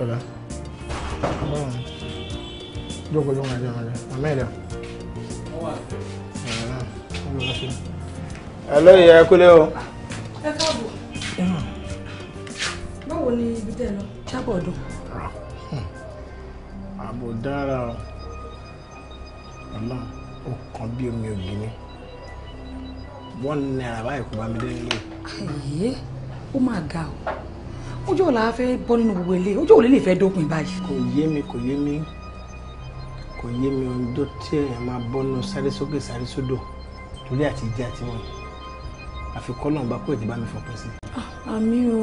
Hola. Vamos. Yo voy a una llamada. Amelia. Hello, ìyá ẹ kúlé o. Ẹ káàbọ̀. Báwo ni ibi tẹ́ lọ? Ṣábọ̀ ọ̀dọ̀. Ààbò hmm. dára o. Màmá ó kàn bí omi ògì ni. Wọ́n ní náírà báyìí kò bá mi dé ojú ọ̀la fẹ́ bọ́ nínú gbogbo ilé ojú òlé lè fẹ́ dópin báyìí. kò yé mi kò yé mi kò yé mi ohun tó tí èèyàn máa bọ́ nínú sáré sókè sáré sódò torí àti jẹ́ àti wọ̀n àfi kọ́lọ̀ bá kó ìdìbò mi fọpẹ́ sí. Ah, àmì o.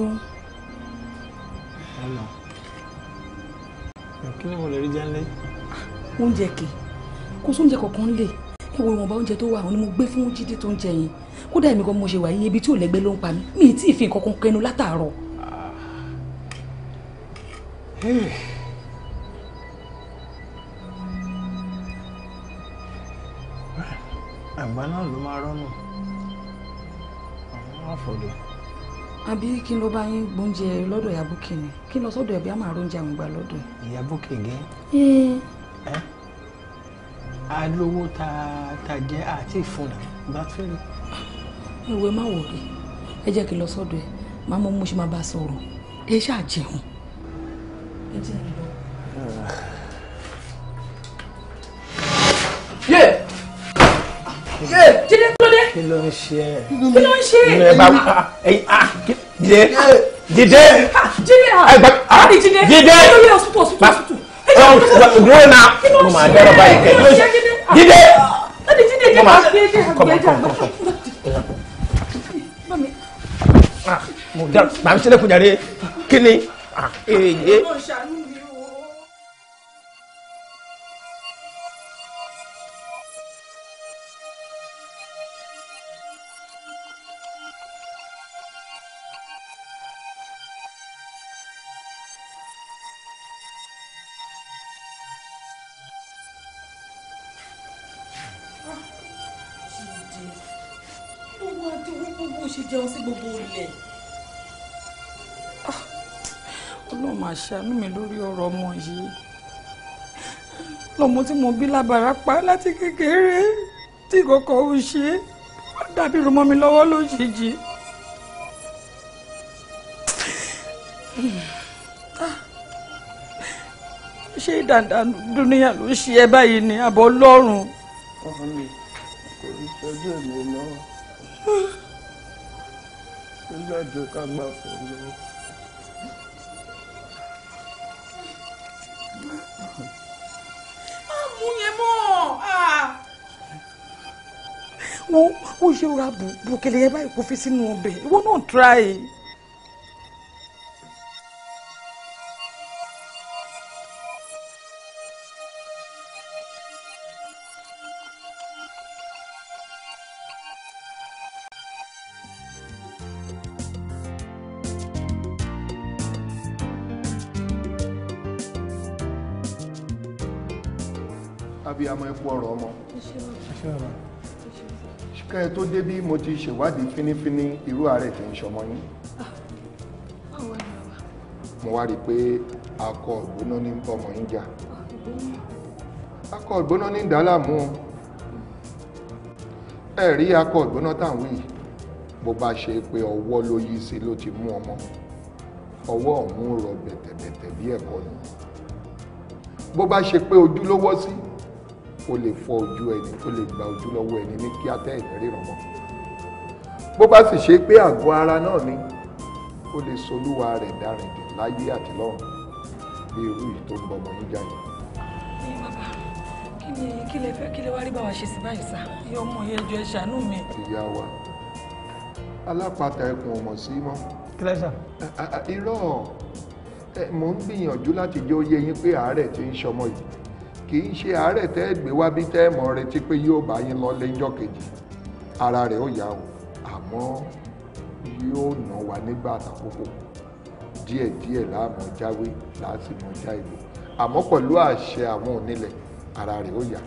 ọ̀nà kí ni mo lè rí jẹ́ńlé. oúnjẹ kì kó sóúnjẹ kọ̀ọ̀kan lè ìwọ ìwọ̀nba oúnjẹ tó wà òun ni mo gbé fún jíde tó ń jẹ yẹn kódà èmi kan mo ṣe wà yín ebi tí ò lẹ́gbẹ́ ló ń pa mí mi ì tí ì fi nǹkan kan kẹnu látàárọ̀ àgbà náà ló máa rọ́nà àwọn àfọ̀dé. àbí kí n ló bá yín gbóúnjẹ lọ́dọ̀ ìyá búkì ni kí n lọ sọ́dọ̀ ẹ̀bí á máa róúnjẹ àwọn ìgbà lọ́dọ̀ ẹ̀. ìyá búkì gẹ́. ẹ alówó ta ta jẹ́ àti ìfúnra bá fẹ́rẹ̀. ìwé má wò rí ẹ jẹ́ kí n lọ sọ́dọ̀ ẹ̀ máa mú mo ṣe máa bá a sọ̀rọ̀ ẹ ṣáà jẹun ẹ jẹ́ ń lọ. yé yé jíde kí ló dé. kí ló ń ṣe ẹ. kí ló ń ṣe ẹ. ẹ bá ẹ ah jíde jíde. jíde ah adi jíde. jíde jíde hospital hospital hospital. ẹ jẹ́ kí ló ń ṣe ẹ. kí ló ń ṣe ah, ẹ kí èyí. Ah. mà ṣàánú mi lórí ọ̀rọ̀ ọmọ yìí lọ́mọ tí mo bí lábàrá pa láti kékeré tí kọ̀ọ̀kan ò ṣe ó dàbí rúmọ́ mi lọ́wọ́ lójijì. ṣé dandan dúníyà ló ṣe ẹ báyìí ni àbọ̀ lọ́rùn. ọmọ mi kò ní sọjú èmi náà ó lọ́jọ́ ká gbà fún mi. kú yẹn mọ́ ah. wo wo ṣe ra bùkẹ́lẹ́ yẹn báyìí kó fi sínú ọbẹ̀ ìwọ náà try. kẹ́ ẹ tó débí mo ti ṣèwádìí fínífíní irú ààrẹ tí ń ṣọmọ yín mo wá rí i pé akọ ìgbóná ní bọ́mọ yín jà akọ ìgbóná ní dàlámù ẹ rí akọ ìgbóná táwọn yìí bó bá ṣe pé ọwọ́ ló yí sí ló ti mú ọmọ ọwọ́ ọ̀hún rọ bẹ̀tẹ̀bẹ̀tẹ̀ bí ẹ̀kọ́ ni bó bá ṣe pé ojú ló wọ́ sí o lè fọ ojú ẹni ó lè gba ojú lọ́wọ́ ẹni ní kí atẹ́ ìrìn ríran mọ́ bó bá sì ṣe pé àgọ́ ara náà ni ó lè solúwa rẹ̀ dárìndì láyé àti lọ́run bí irú yìí tó ń bọ ọmọ yín jáde. kí ni kí lè fẹ́ kí lè wá rí báwa ṣe sí báyìí sá iye ọmọ yẹn jọ ẹ ṣàánú mi. ìyá wa alápatà ẹkùn ọmọ sí mọ́. kílẹ̀ sà. irọ́ mò ń gbìyànjú láti jẹ́ ó yín pé àárẹ̀ ti ń ṣọmọ yìí kì í ṣe àárẹ̀ tẹ́ gbé wá bí tẹ́ mọ̀ retí pé yóò bá yín lọ lẹ́jọ́ kejì ara rẹ̀ ó yá o àmọ́ yóò nà wá nígbà àtàkókò díẹ̀díẹ̀ láàmú jáwé láàsìmọ̀ já ìlú àmọ́ pẹ̀lú àṣẹ àwọn onílẹ̀ ara rẹ̀ ó yá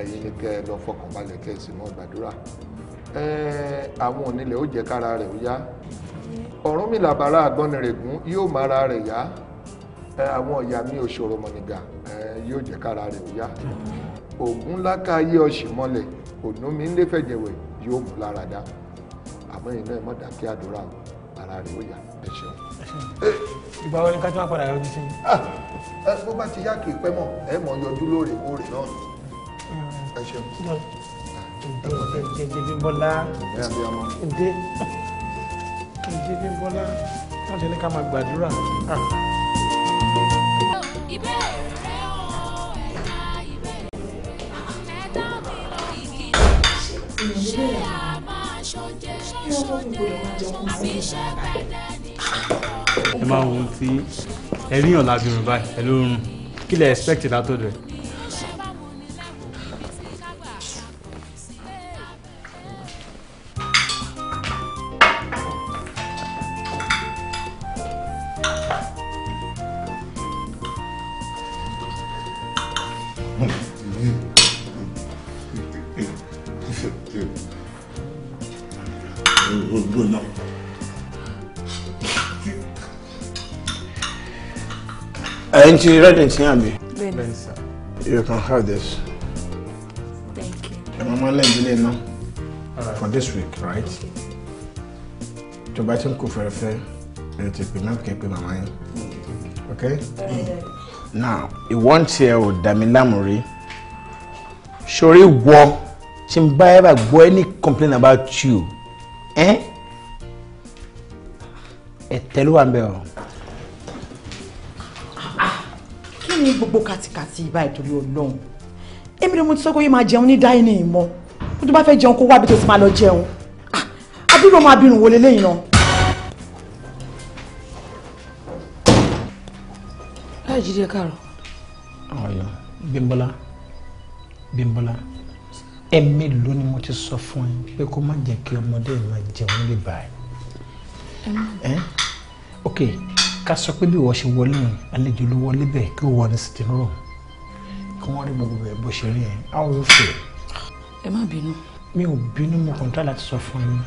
ẹ̀yin ni kẹ́ ẹ lọ fọkànbalẹ̀ kẹ́ ẹ sì mọ́ gbàdúrà àwọn onílẹ̀ ó jẹ́ kára rẹ̀ ó yá Ọ̀rúnmìlà bàrà àgbọnnìrègún yóò máa rẹ̀ yá àwọn ìyá mi ò ṣòro mọ̀nìgà yóò jẹ́ kára rẹ̀ ó yá ògùn lákàáyé ọ̀sìn mọ́lẹ̀ ònú mi ń lé fẹ̀jẹ̀wẹ̀ yóò mú lára dá àmọ́ iná ẹ̀ mọ́ dákí àdúrà o ara rẹ̀ ó yá ẹ ṣeun. ìgbà wo ni ká tí wọ́n padà yọjú sí mi. Ah, bó bá ti yá kì í pẹ́ mọ̀ ẹ mọ̀ yọjú lóòrèkóòrè náà ẹ ṣeun. ǹjẹ́ ǹjẹ́ bí bọ́lá ǹjẹ́ ǹjẹ́ bí bọ́lá wọ́n ti ní ká máa gbàdúrà. Ah. ẹ máa wo ohun tí ẹ ríyàn lábìrún báyìí ẹ ló ń rún kí lẹ expect látọ̀dọ̀ ẹ̀. Darling, ti red ink yẹn àbí? You can have this. Thank you. Ẹ máa máa lẹ́yìn ilé náà for this week, right? To buy some coffee, kú fẹ́rẹ́fẹ́, ẹ ti pè náà kí ẹ Okay? Now, ìwọ́n tiẹ̀ ò dà mí láàmú rí. Ṣorí wọ tí n bá ever gbọ́ any complain about you. eh? tẹ́lú wa ń bẹ̀ ni gbogbo kàtìkàtì ìbá ìtòrí ọlọ́run èmi ni mo ti sọ pé yóò máa jẹun ní dáínì ìmọ̀ kó tó bá fẹ́ jẹun kó wá bí tó ti máa lọ jẹun abirùn ọmọ abirùn wo leléyìn náà. láì jíde káàárọ̀. ọyọ Bímbọ́lá Bímbọ́lá ẹ̀mí ló ni mo ti sọ fún ẹ pé kó má jẹ́ kí ọmọdé máa jẹun níbí báyìí ok ká sọ pé bí wọ́n ṣe wọlé yẹn àlejò ló wọlé bẹ́ẹ̀ kí ó wọ ní sitting room kí wọ́n rí gbogbo ẹ̀ bó ṣe rí yẹn á wò fè. ẹ má bínú. mi ò bínú mo kàn tá láti sọ fún yín.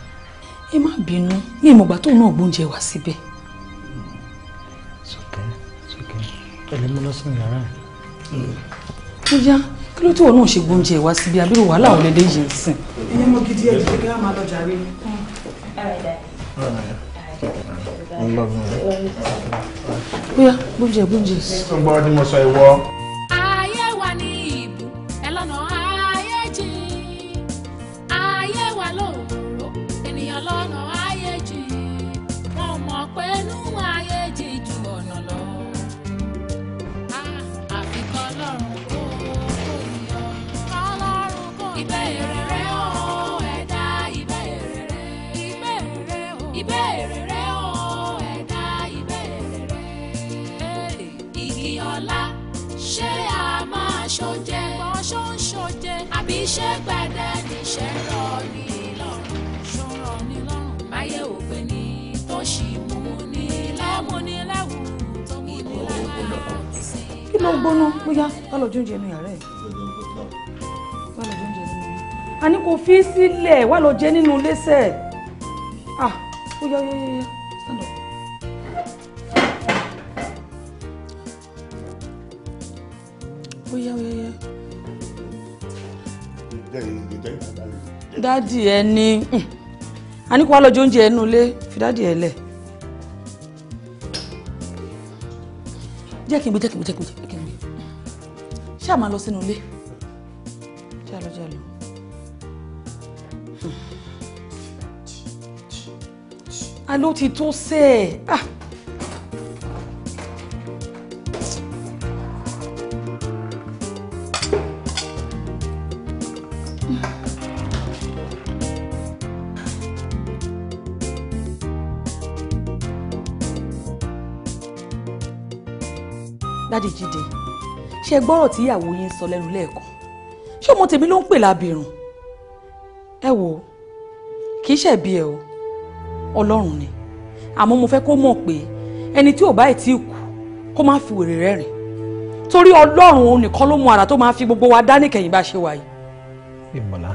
ẹ má bínú ní ìmọ̀gbà tóun náà gbóúnjẹ wá síbẹ̀. sọkẹ́ sọkẹ́ pẹ̀lú mo lọ sínú yàrá ẹ̀. ó yá kí ló tí wọn náà ṣe gbóúnjẹ wá síbi abirù wàhálà ọ̀lẹ́dẹ̀ yìí ń sìn. ẹni mo gidi ẹ̀ I love you. Bóyá, gbóúnjẹ, gbóúnjẹ. Gbọ́dọ̀ ni mo sọ ìwọ. níṣẹ́ gbàdá níṣẹ́ rọ̀ ní lọ́rùn ṣọ́rọ̀ ní lọ́rùn máyé òfin ní tó ṣì mú ní lámú ní kí ló ń gbóná bóyá wàá lọ́ọ́ jóúnjẹ nu yàrá ẹ̀ wàá lọ́ọ́ jóúnjẹ nu yàrá ẹ̀ àní kò fi sílẹ̀ wàá lọ́ọ́ jẹ nínú lẹ́sẹ̀ ah bóyá yẹ́yẹ́yẹ́ stand up. bóyá yẹ́yẹ́ dádì ẹ ní hmm, a ní kó wá lọ́jọ́ oúnjẹ ẹnu ilé fi dádì ẹ lẹ̀ jẹ́ kí n gbé jẹ́ kí n gbé jẹ́ kí n gbé jẹ́ kí n ṣáà máa lọ sínú ilé hmm. a ló ti tó sẹ́ẹ̀ ah. ṣe gbọ́rọ̀ tí ìyàwó yín sọ lẹ́nu lẹ́ẹ̀kan ṣé ọmọ tèmi ló ń pè lábìrùn ẹ wò kì í ṣẹ̀bi ẹ o ọlọ́run ni àmọ́ mo fẹ́ kó mọ̀ pé ẹni tí ò bá ti kú kó má fi wèrè rẹ́rìn torí ọlọ́run òun nìkan ló mú ara tó máa fi gbogbo wa dá níkẹyìn bá ṣe wà yìí. ìmọ̀lá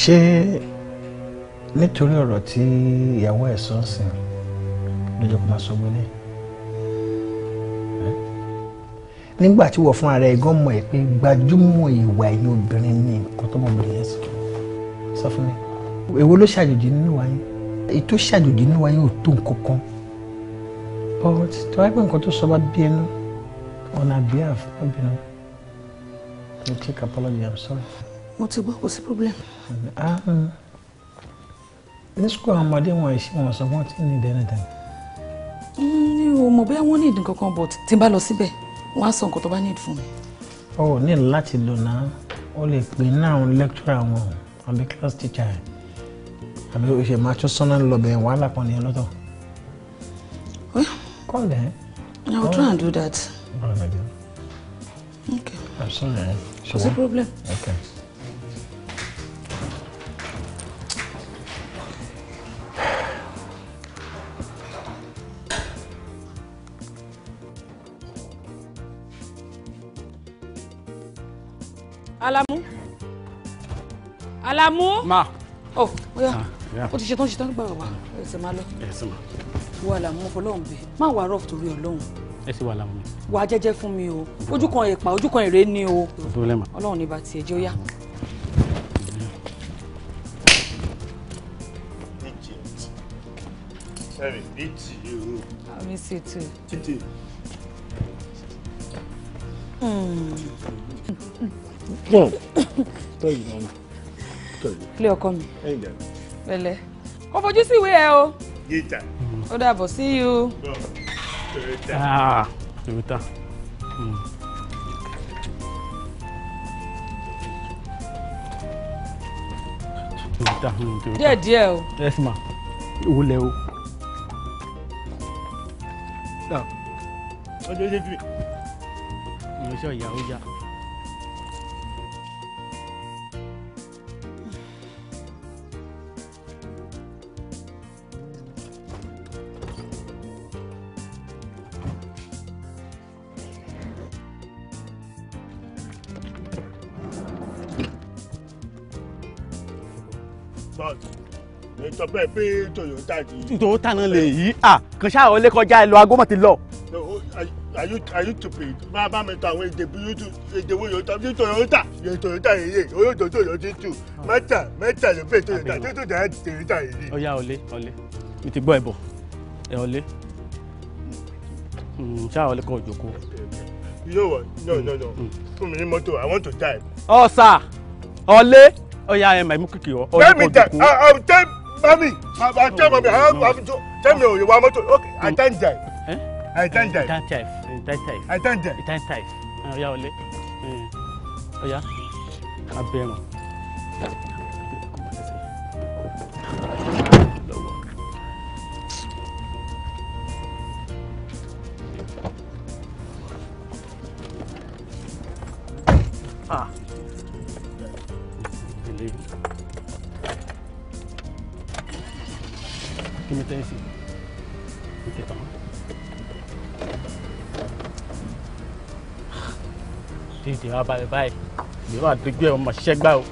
ṣé nítorí ọ̀rọ̀ tí ìyàwó ẹ̀ sọ́ọ̀sìn ló jẹ́ máa sọ gbélé. nígbà tí wọ́n fún ara ẹ̀ gan mọ̀ ẹ́ pé gbajúmọ̀ ìwà ẹ̀yìn obìnrin ni nǹkan tọ́mọbìnrin yẹn sọ sọ fún mi èwo ló ṣàjòjì nínú wa yín ètò ṣàjòjì nínú wa yín ò tó nǹkan kan but tó wáyé pé nǹkan tó sọ bá bí ẹnu ọ̀nà àbí àfọwọ́bìnrin you take apology i'm sorry. mo ti gbọ́ kò sí problem. Ah, mm. ní sukùl àwọn ọmọdé wọn ẹ̀ ṣe wọn sọ wọn ti ní ìdẹ́nìdẹ́nì. Mm, mi ò mọ̀ bẹ́ẹ̀ wọ́n ní ìdí kankan but tí n bá lọ síbẹ̀ wọ́n á sọ nǹkan tó bá need fún mi. ọ ò ní láti lò náà ó lè pè ní àwọn lecturer wọn àbí class teacher àbí o ṣe máa tún sọ́nà lọ́bẹ̀ wàhálà kan nìyẹn lọ́tọ̀. call them. I will try and do that. Okay. I'm sorry. What's eh? the problem? Okay. Alamu. ma. ọ oya o ti ṣetán ṣetán gbàgbà wa ẹ sì máa lọ. ẹ sì máa. wo Alamu mo fọlọ́run bẹ̀ má wàá rọ̀ torí Ọlọ́run. ẹ sì wà Alamu mi. wà á jẹ́jẹ́ fún mi o ojú kan èèpà ojú kan èrè ni o. Ọlọ́run ní bàtì ẹ̀jẹ̀ ó yá. Sorry, it's you. I miss you too. Titi. Mm. Well, thank you, Mama. Clear, ọkọ mi pẹ̀lẹ́ kò fojú sí ìwé ẹ o ó dàbọ̀ sí you. Toyota. Toyota. Ah, hmm. hmm, díẹ̀ díẹ̀ o. yes ma owó lẹ o. ọjọ́ ìṣẹ́jú mi. ìránṣẹ́ ìyàwó yá. sọ pé toyota yìí. toyota náà lè yí à kàn ṣáà ọlẹ́ kọjá ẹ lọ agó mọ̀ lọ. Oh, are you are you stupid máa bá mi ta àwọn èdè burúkú èdè wo yóò tọ́ sí toyota yẹ toyota yìí yé olóòjò toyota ti tù ah. mẹ́ta mẹ́ta ló fẹ́ toyota tó tó dáa toyota yìí yé. ọ̀ya ọ̀lẹ́ ọ̀lẹ́ mi ti gbọ́ ẹ̀ bọ̀ ẹ̀ ọ̀lẹ́ hmm, ṣáà ọ̀lẹ́ kọ̀ òjòkó. yóò wọ hmm, no no no hmm. fún mi ní mọ́tò i want to drive. ọ̀sà ọ̀lẹ́ ọ̀ya ẹ̀ máa mú kìkì ọ̀ ọ̀lẹ́ kọ̀ òjòkó. bẹ́ẹ̀ mi tẹ̀ Mami, tell me how I tell me you want motor. Okay, I can't drive. Eh? I can't drive. Can't drive. Can't drive. I can't drive. Can't drive. Ó yá ole. Ó yá. Abẹ́rùn. Ah. kí ni tẹ́ ẹ sí ìkẹta wọn. dèdè wa balẹ̀ báyìí ìgbéwà dojú ẹ̀ ọmọ ṣẹ́gbà o.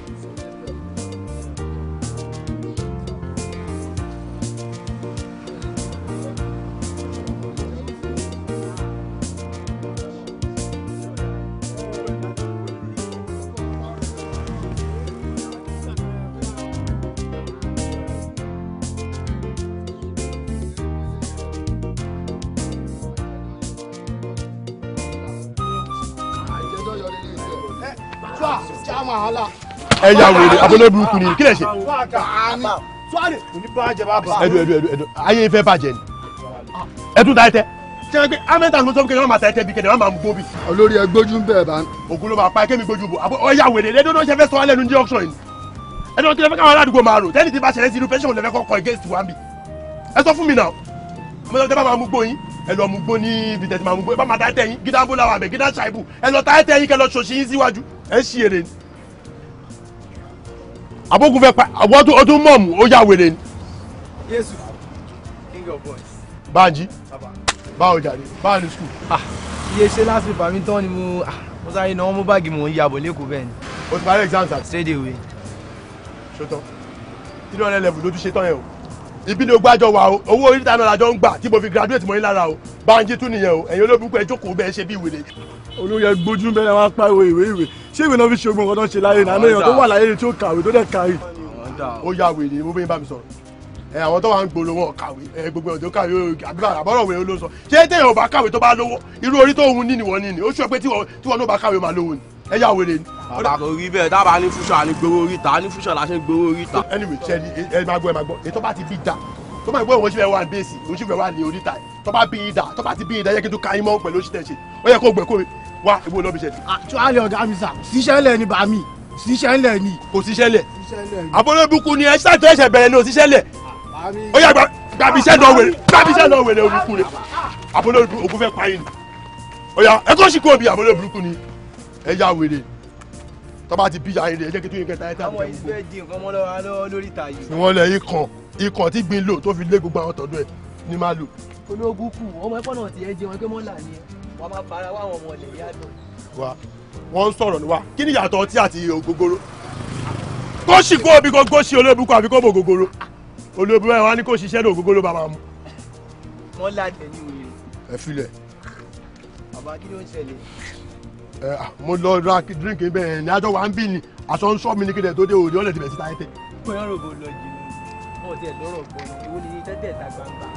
ẹ̀yà wèrè àbọ̀lẹ̀ burúkú ni kí lè ṣe. ẹdùn ẹdùn ẹdùn ẹdùn ayé fẹ́ bàjẹ́ ni ẹdùn dáìtẹ́ ṣe é pé amẹ́ta ló sọ pé kẹ́ni wọ́n máa ta ẹ̀tẹ́ bí kẹ́ni wọ́n máa mú gbóbi. olórí ẹ gbójú bá. ògùn ló máa pa ẹkẹ́ mi gbójú bò àbọ̀ ọ̀yà wèrè ẹ̀dùn ló ṣe fẹ́ sọ alẹ́ nu ní auction yìí ẹ̀dùn kí lè fẹ́ káwọn aládùúgbò máa rò tẹ́lẹ̀ tí bá ṣẹlẹ̀ sí irú ẹ lọ mú gbó yín ẹ lọ mú gbó ní ibi tẹ̀tí ẹ bá máa dá tẹ́yìn gídá ń bó láwọn ṣàìbù ẹ lọ ta ẹ tẹ́yìn kẹ lọ ṣòṣì yín síwájú ẹ ṣì èrè ni àbókùn fẹ́ pa àwọn tó tún mọ̀ mú ó yà wèrè ni. Jésù king of boys. Bánjí báwo jàre báwo ni skul. iye ṣe láti fà mí tán ni mo ah, mo sáré náà mo báàgì mò ń yàbọ̀ lẹ́kọ̀ọ́ bẹ́ẹ̀ ni. o ti parí exam sa. straight away. ṣetán three hundred level ló tún ṣetán yẹn o ibi ni ogbó àjọ wà o owó orí ìtaná làjọ ń gbà tí mo fi graduate mọ́ yín lára o báńjí tún nìyẹn o ẹ̀yin olóògùn pẹ̀ jókòó bẹ́ẹ̀ ṣe bí ìwé olóyè gbójú bẹ́ẹ̀ wá pariwo ìwé ìwé ṣé ìwé náà fi ṣe ogun ọ̀dọ́ ṣe láyé náà àná èèyàn tó wà láyé tó kàwé tó dẹ̀ kárì. ó yà wèrè mo bẹ́ẹ̀ bá mi sọ̀rọ̀ ẹ àwọn tó wà ń gbòòrò wọn kàwé ẹ gbogbo ọ̀dọ́ kàwé àbúrò àbọ̀rọ̀ wẹ̀ ló sọ ṣé téèyàn ò bá kàwé tó bá lówó irú orí tó ń ní nìwọ ní ni ó ṣọ pé tíwọ náà bá kàwé máa lówó ni ẹ yà wèrè ni. bàbá kò rí bẹ́ẹ̀ dábàá ní fúnṣọ ní gbowó oríta ní fúnṣọ la ṣe ń gbowó oríta. anyway ṣe ni ẹ máa gbọ́ ẹ máa gbọ́ ètò bá ti bí da tó máa gbọ́ ìwọ̀n ṣì fẹ́ wà ní bẹ́ẹ̀sì ìwọ̀n ṣì fẹ́ wà ní oríta tó bá bí da tó bá ti bí da yẹ kí n tó ka yín mọ́ pẹ̀lú oṣù tẹ̀sí ó yẹ kó gbẹ kó wá ìwọ lọ́bi ṣẹ̀. Ah, àtúwálẹ̀ ọ̀gá mi sà ṣiṣẹ́ lẹ̀ ni bàmí ṣiṣẹ́ lẹ̀ ni. kò ṣiṣẹ́ lẹ̀ abọ́lẹ́bùkún ni ẹ ṣáà tó ẹ̀ṣẹ̀ bẹ̀rẹ̀ ní òṣìṣẹ́ lẹ̀ ah, ó yà gbàbí iṣẹ́ lọ wèrè gbàbí iṣẹ́ lọ wèrè olùkú rẹ̀ abọ́lẹ́bùkún fẹ́ pa yín ni ó yà ẹ kó ṣìkú òbí abọ́lẹ́bùkún ni ẹ ya wèrè tọ́ba ti bí ya eré ẹ jẹ́ kẹta ẹ àwọn ìṣe di nǹkan mọ́ lọ́wọ́ lórí ìta yìí. ni lẹ ikàn ikàn tí gbin lò tó fi lé gbogbo àwọn tọ̀dọ̀ ẹ̀ ni máa lò. ológun kù ọmọ ẹ̀kọ́ náà ti ẹ jẹun ẹgbẹ́ mọ́là ni wọ́n máa para wá àwọn ọmọ yá dùn. wa wọ́n ń sọ̀rọ̀ ni wa kí ni ìyàtọ̀ ọtí àti ògógóró kó kó omi kó sì olóòbí kó àbí kó bò ògógóró olóòbí mo lọ ra drink bẹ́ẹ̀ ni àjọ wa ń bì ní aṣọ ń sọ mi ní kéde tó dé òde ọ̀lẹ̀ tìbẹ̀ síta ẹ̀tẹ̀. pé ọ̀rọ̀ bò lọ jù ú ọ̀tẹ̀ lọ́rọ̀ gbọ́n ìwọ ni tẹ́tẹ̀ ta gbangba.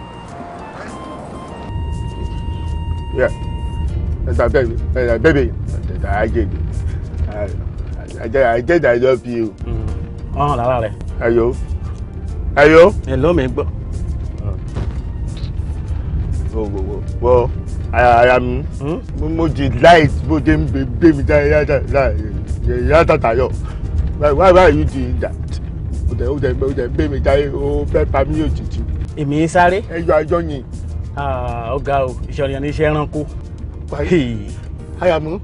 bẹ́ẹ̀ bẹ́ẹ̀ àjẹ́dà ìjọ fi o. ọ̀hún lára rẹ̀. ẹ̀yọ́ ẹ̀yọ́. ẹ̀ lọ́mọ̀ ẹ̀ gbọ́. wọ́ọ̀ wọ́ọ̀ wọ́ọ̀ ara mi mo ti láì bó ṣe ń gbé mi yá tàtàyọ̀ why why you dey that o tẹ o tẹ o tẹ gbé mi jáde o fẹ́ pa mí òjijì. èmi sáré. ẹ yọ ajọ yìí. ọ̀gá o ìṣọ̀rìyàn ní iṣẹ́ ẹranko. àyàmú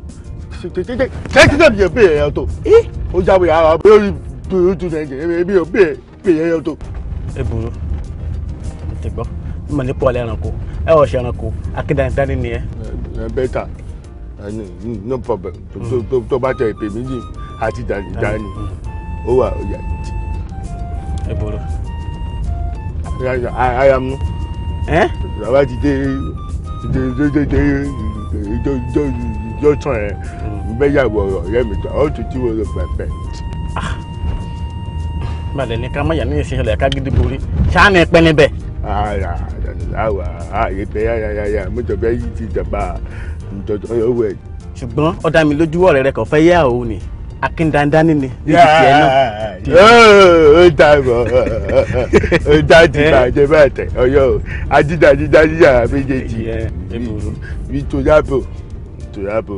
tètè tèmi yẹn bèèrè ẹyọ tó ó jáwé ara lórí tuntun nàìjíríà èmi yẹn bèèrè ẹyọ tó. ẹ bùrọ̀ tètè gbọ́ mọ̀ nípa ọ̀lẹ́ ẹranko ẹ ọ̀ ṣẹranko akíndandani ni ẹ. ẹ bẹ́tà no problem tó bá tẹ ìpè méjì àti dànídàní ó wà ọ̀yà. ẹ bọ̀rọ̀. ara mu. ẹ. bàbá ti dé dé dé dé dé jọ́sàn ẹ̀ bẹ́yàwó ọ̀rẹ́ mi tó ọ̀tún tí wọ́n lọ pẹ̀pẹ́ balẹ̀ ah. ní ká má yà ní ìsinyìí ká gidi borí ṣáà ní ẹpẹ aya awa ayẹtẹ ayayaya mọtò fẹ yí ti jàmbá ntọjọ yọwọ ẹ. ṣùgbọ́n ó dá mi lójú ọ̀rẹ́ rẹ kò fẹ́ yá òun ni akíndandani ni níbi tiẹ̀ náà. ó dà bọ̀ ó dà tí eh. bàjẹ́ bàtẹ̀ ọ̀yọ́ ajíjà jíjà jíjà méjèèjì eh, eh, bí tòyàbò tòyàbò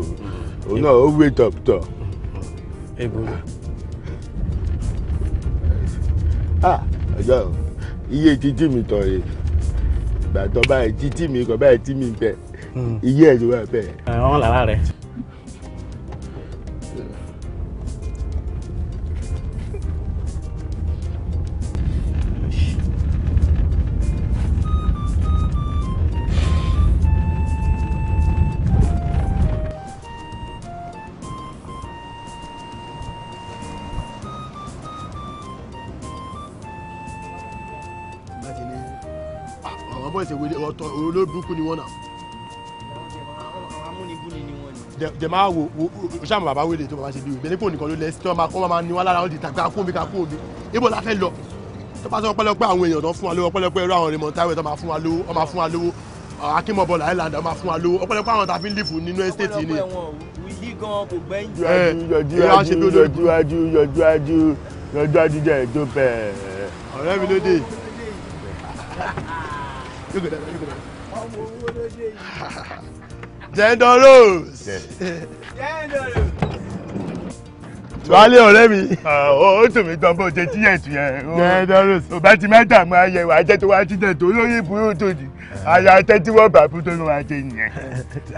òun mm. náà ó wé tọ̀tọ̀. Ah, ọjọ́ o iye títí mi tọ̀ yìí gbàtọ́ báyìí títí mi kọ̀ báyìí tí mi bẹ̀ hmm. iye ẹ̀ ló wà bẹ́ẹ̀. àwọn làlá rẹ̀. wọn náà. amúnibúni ni wọn ni. jẹ̀má wo ṣáà bàbá wele tó bàbá ṣe bí wèé bẹ́ẹ̀ nípò nìkan ló lẹ́sí tí wọ́n máa kọ́ wọn máa ní wọn lára wọn di tàbí kakú omi kakú omi ibo la fẹ́ lọ tó bá sọ pẹ́lẹ́pẹ́ àwọn èèyàn tó fún wa lówó pẹ́lẹ́pẹ́ irú àwọn rèmọ̀ táwọn èèyàn tó máa fún wa lówó ọmọ fún wa lówó akínmọ̀bọ̀lá island ọmọ fún wa lówó ọpẹ́lẹ́pẹ́ àwọn tàbí lífù nínú estate ni gan kò gbẹ́yìn. yọjú yọjú yọjú yọjú yọjú yọjú yọjú adújọ ètò bẹ́ẹ̀. ọ̀rẹ́ mi ló dé. ten dollars. ten dollars. wálé ọ̀rẹ́ mi. Ah, ó tún mi gbọ́n bó ṣe tíyẹ̀ tíyẹ̀. ten dollars. ò bá ti má dààmú ayẹwo ajẹ́ tó wá jíjẹ tó lóyè burú tó di àyà ajẹ́ tí wọ́n bá bú tó ní wọ́n ajẹ́ nìyẹn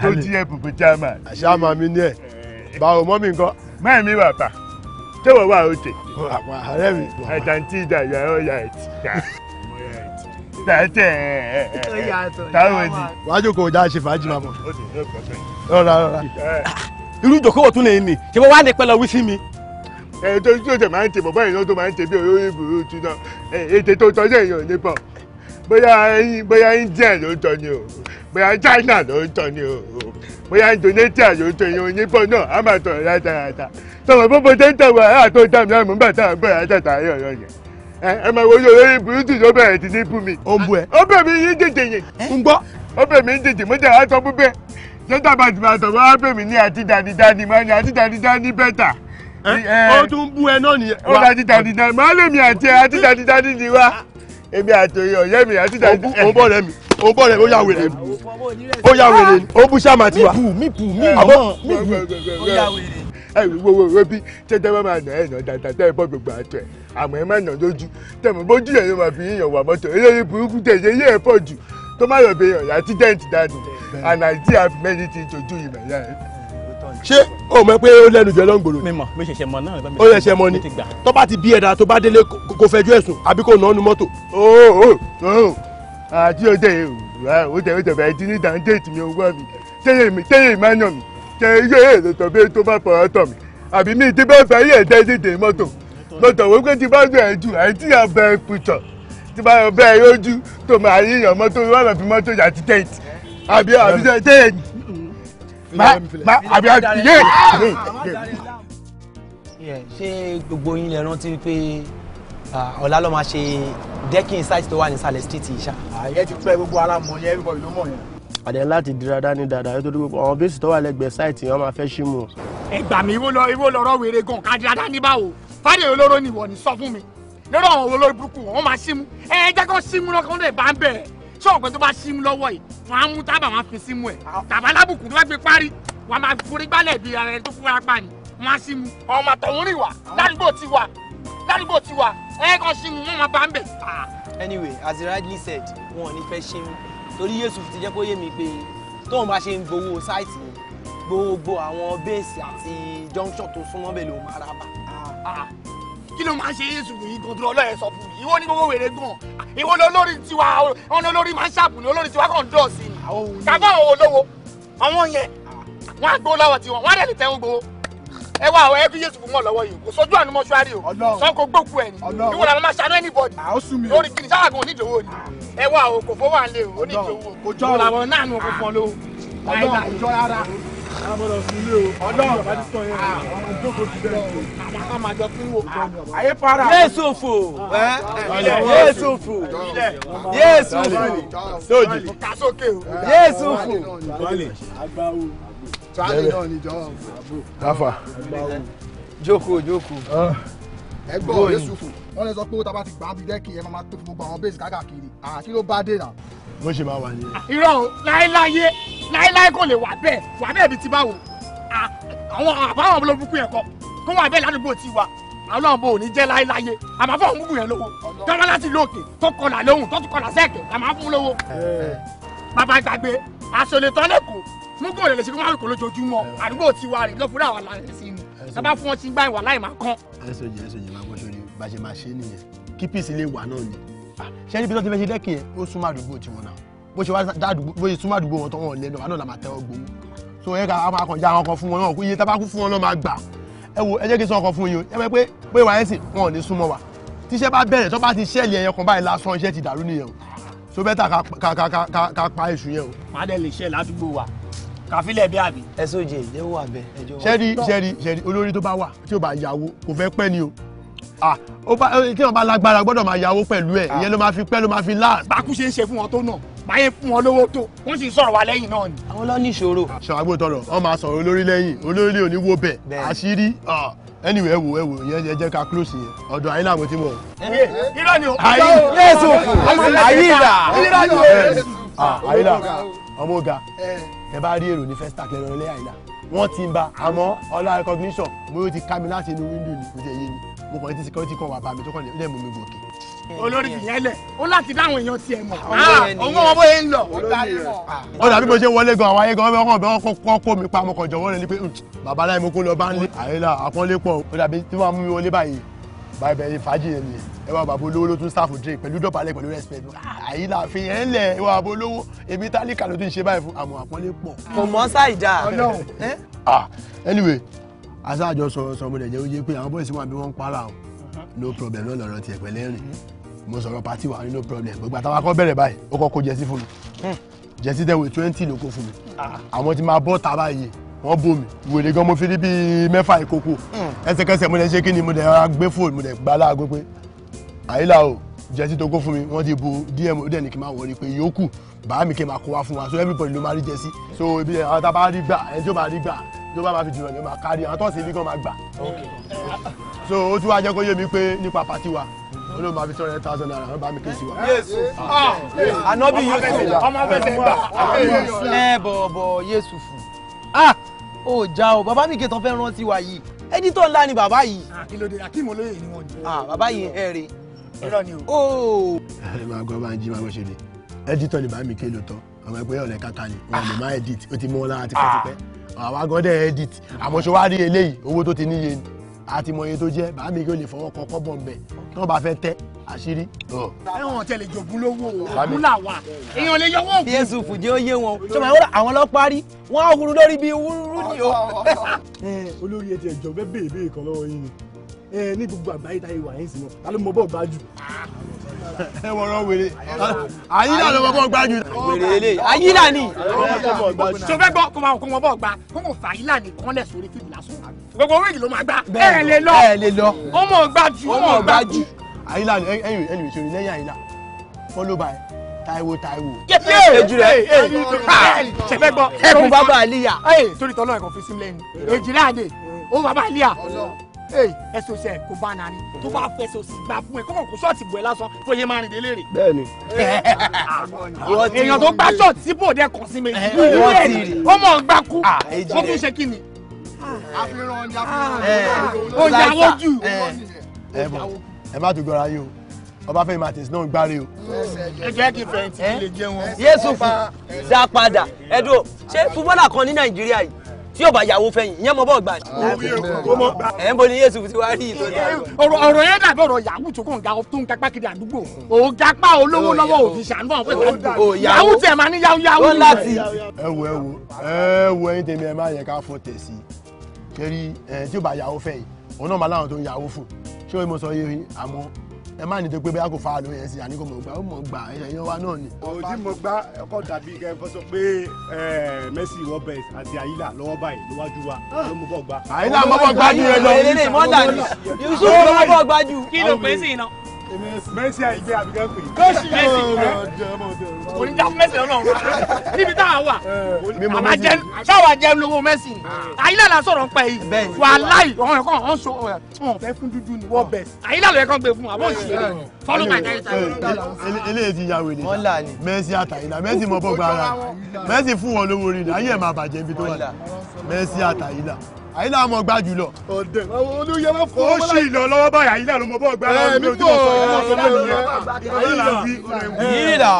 tó tíyẹ̀ bùbù jáàmà. àṣà máa mi ní ẹ̀ báwo mọ́ mi nǹkan. mẹ́rin mi wà pa tẹ́wọ̀ wà ó tẹ̀. àpò àárẹ̀ mi. ẹ̀dá ń tí ìdá ìyá ọ̀yà ẹ̀ ti dà ta tẹ ẹ táwọn èdè. wàá jókòó já ṣe fàájì máa bọ̀. rọra rọra. irú ìjòkòwò tún lè ní ṣé wọ́n wá ní pẹ́lú wísí mi. ẹ tó tẹ máa ń tẹ bọ̀bọ̀ ìran tó máa ń tẹ bí olórí burú tún náà ètè tó tọ́jú èèyàn nípa bóyá bóyá India ló ń tọ́ ni o bóyá China ló ń tọ́ ni o bóyá Indonesia ló ń tọ́ ni o nípa náà a máa tọ̀ ọ́ yàtàyàtà tọ̀wọ̀ bó bó dé ń tẹ̀wọ̀ àtọ́ dàmí àmúbàtà yàtàtà ayọ̀ yọ̀ yẹn ẹ máa wo yóò lórí burúkú yóò bẹ̀rẹ̀ ti ní bú mi. ó bu ẹ. ó bẹ̀ mí yín jèjì yìí. ń gbọ́. ó bẹ̀ mí jèjì mo jẹ́ àtọ́ búbẹ́. sẹ́ńtà bàtì bàtì ọ̀bọ̀ wá bẹ̀ mí ní àti dàdídàdí máa ní àti dàdídàdí bẹ́tà. ó tún bú ẹ náà nìyẹn. ó dàdí dàdídàdí máa lè mi àti àti dàdídàdí ni wá. èmi àtòyè ọ̀yẹ́ mi àti dàdídàdí. òun bọ̀ rẹ̀ mi o bọ rẹ o ya wèrè ni o ya wèrè àmọ́ ẹ má nà lójú tẹ̀mọ́ bójú yẹn ló máa fi yíyan wà mọ́tò eléyìí burúkú tẹ̀ ṣe yé ẹ̀ pọ̀ jù tó má yọ̀ bẹ̀yàn yà tí dẹ́ǹtì dànù and I still have many things to do in my life. ṣé o mọ̀ pé ó lẹ́nu jẹ́ lọ́ngbòrò. mímọ mi ṣẹ̀ṣẹ̀ mọ̀ náà ni tó bá ti bí ẹ̀dá tó bá délé kò fẹjọ́ ẹ̀sùn àbí kò nánú mọ́tò. àti ó dẹ̀ ó dẹ̀ ó dẹ̀ bẹ̀rẹ̀ dín ní dàńdéètì mi owó mi tẹ́yẹ̀ mi tẹ́yẹ̀ ìmánà mi tẹ́yẹ̀ èlò tọ́bí tó bá fọwọ́ tọ̀ mi àbí mi ti bẹ́ẹ̀ fẹ́ yẹ̀ dẹ́ẹ̀dì mọ́tò lọ́tọ̀wé pé tí bá bẹ̀rẹ̀ jù àìtí àbẹ̀ pìtàn tí bá yọ bẹ́ẹ̀ yójú tó máa yíyan mọ́tò wà lọ́ọ́ fi mọ́tò yà ti tẹ̀yìn àbí àbí tẹ̀yìn má àbí àbí yé. ṣé gbogbo yín lè rántí pé ọ̀la ló máa ṣe decking site tó wà ní sàlẹ̀ street yìí ṣá. àyẹ̀ ti pẹ́ gbogbo ara mọ̀ yẹn everybody ló mọ̀ yẹn. àdé láti dira dání dáadáa nítorí gbogbo àwọn bẹ́ẹ̀sì tó wà lẹ́gbẹ̀ẹ́ site yẹn wọ́n máa fẹ́ ṣí mu. ẹ gbà mí ìwọ lọ ìwọ lọ rọ wèrè gan kájí adá ní báwo fàdé olóró ni ìwọ ni sọ fún mi lórí àwọn olórí burúkú wọn máa símú ẹ jẹ́ kó símú náà lè bá ń bẹ̀ ṣé ọ̀gbẹ́ tó bá símú lọ́wọ́ yìí wọn á mú tábà wọn á fi símú ẹ̀ tàbá lábùkù tó bá gbé parí wọn máa forí gbálẹ̀ bí ara ẹni tó fúnra pa ni wọn á símú. ọmọ àtọ̀hún rìn wá ládùúgbò ti wà ládùúgbò ti wà ẹ kàn símú wọn máa bá ń bẹ̀. anyway as you rightly said wọn ò ní fẹ́ símú torí Yusuf ti jẹ́ kó yé mi pé tóun bá ṣe ń gbowó sáìtì gbogbo àwọn bẹ́ẹ̀sì àti junction tó súnmọ́ bẹ́ẹ̀ lòun máa ra bá Ah. kí ló máa ń ṣe yéésù yìí gan dúró ọlọ́yẹ sọ fún mi ìwọ ni gbogbo wèrè gan ìwọ ni olórí tiwa wọn ni olórí máa ń ṣàbùn ni olórí tiwa kàn dọ̀ sí i bàbá àwọn olówó àwọn yẹn wọn àgbo lọ́wọ́ tiwọn wọn á dẹ̀ lè tẹ́wọ́ gbowó ẹ wá ọ ẹ fi yéésù fún wọn lọ́wọ́ yìí kò sójú àánú mọ́ṣúárì o sọ́kò gbókù ẹ̀ ni ìwọ làwọn máa ṣàánú anybody lórí kìnìún sáwàgùn onídòwò ni ẹ wá o kò fowó àlè o onídòwò ìwọ làwọn náà nù ọkọ̀ fún ọ lówó láìláì ayé para. yéésù òfò yéésù òfò yéésù òfò sóòjì yéésù òfò. tafa jókòó jókòó ẹgbọ́n yéésù òfò wọ́n lè sọ pé ó ta bá ti gbà á bí dẹ́kì ẹ̀ máa tó fún gbogbo àwọn bẹ́ẹ̀sì káàkiri àti ló bá dé náà bó ṣe máa wà nìyẹn. Ah, irọ́ o láéláyé láéláyé kò lè wà bẹ́ẹ̀ wà bẹ́ẹ̀ bí ti báwo ah, àwọn àbáwọn olóbùkún yẹn kọ kó wà bẹ́ẹ̀ ládùúgbò tí wa àwọn náà bò ní jẹ́ láéláyé àmọ́ fún òun bùn yẹn lówó tọ́lá láti lóòkè tó kọlà lóhùn tó tún kọlà sẹ́ẹ̀kẹ̀ àmọ́ fún lówó. bàbá gbàgbé àṣọlẹ̀ tọ́lẹ̀ kò mú kó lè lè ṣe kó má rò kó lójoojúmọ́ àdúgbò tí wa rè lọ́fúnra àwọn aláìsí sí ni sábà fún ọtí gbá ìwà láì máa kán. ẹ ṣe jẹ ẹ ṣe jẹ máa bọ́ sórí bá ṣe máa ṣe nìyẹn kí píìsì ṣé ibi tó ti fẹ́ ṣe dẹ́kìn yẹn ó súnmọ́ àdúgbò tiwọn náà bó ṣe wá dádùgbò bó ṣe súnmọ́ àdúgbò wọn tán wọn lẹ́nu àwọn náà la máa tẹ́wọ́ so ẹ ká a máa kàn já àwọn kan fún wọn náà iye tá a bá kú fún wọn náà máa gbà ẹ wo ẹ kí n sọ ọkọ̀ fún yín o ẹ mọ̀ pé pé wàá ẹ̀sìn wọn ò ní súnmọ́ wa tíṣẹ́ bá bẹ̀rẹ̀ tó bá ti ṣẹ́ẹ̀lì ẹyẹ kan báyìí lásán iṣẹ́ ti dàrú nìyẹn o so bẹ́ẹ̀ ta ká pa èṣù yẹn o. má dẹ̀ lè ṣe ládùúgbò wa kàfílẹ̀ bí àbí. ẹ sóje ìjẹ́wọ́ àbẹ ẹjọ́ wa. ṣẹ́ẹ́rì ṣẹ́ẹ́rì ṣẹ́ẹ́rì olórí tó bá wà tí ò bá yàwó kò fẹ́ pẹ́ ni o ah ó bá tí wọn bá lágbára gbọ́dọ̀ máa yáwó pẹ̀lú ẹ ah. ìyẹn ló máa fi pẹ́ ló máa fi last. bákú ṣe é ṣe fún wọn tó náà báyé fún wọn lówó tó wọn sì ń sọ̀rọ̀ wa lẹ́yìn náà ni. àwọn lọ ní ìṣòro. Ah, ṣàgbó tọrọ wọn máa sọ̀rọ̀ olórí lẹ́yìn olórí òní wo bẹ àṣírí ah, anyway ẹ wò ẹ wò yẹn jẹ ká close yẹn ọ̀dọ̀ àyínlá mo ti mọ. irọ́ ni o. àyín yéésù àyínlá àyínlá ọmọ ọ̀gá ẹ bá rí èrò ní first act lẹ́nu ilé àyínlá wọ́n ti ń ba recognition mo yóò ti ká mi láti inú window ní kò jẹ́ mo kàn ti security kan wà bá mi tó kàn lè mi gòkè. olórí ìyẹn lẹ ó láti dáhùn èèyàn tiẹ̀ mọ̀ ah, òun wọn bóyá ń lọ. Ah, ó dàbí bó ṣe wọlé gan àwọn ayé gan ọbẹ̀ ọkàn bẹ́ẹ̀ kó mi pa mo kàn jọ̀wọ́ rẹ̀ ni pé hmm, bàbá láì mo kó lọ bá ń lé. àyèlà àpọ́nlé pọ̀ ó dàbí tí wọ́n mú mi wọlé báyìí báyìí bẹ́ẹ̀ fàájì yẹn ni ẹ wá bàbá olówó ló tún staff drink pẹ̀lú dọ̀bálẹ̀ pẹ̀lú respect ah, àyílà àfihàn ńlẹ̀ ẹ wá bàbá olówó èmi tálíkà ló tún ṣe báyìí fún àmọ́ àpọ́nlé pọ̀. kò mọ́ sáì dáa. anyway aṣáájọ sọ̀rọ̀ sọ̀rọ̀ mo dẹ̀ jẹ́ oye pé àwọn bọ́ọ̀sì wà bí wọ́n ń para o no problem náà lọ́rọ̀ tiẹ̀ pẹ̀lẹ́ rìn mo sọ̀rọ̀ pati wa ní no problem gbogbo àtàwọn akọ́ bẹ̀rẹ̀ báyìí ó kọ́kọ́ jẹ́sí fún mi hmm. jẹ́sí tẹ̀wé twenty ló kó fún mi ah. àwọn ti máa bọ́ ta báyìí wọ́n bò mí wèrè gan mo fi rí bíi mẹ́fà ìkókó hmm. ẹsẹ̀kẹsẹ̀ mo dẹ̀ ṣe kí ni mo dẹ̀ gbé fóònù mo dẹ̀ gbá láago pé àyílà o jẹ́sí tó kó fún mi wọ́n ti bo dm ó dẹ̀ ní kí n máa wọrí pé yòókù bàá mi kí n máa kó wá fún wa so everybody ló máa rí jẹ́sí so ibi àwọn tá a bá rí gbà ẹni tó máa rí gbà tó bá máa fi jùlọ ní máa kárí àwọn tó ń sèlú kan máa gbà so ó tún wá jẹ́ kó yé mi pé nípa pàtí wa ó ló máa fi tọ́lẹ̀ thousand naira wọ́n bá mi ké sí wa. Ah. Ah. ànábì Yusuf ọmọ fẹsẹ̀ gbà. Ah. ẹ bọ̀ bọ̀ Yusuf ó já o bàbá mi ké tán fẹ́ rántí wa yìí ẹni tó ńlá ni bàbá yìí. àkìlódé àkìmọ̀lóye ni wọ́n jẹ́. bàbá yìí ẹ̀rẹ̀ irọ́ ni o. Oh. ẹ máa gbọ́ bá ń jí máa gbọ́ ṣe lè ẹ́dítọ̀ ni bá mi ké lóòótọ́ ọmọ ẹgbẹ́ ọ̀rẹ́ kàkà ni wọn lè má edit ó ti mú wọn lára tipẹ́tipẹ́ ah. àwa gọ́dẹ̀ edit àmọ́ ṣe wá rí eléyìí owó tó ti níye ni àti mọ iye tó jẹ́ bá mi kí o lè fọwọ́ kọ kọ́bọ̀ ń bẹ̀ tí wọ́n bá fẹ́ tẹ́ àṣírí. ẹ̀wọ̀n tẹ̀lé jògún lówó ògùn làwà èèyàn lè yọwọ́ ògùn. yéésù fùjẹ́ ó yé wọn ṣọmọ ìwọ́n àwọn lọ parí wọ́n á hurú lórí bíi wúrú ni o. olórí ẹ ti ẹ̀jọ̀ kan lọ́wọ́ yín ni ẹ ní gbogbo àgbáyé táyé wà yín sí náà ta ló mọ bọ́ọ̀ gbájú. ẹ wọ̀rọ̀ wèrè àyílà ló mọ bọ́ọ̀ gbájú. wèrè ilé àyílà ni tó fẹ́ gbọ́ kó máa kó wọn bọ́ọ̀ gba kó kò fà àyílà ni kán lẹ̀ sórí fíìmù lásán gbogbo wíìlì ló máa gbá ẹ lè lọ ẹ lè lọ ó mọ̀ gbájú ó mọ̀ gbájú. àyílà ni ẹ̀yìn ẹ̀yìn ìṣòro lẹ́yìn àyílà follow by Táíwò Táíwò. èjì rẹ ṣẹfẹ gbọ. ẹkùn bàbá àlìyà. torí tọ́lọ́ ẹ̀kọ́ fi sílẹ̀ ni èjì rẹ àdè ó bàbá àlìyà ẹsẹ òsì ẹ kò bá nani tó bá fẹsẹ òsì gbà fún ẹ kókò kó ṣọ́ọ̀tì bù ẹ lásán fún iye máa rìn délé rè. bẹ́ẹ̀ni. èèyàn tó gbá ṣọ́ọ̀tì tí bòde kàn sí mi ìlú ẹ ó mọ̀ ń gbá kú ah, ó tún ṣe kí ni. àfihàn ọjà fún ah. mi. ó yàwó jù. Eh, eh, ẹ má tó gbọ́ra yín o ọba fẹ́ máa tẹ̀sí náà ń gbáre o. ẹ jẹ́ kí fẹ̀yìntì eh? lè jẹun. yéésù dá padà ẹ̀dùn ṣé fúbọ́là kan ní nàìjíríà yìí tí yóò bá yàwó fẹ̀yìn ìyẹn mọ bọ́ọ̀ gbà ni. ẹ̀ ń boli yéésù ti wá rí ìtọ́jú. ọ̀rọ̀ yẹn dàbí ọ̀rọ̀ yahoo tó kàn ga tó ń gapá kiri àdúgbò ò gapá olówó lọ́wọ́ òfin ṣàánú àwọn fẹ́ẹ́ gbàdúgbò yahoo tẹ̀ máa ní yahoo yahoo. láti. ẹ wo ẹ wo ẹ wo ẹyin tèmi ẹ má yẹ ká fọ tẹ̀sí kẹrí ẹ tí yóò bá yàwó fẹ̀yìn òun náà máa láwọn tó ń yàwó fún ṣé mo ẹ má ní tó pé bẹ́ẹ̀ kò fa àlọ́ yẹn sí àní mọ̀ gbà ó mọ̀ gbà ẹ̀yẹ yẹn náà ni. òtí mo gbá ẹkọ dàbí kẹ fọ sọ pé Messi Roberts àti Ayila lọ́wọ́ báyìí lọ́wájú wa ah. ló mú bọ gbá. Ayila mọ bọ gbájú yẹn lọ mẹ́sì àìgbé àbíkẹ́ pè. mẹ́sì mẹ́sì oníjà mẹ́sì ọlọ́run níbi tá a wà àmà jẹ sáwà jẹ lówó mẹ́sì ah. àyílẹ̀ la sọ̀rọ̀ ń pa yìí wàláhì ọ̀hún ẹ̀kọ́ ọ̀hún so ọ̀hún fẹ́ fún dúdú ni wọ́n bẹ̀. àyílẹ̀ lọ́yẹ̀ kan gbé fún wa bọ́ọ̀ sí ẹ̀ follow my direction. eléyìí ti ya wèrè mẹ́sì àtàyílà mẹ́sì mọ́ bọ́ gbára mẹ́sì fún wọn lówó rí ni ayé ẹ̀ máa bàjẹ́ ibi tó wà mẹ́sì àtàyílà àyílá mọ̀ gbà jùlọ. ọ̀dẹ̀ olóyè máa fọ. ó ṣì lọ lọ́wọ́ báyìí àyílá ló bọ́ gbà. ẹ mi kò àyílá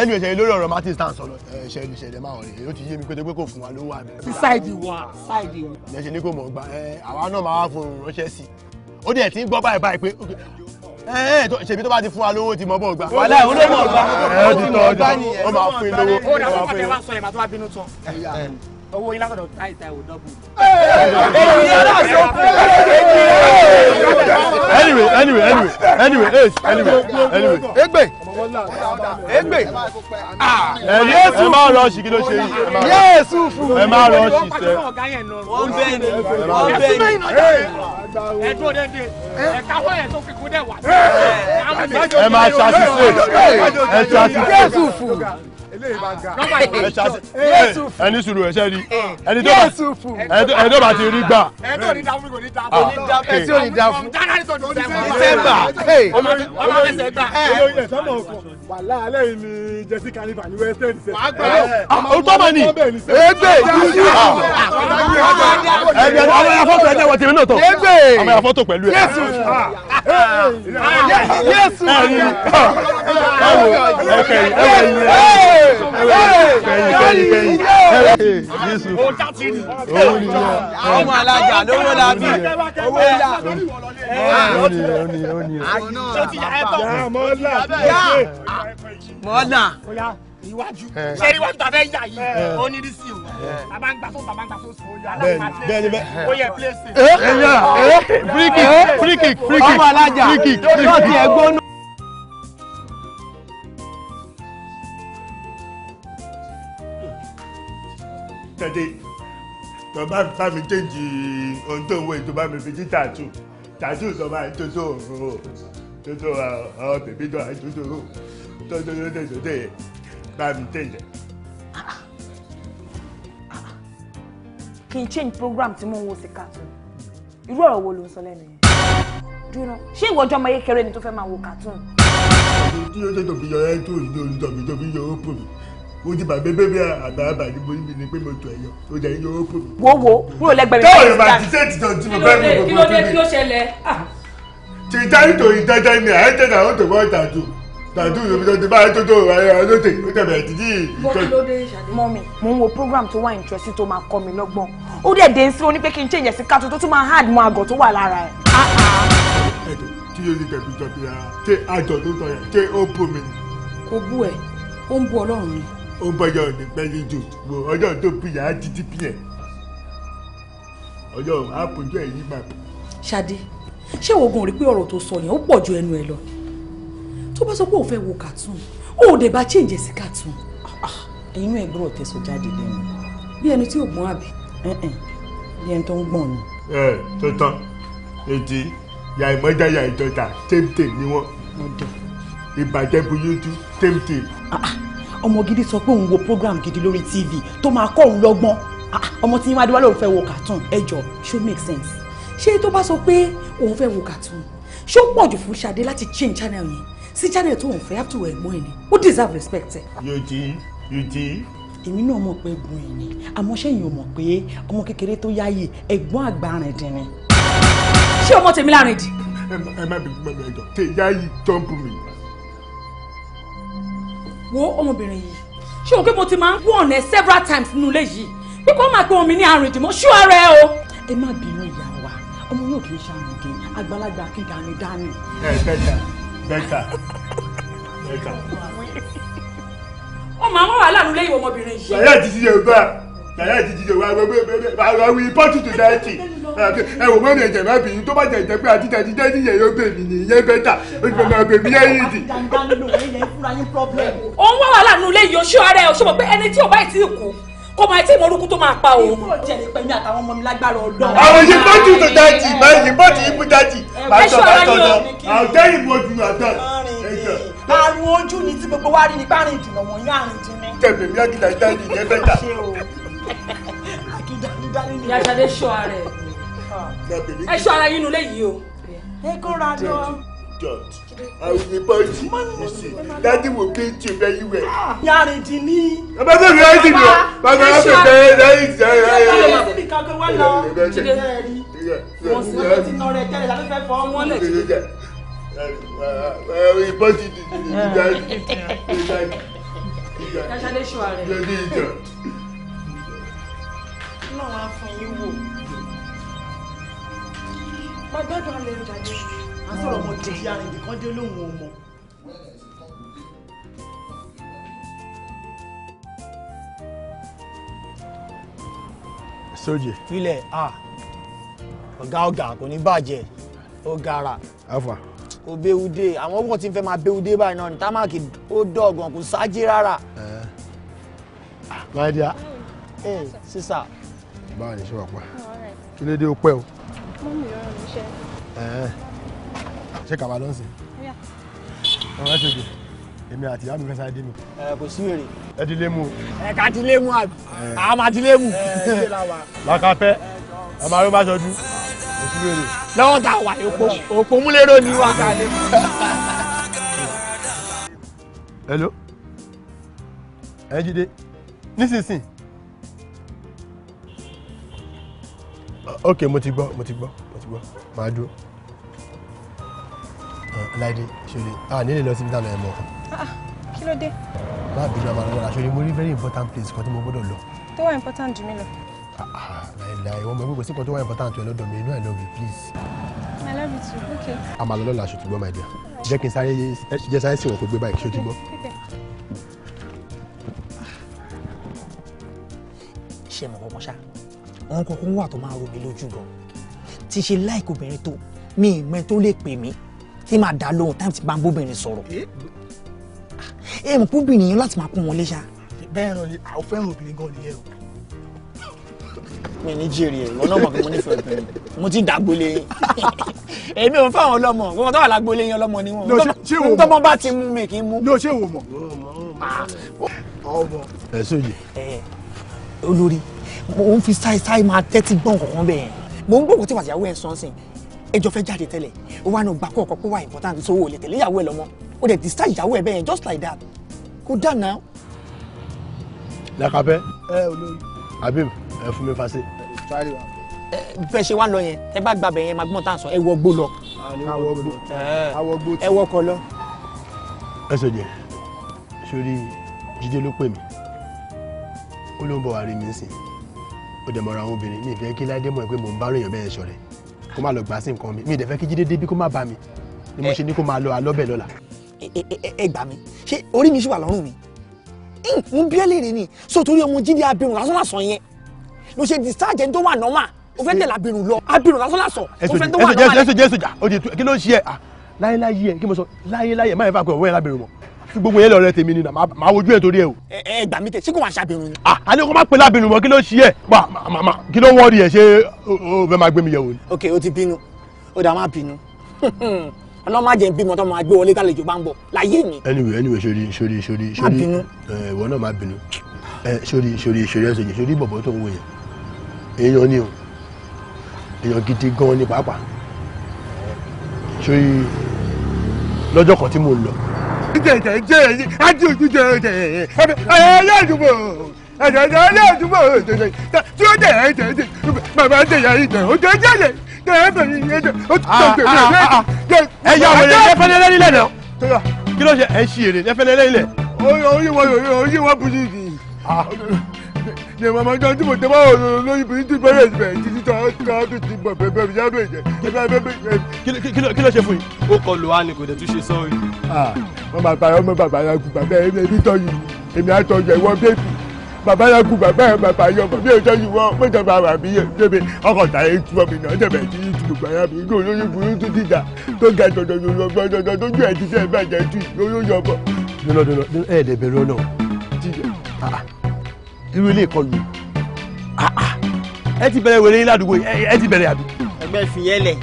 ẹnu ìṣẹ̀lẹ̀ lórí ọ̀rọ̀ Martins tá à ń sọ̀rọ̀ ìṣẹ̀lẹ̀ máa wọ̀nyí ó ti yé mi pété kò fún wa ló wà mí. sí sáìdì wa sáìdì wa. lẹ́sẹ̀ kò mọ̀ gbà àwa náà máa wá fún un sí ó dẹ̀ ti ń gbọ́ báyìí báyìí pé ṣèbí tó bá ti fún wa lówó ti mọ bọ gbà. wàhálà ẹ̀ olómọ̀ gbà. ẹ̀ ọ́ ti tọ́ ọjà ó máa fún in lówó. ó dàgbọ́ owó yín látọ̀dọ̀ táì ò dọ́bù. anyway anyway anyway anyway anyway anyway egbe egbe ẹni ah, ẹ eh, máa rọ ọsì kí ló ṣe yìí yéésù fún mi ẹ máa rọ ọsì sẹ. wọ́n bẹ ni wọ́n bẹ ni ẹ dúró dédé ẹ káwọ́ ẹ̀ tó fi kú dẹ̀ wá. ẹ máa ṣàṣìṣe ẹ ṣàṣìṣe. yéésù fún mi ilé ìbá ga ẹsẹ rí ẹni tó bá ti rí gbà. ẹni tó ní dáfún kò ní dáfún. ẹni ah, tó ní dáfún. jáde tó ní sẹ́mbà. ọmọ ẹsẹ̀ gbà. olóyè sọmọ ọkọ wàhálà alẹ́ yìí ni jessica ní bàní west end wàá gbà ọgbọ́n ah, mọ̀ ni ẹgbẹ́ yíyí ẹgbẹ́ ọmọ ah. yà fọ́tò ẹgbẹ́ wọ̀tí mi náà tó ọmọ yà fọ́tò pẹ̀lú ẹ. yéésù yéésù ẹ wo ẹ kẹyìn ẹ wọ ẹyìn ẹ ọmọ alájà lówó la bí owó ilà mọ́là iwájú ṣe iwájú tàbí ẹ̀yà yìí ó ní rí sí o bàbá ń gbà fún bàbá ń gbà fún sùn bẹ́ẹ̀ni bẹ́ẹ̀ni ó yẹ pílẹ̀sì. free kick free kick free kick free kick. ọmọ alájà yóò ti ẹ̀ gbóná. tẹ́tẹ́ tó bá bá mi kéjì ohun tó ń wọ ètò bá mi fi jí tààtù tààtù tó bá ń tótó òru o tótó ọ uh, uh, bèbí tó à tótó o tótó lóde lóde bá mi tẹ̀lé. kí n change program tí mò ń wo sí cartoon irú ọ̀rọ̀ wo ló ń sọ lẹ́nu yẹn dúró ṣé ìwọ ọjọ́ ọmọ ayé kéré ni tó fẹ́ máa wo cartoon. ọdún tí ó tètè fi yọ ẹ́ tó ìdí orí tàbí tó fi yọ ó pò mí mo ti bàbá bébí àbàbà ni mo níbi ni pé mo tọ ẹyọ o jẹ yíyọ owó pòmí. wo wo kúrò lẹgbẹrẹ ní ìsìlá káwọn ìbàdí sẹ́ẹ̀tì tó ti mo fẹ́ mú gbogbo tó ní. kí ló dé kí ló ṣẹlẹ̀. Ah. tìta nítorí dandan ni àyẹ̀tẹ̀ làwọn tó wọ́n tàdù tàdù yòóbi tó ti bá tó tó ọlọ́tẹ̀ ó tẹ̀ bẹ̀rẹ̀ títí. mo kí ló dé mọ́ mi mo ń wo program tó wà interesting tó máa kọ́ mi lọ́gbọ́n ó dẹ̀ dé sí oní pé kí n change sí kátó tó tún máa hard mọ́ àgọ̀ tó wà lára ẹ̀. Ah, ah. ẹ̀dọ̀ tí yóò ní tẹ̀bí tọ́bi ara ṣé àjọ̀ tó tọ̀ yẹn ṣé ó bù mí. kò bú ẹ ó ń bú ọlọ́run ni ó bọ́yọ̀ ní pẹ́lú jù wo ọjọ́ tó bìyà á títí bí ẹ̀ ọjọ́ á pojú ẹ̀ yí màá. Ṣadé ṣé oògùn rí pé ọ̀rọ̀ tó sọ yẹn ó pọ̀ ju ẹnu ẹ lọ tó bá sọ pé ò fẹ́ wo cartoon ó ò dẹ̀ bá change sí cartoon. inú ẹ gbọ́dọ̀ tẹ̀sọ̀ jáde lẹ́nu. bí ẹni tí ò gbọ́n àbí. bí ẹni tó ń gbọ̀n ni. ẹ tó tán ètí yà ìmọ̀já yà ìjọta tèmtèm ni wọ́n ìbàjẹ́ bu tèmtèm ọmọ gidi sọ pé òun wo program gidi lórí tv tó máa kọ́ òun lọ́gbọ́n ah, ah, ọmọ tí wọ́n adéwálé òun fẹ́ wo cartoon ẹ jọ make sense ṣé tó bá sọ pé òun fẹ́ wo cartoon ṣó pọ̀ jù fún Ṣadé láti change channel yẹn sí channel tó òun fẹ́ yàtọ̀ ẹ̀gbọ́n ẹ̀ ni ó deserve respect ẹ̀. Eugene Eugene èmi náà mọ̀ pé ẹ̀gbọ́n ẹ̀ ni àmọ́ ṣẹ́yìn ò mọ̀ pé ọmọ kékeré tó yáyè ẹ̀gbọ́n àgbà rìn dín ni. ṣé ọmọ tèmi láàrin dì. ẹ má bí ẹ jọ tẹ yáyì jọ́ǹpù mi wo ọmọbìnrin yìí ṣé òun pé mo ti máa ń wọ̀n ẹ́ several times nínú ilé yìí pé kó máa pe omi ní àrùn ìdìmọ́ ṣú ara ẹ o. ẹ má bínú ìyá wa ọmọ náà kì í ṣàrùn gé àgbàlagbà kí dání dání. ẹ bẹta bẹta bẹta. ọmọ àwọn wàhálà nílé ìwọ ọmọbìnrin yìí. ṣàyà ti ṣe é yàrá ìdíje wa wa we report to deity ẹ wò mọ́ni ẹ̀jẹ̀ má bìyìn tó bá jẹ ìjẹ́ pé àtijọ́ àtijọ́ níyẹn yóò bè mí nìyẹn bẹ́tà olùkọ́ máa bè mí lẹ́yìn ìdì. òun wá wàhálà nínú ilé yìí oṣù ara ẹ oṣù mọ̀ pé ẹni tí ò bá ì kú kó máa tí ìmọ̀rúkú tó máa pa òun. àwọn yìí bọ́ tù tó dájì máa yìí bọ́ tù ibú dájì máa tọ́ bá tọ́ lọ àwùjọ àrùn ojú ni tí gbogbo wa rí ni párin ìdùnnà wọ̀nyí àrùn ìdùnnà. tẹ̀bẹ̀ mi ìdájì yẹn bẹ́ẹ̀ akíndalídálé ni. ìyáṣadé ṣọ ara ẹ ẹ ṣọ ara yín nulẹ̀ yìí o. ẹ kóra lọ. I will be punching you. See, daddy will beat you very well. Yàrá ìdí ni. Bàbá tó rí ẹ́dì mi o. Bàbá tó rí ẹ́dì mi o. Bàbá tó rí ẹ́dì mi o. Bàbá tó rí ẹ́dì mi o. Wọ́n sì wọ́n ti nọ rẹ̀ tẹ́lẹ̀ láti fẹ́ fọ́ ọmọ lẹ̀. Ìbọ́sì ti di di di di di di di di di di di di di ọlọ́run á fún yín wò. wọ́n gbádùn alẹ́ ìjàdé à ń sọ̀rọ̀ ọmọdé yá rìn nìkan dé lóhùn ọmọ. sójì. filẹ̀ a ọ̀gá ọ̀gá kò ní bàjẹ́ ó gara. afa. kò béwúdé àwọn ọkọ̀ tí ń fẹ́ máa béwúdé báyìí náà ní támákì ó dọ̀gàn kò sáájì rárá. láìdíà. Eh. Ah, ẹ eh, sísà báwo ni ṣe wà pa kí ló dé o pẹ́ o. mú mi rọrùn níṣẹ́. ṣé kàwá ló ń sìn. ọ̀rọ̀ ẹ̀ṣẹ̀ dè èmi àti ìyá mi fẹ́ sáré dé mi. kò sí èrè. ẹ ti lé mu. ẹ ká ti lé mu àbí àwọn máa ti lé mu. làkàpẹ́ ọmọ arúgbó bá sọdún kò sí èrè. lọ́wọ́ tá a wà òpó múlẹ́rọ ni wà ká lé. hello ẹ jíde nísinsìnyí. ok mo ti gbọ́ mo ti gbọ́ mo ti gbọ́ màá dúró ah, láìdé ṣọlẹ a nílè lọ síbi táwọn ẹ mọ. Ah, kí ló dé. má bínú àmà lọ́wọ́ àṣọlẹ mo rí very important place kan tí mo gbọ́dọ̀ lọ. tó wà important jù mí lọ. Ah, láìláì wọn mọ ẹgbẹ́ kò sí kan tó wà important jù ẹ lọ́dọ̀ mi inú I love you please. I love you too okay. àmà lọ́lọ́ la ṣòtúgbọ́ my dear jẹ́ kí n sáré jẹ́ sáré sí wọn kó gbé báyìí ṣòtúgbọ́. ṣé mo kọ́kọ́ ṣáà àwọn kankan wà tó máa rò mí lójú gan ti ṣe láìkó obìnrin tó mi ìmọ̀ tó lè pè mí tí màá dá lóhùn táìmù tí bá ń bóbìnrin sọ̀rọ̀ eh? ẹ mọ̀ kóbìnrin yẹn láti máa kún wọn léṣà. bẹ́ẹ̀ náà ni àwọn fẹ́ràn obìnrin gan nìyẹn o. mi ní jèrè ẹ ìwọ náà mọ̀ pé mo nífẹ̀ẹ́ obìnrin mo ti dàgbò lé yín èmi ò ń fáwọn ọlọ́mọ wọn tó wà lágbo lé yín ọlọ́mọ ni wọn tọ́mọ bá ti mú mi kì í mú. ló ṣe wò mọ̀. Ah. ọmọ ẹ sóye. olórí mo ń fi ṣáìṣáì máa tẹ́tí gbọ́n kankan bẹ́ẹ̀ mo ń gbọ́kàn tí wàá ẹ̀ sọ́n sìn ẹjọ́ fẹ́ jáde tẹ́lẹ̀ ó wà náà gbà kọ́ pé wà important so o lè tẹ̀lé ìyàwó ẹ̀ lọ́mọ o dẹ̀ dista ìyàwó ẹ̀ bẹ́ẹ̀ just like that kò dà náà. lakabẹ ẹ olórí Habib ẹ fún mi fàṣẹ. bẹ́ẹ̀ ṣe wá lọ yẹn ẹ bá gbàbẹ̀ yẹn magbọ́n tá à ń sọ ẹ wọ gbó lọ. ẹ wọ kọ lọ. ẹ sọ jẹ sórí jíde ló pè mí ó ló ń bọ̀ wá rí mi sìn ó dẹ̀ mọ̀ra àwọn obìnrin mi ìfẹ́ kí ládé mọ̀ pé mò ń bá rèèyàn bẹ́ẹ̀ ṣọ̀rẹ́ kó má lọ gbà sí nǹkan mi mi ìdẹ̀fẹ́ kí jídé débí kó má bá mi ni mo ṣe ní kó máa lọ alọ́bẹ̀ lọ́la. ẹ gbà mí ṣé orí mi ṣì wà lọ́rùn mi ń bí ẹlẹ́rìí ni so torí ọmọ jíde abirùn lásán lásán yẹn ló ṣe discharge ẹni tó wà normal o fẹ́ tẹ̀lé abirùn lọ abirùn lásán lásán o fẹ́ tó wà normal. ẹ sọ jẹ ẹ sọ jẹ ẹ sọ jà kí ló ń ṣe ẹ láyé láyé ẹ kí mo sọ láyé láyé má yẹ fà pé òwe ẹ lábẹ̀rù mọ́ sí gbogbo yẹn lọ́rẹ́ tèmi ni nà máa wojú ẹ̀ torí ẹ o. ẹ ẹ gbà tẹ ṣé kò wá ni. à ah, á ní má pè lábẹ̀rù mọ́ kí ló ṣí ẹ̀ pa màmá kí ló wọ́n rí ẹ̀ ṣé o fẹ́ máa gbé mi yẹ̀ wò ni. ok o ti bínú o dà má bínú ọlọ́run má jẹ́ ń bímọ tó máa gbé wọlé tálejò bá ń bọ̀ láyé mi. anyway anyway sori sori sori sori ìwọ náà má bínú sori sori sori ẹsẹ yìí sori bọ̀bọ̀ tó ń wò yẹn èèyàn ni o èèyàn gidi gan ni pàápàá sori lọ́jọ́ kan tí mo lọ jẹjẹ kí ló ṣe ẹ ṣì èrè ẹ fẹlẹ lẹni lẹ. oyin wọn oyin wọn bu yìí ṣe màmá jọ tí mo tẹ́ báwo lóyún bí tí bẹ́rẹ̀ bẹ̀ títí tó ká tó ti bọ̀ bẹ̀bẹ̀ mi yàgbé jẹ. kí ló ṣe fún yìí. ó kọ lù á kò dẹ̀ tún ṣe sọ́ọ̀rì. wọ́n máa bàyọ̀ mọ́ bàbá yà gùn bàbá yẹn èmi tọ́jú èmi àtọ́jú ẹ̀wọ̀n bébì bàbá yà gùn bàbá yẹn bàbá yọ ọmọ ìnà dẹ̀bẹ̀ tí gbogbo àyà mi ní olóyún burúkú dìjà tó ga irú ilé ìkọlù ẹ ti bẹ̀rẹ̀ wèrè yín ládùúgbò ẹ ti bẹ̀rẹ̀ àdú. ẹgbẹ́ ìfìyẹ́ lẹ̀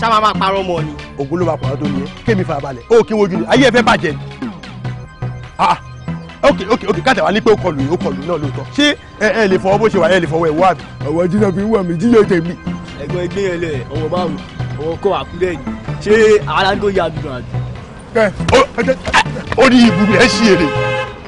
sábà máa parọ́ mọ́ ni. ògùn ló máa pàrọ̀ tó nìyẹn kémi farabalẹ̀ ó kí wojú ni ayé ẹ fẹ́ bàjẹ́ ni. ok ok ok káàtà wà ní pé ó kọlù yìí ó kọlù náà lóòótọ́ ṣé ẹ ẹ lè fọwọ́ bó ṣe wà ẹ lè fọwọ́ ẹ̀ wá mi. ọ̀wọ́ jíjọ fi ń wà mí jíjọ tẹ̀ mí. ẹ̀gbọ́n ẹgbẹ́ yẹn lẹ̀ ọwọ́ báwo ọwọ́ kọ́ àkúrẹ́ yìí ṣé alágbó yà dùn àdùn. ó ní ibùdó ẹ̀ ṣe èrè.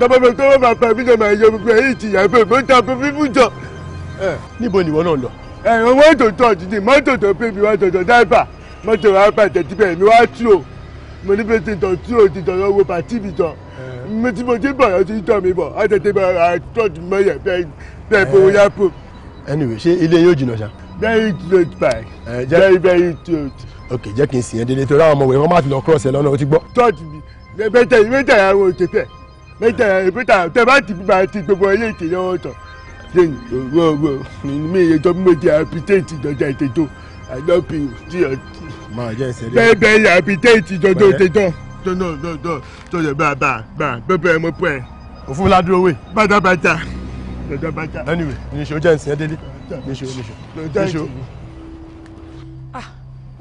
dábàbà tó wà bàbá mi jẹ màá yọ gbogbo ẹ̀yìn ti yà bẹ́ẹ̀ ta fún fífún jọ. níbo ni ìwọ náà lọ. ẹ owó tòótọ́ òjijì mọ́tò tó pé mi wá tòótọ́ dáìbà mọ́tò wa bàjẹ́ tibẹ̀ mi wá tú o mo ní bẹ́ẹ̀ ti tọ̀ tú o ti tọ̀ wo bàtí ok jẹ́ kí n sìn yẹn délé torí àwọn ọmọ wẹ̀ wọ́n má ti lọ cross ẹ lọ́nà ó ti gbọ́. tọ́jú mi mẹ́tẹ̀ẹ̀yà àwọn òtẹ́tẹ̀ mẹ́ta ìbúta tẹ̀bá ti bíbá ti gbogbo ilé ìtẹ̀yẹ wọn tọ̀ yẹn wọ wọ mi yẹ jọ méje àpítẹ́ẹ̀tì ìjọjà ìtẹ̀jọ́ àjọpì tí ọ ti. bẹ́ẹ̀ bẹ́ẹ̀ àpítẹ́ẹ̀tì ìjọjọ́ ìtẹ̀jọ́ tọ́nà tọ́jà bá bá bá bẹ́ẹ̀ mọ́ pẹ́. òfin ládùúró wè. bàtà bàtà bàtà bàtà. anyway níṣó jẹ́ ǹsẹ́ délé níṣó níṣó níṣó. ah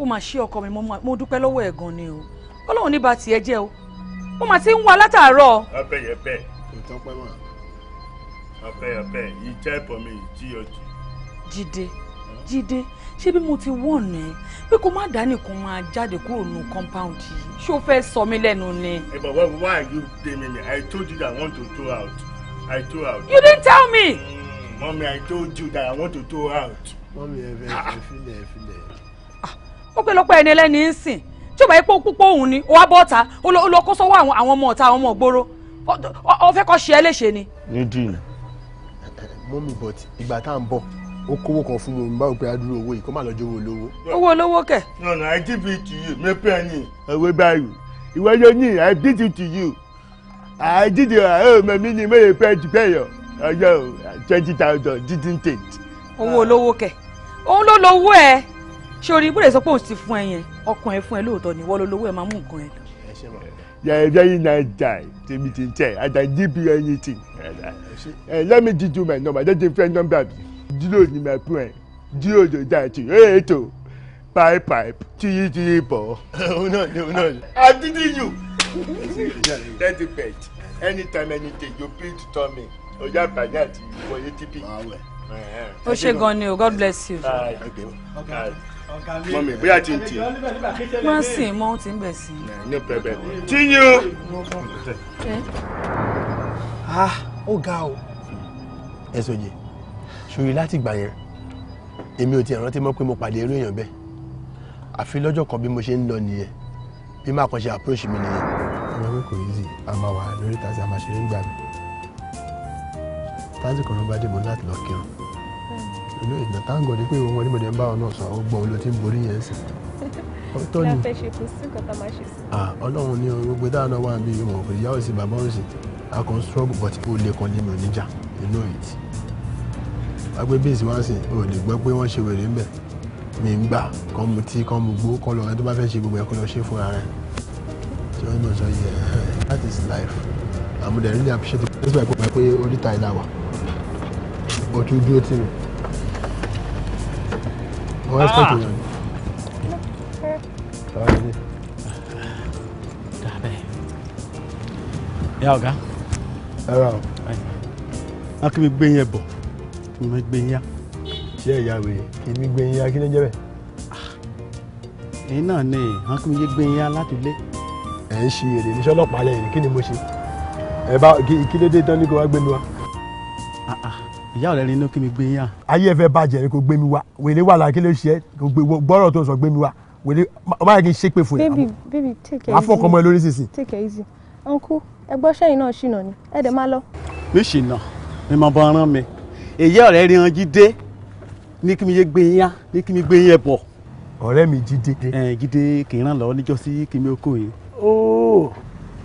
ó mà ṣe ọkọ mi mo dúpẹ́ lọ́wọ́ ẹ̀ gan ni o ọlọ́run ní bá tiẹ̀ jẹ́ o wọ́n máa ti ń wá látàárọ̀. abẹ́ yẹn bẹ́ẹ̀. ìtàn pẹ́ mọ́. abẹ́ yẹn bẹ́ẹ̀ yìí jẹ́ ìbọn mi yìí jí ọjì. jíde jíde ṣé bí mo ti wọ̀nà ẹ pé kó má dání kan máa jáde kúrò nù compound yìí ṣé o fẹ́ sọ mí lẹ́nu ni. ẹ bọ̀ wá wá you dey me I told you that I want to throw out I throw out. you didn't tell me. Mm, I told you that I want to throw out. mommy ẹ fẹ́ ah. ẹ filẹ̀ ẹ filẹ̀. ọpẹ́lọpẹ́ ah, ẹni ẹlẹ́ni ń sìn tí o bá pọ́ òun ni o wá bọ́ àwọn ọmọ ọ̀ta àwọn ọmọ ògbóró o kọ́ ṣe ẹ́ ni. ní díìlì. mọ́mí bọ̀t ìgbà tá à ń bọ̀ kan fún mi báwo pé adúrú owó yìí kó má lọ olówó. owó i give it to you báyìí i did it to you i did it oh, ni mẹ́yẹ twenty thousand didn't take. owó olówó òun ló sori bó lè sọ pé o sì fún ẹ yẹn ọkàn ẹ fún ẹ lóòótọ́ ni wọ́n lolówó ẹ máa mú nǹkan ẹ lọ. yàrá very nice guy tèmi ti ń tẹ i can give you anything eh, let me give you my number let me find number bi zero ni my plan zero to that hey to oh. pipe pipe tiyi tiyi bọ. o náà ni o náà ni. i didn't you. thirty pet anytime anything you please tell me oya bàjẹ́ àti ìwọ yẹn ti bí. o ṣe gan ni o god bless you mọ̀mí bóyá tí n tì. wọ́n sìn mọ́ ó ti ń bẹ̀ sí. ní pẹ̀pẹ̀ tí yín o. ah ó ga o. ẹ sọjẹ ṣòrí láti gbà yẹn èmi ò tiẹ̀ rántí mọ́ pé mo pàdé irú èèyàn bẹ́ẹ̀ àfi lọ́jọ́ kan bí mo ṣe ń lọ nìyẹn bí má kàn ṣe approach mi nìyẹn. ọmọ mi kò easy a máa wà lórí tàbí a máa ṣeré ń gbà mí tásìkò ló bá dé mo láti lọ kírun inú ìdá táǹgọ̀ ni pé òun wọn ni mo ń bá ọ náà sọ ọgbọ́n ló ti ń borí yẹn sí. ọtọ́ ni ọlọ́run ní gbogbo dáa náà wà bí ìwọ̀n òkè ìyá òsì bàbá òsì a kàn struggle but ó lè kan nínú níjà inú ìtì. wágbé bíìsì wá sí o lè gbọ́ pé wọ́n ṣe wèrè ńbẹ̀ mi ń gbà kàn mu tí kàn mu gbó kàn lọ́ọ́ tó bá fẹ́ ṣe gbogbo ẹ̀ kó lọ ṣe fúnra rẹ̀ that is life àmúdẹ̀ really appreciate it. ó ti bá ẹ̀ pọ̀ pé oríta ìlà wà ó dúró tì mí. Não é ah. Tá ali. Tá bem. É ọ̀gá. Ẹ ra o. A kì í gbé yẹn bọ̀. Mo máa gbé yá. Ṣé ẹ̀yà wèrè? Kì í gbé yá kí ló jẹ́ bẹ́ẹ̀? Ah, ẹ̀yin náà ni a kì í gbé yá láti lé. Ẹ ń ṣe èrè níṣẹ́ ọlọ́pàá lẹ́yìn kí ni mo ṣe? Ẹ bá kí ló dé tán ní kó wá gbé mi wá? Ah, ah ìyá ọ̀rẹ́ rinú kí mi gbé yàn. ayé ẹ fẹ́ bàjẹ́ rẹ kò gbé mi wá wèrè wà láàkí ló ṣe é kò tó sọ gbé mi wá wèrè ọba yẹn kì í ṣépè fún yà. baby baby take it easy afọkọ ọmọ ẹ lórí sísìn. take it easy uncle ẹgbọ́ sẹ́yìn náà ṣìnà ni ẹ dẹ̀ máa lọ. mi ṣìnà mi mọ bọ́n rán mi èyí ọ̀rẹ́ ríran jíde ní kí mi yé gbé yàn ní kí mi gbé yẹn bọ̀. ọ̀rẹ́ mi jíde. ẹ jíde kì í ràn lọ́wọ́ níjọ́sí kí mi ó kò yín.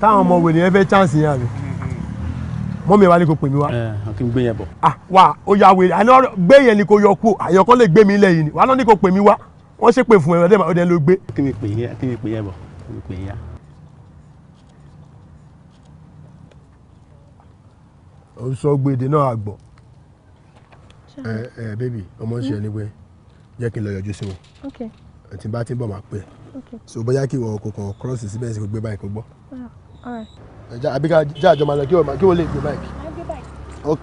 táwọn ọmọ wèrè yẹn fẹ́ chance yẹn àbí mọ́mí wa ni kò pè mí wa. kí n gbé yẹn bọ̀. ah wa o ya wèrè àná gbé yẹn ni kò yọ kú àyọkọ́ lè gbé mi lẹ́yìn ni wà á lọ pè mí wa wọ́n ṣe pè fún ẹ ọdẹ ọdẹ ló gbé. kí mi pè yẹn kí mi pè yẹn bọ̀ kí mi pè yẹn. ó sọ gbèdé náà àgbọ̀ ẹ ẹ bébì ọmọ ń ṣe ẹni mm. pé jẹ́ kí n lọ yọjú sí wọn tí bá ti bọ̀ máa pè é so bóyá kí ìwọ kò kàn cross síbẹ̀ sí gbé báyìí kó gbọ́. Ah, ẹja àbí ká já àjọ máa lọ kí wọ́n kí wọ́n lè gbé báyìí. ok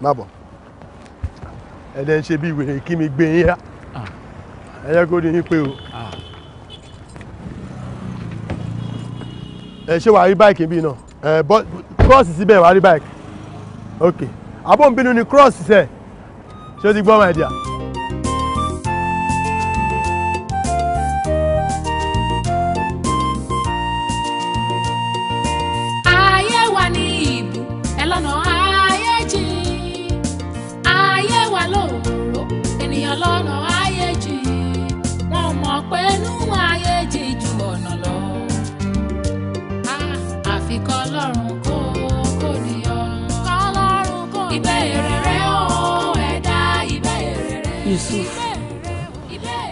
má bọ̀ ẹ̀dẹ̀ ń ṣe bí wèrè kí mi gbé yín rá ẹ̀yẹ kó ní yín pé o. ẹ ṣé wàá rí báìkì bíi náà ẹ bọ́ cross síbẹ̀ wàá rí báìkì ok àbọ̀ bínú ni cross sẹ̀ ṣé o ti gbọ́ my dear.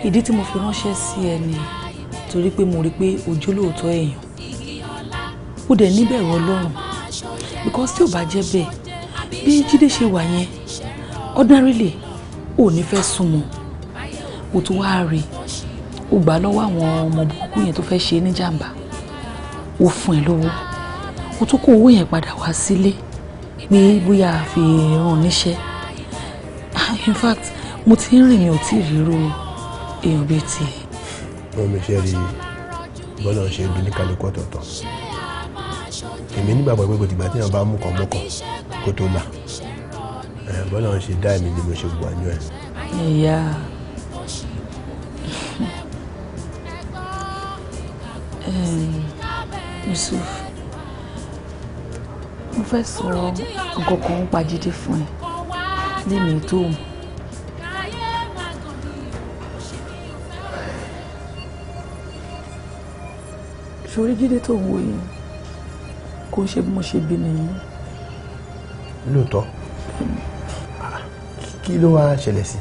ìdí tí mo fi ránṣẹ́ sí ẹ ni torí pé mo rí pé ojú lóòótọ́ èèyàn ó dẹ̀ níbẹ̀rù ọlọ́run because tí ò bá jẹ́ bẹ́ẹ̀ bí jíde ṣe wà yẹn ordinarily ò ní fẹ́ súnmọ́ o tún wá rí o gbà lọ́wọ́ àwọn ọmọ burúkú yẹn tó fẹ́ ṣe níjàmbá o fún ẹ lówó o tún kó owó yẹn padà wá sílé pé bóyá a fi ràn níṣẹ́ in fact mo ti ń rìn mi ò tí ì rí irú o èèyàn bíi ti. wọ́n mi ṣe rí bọ́lá ṣe dun ní kálukú ọ̀tọ̀ọ̀tọ̀ èmi nígbàgbọ́ pé kò tìgbà tí èèyàn bá mú kàn mọ́kàn kó tó là bọ́lá ṣe dá èmi ni mo ṣe gbọ́ àánú ẹ̀. ìyá Yusuf mo fẹ́ sọ nǹkan kan ń pa jíde fún ẹ lẹ́mìí tó mọ̀. ṣorí jíde tó wo yìí kò ṣe bí mo ṣe bí nìyí. lóòótọ́ ah, kí ló wá ṣẹlẹ̀ sí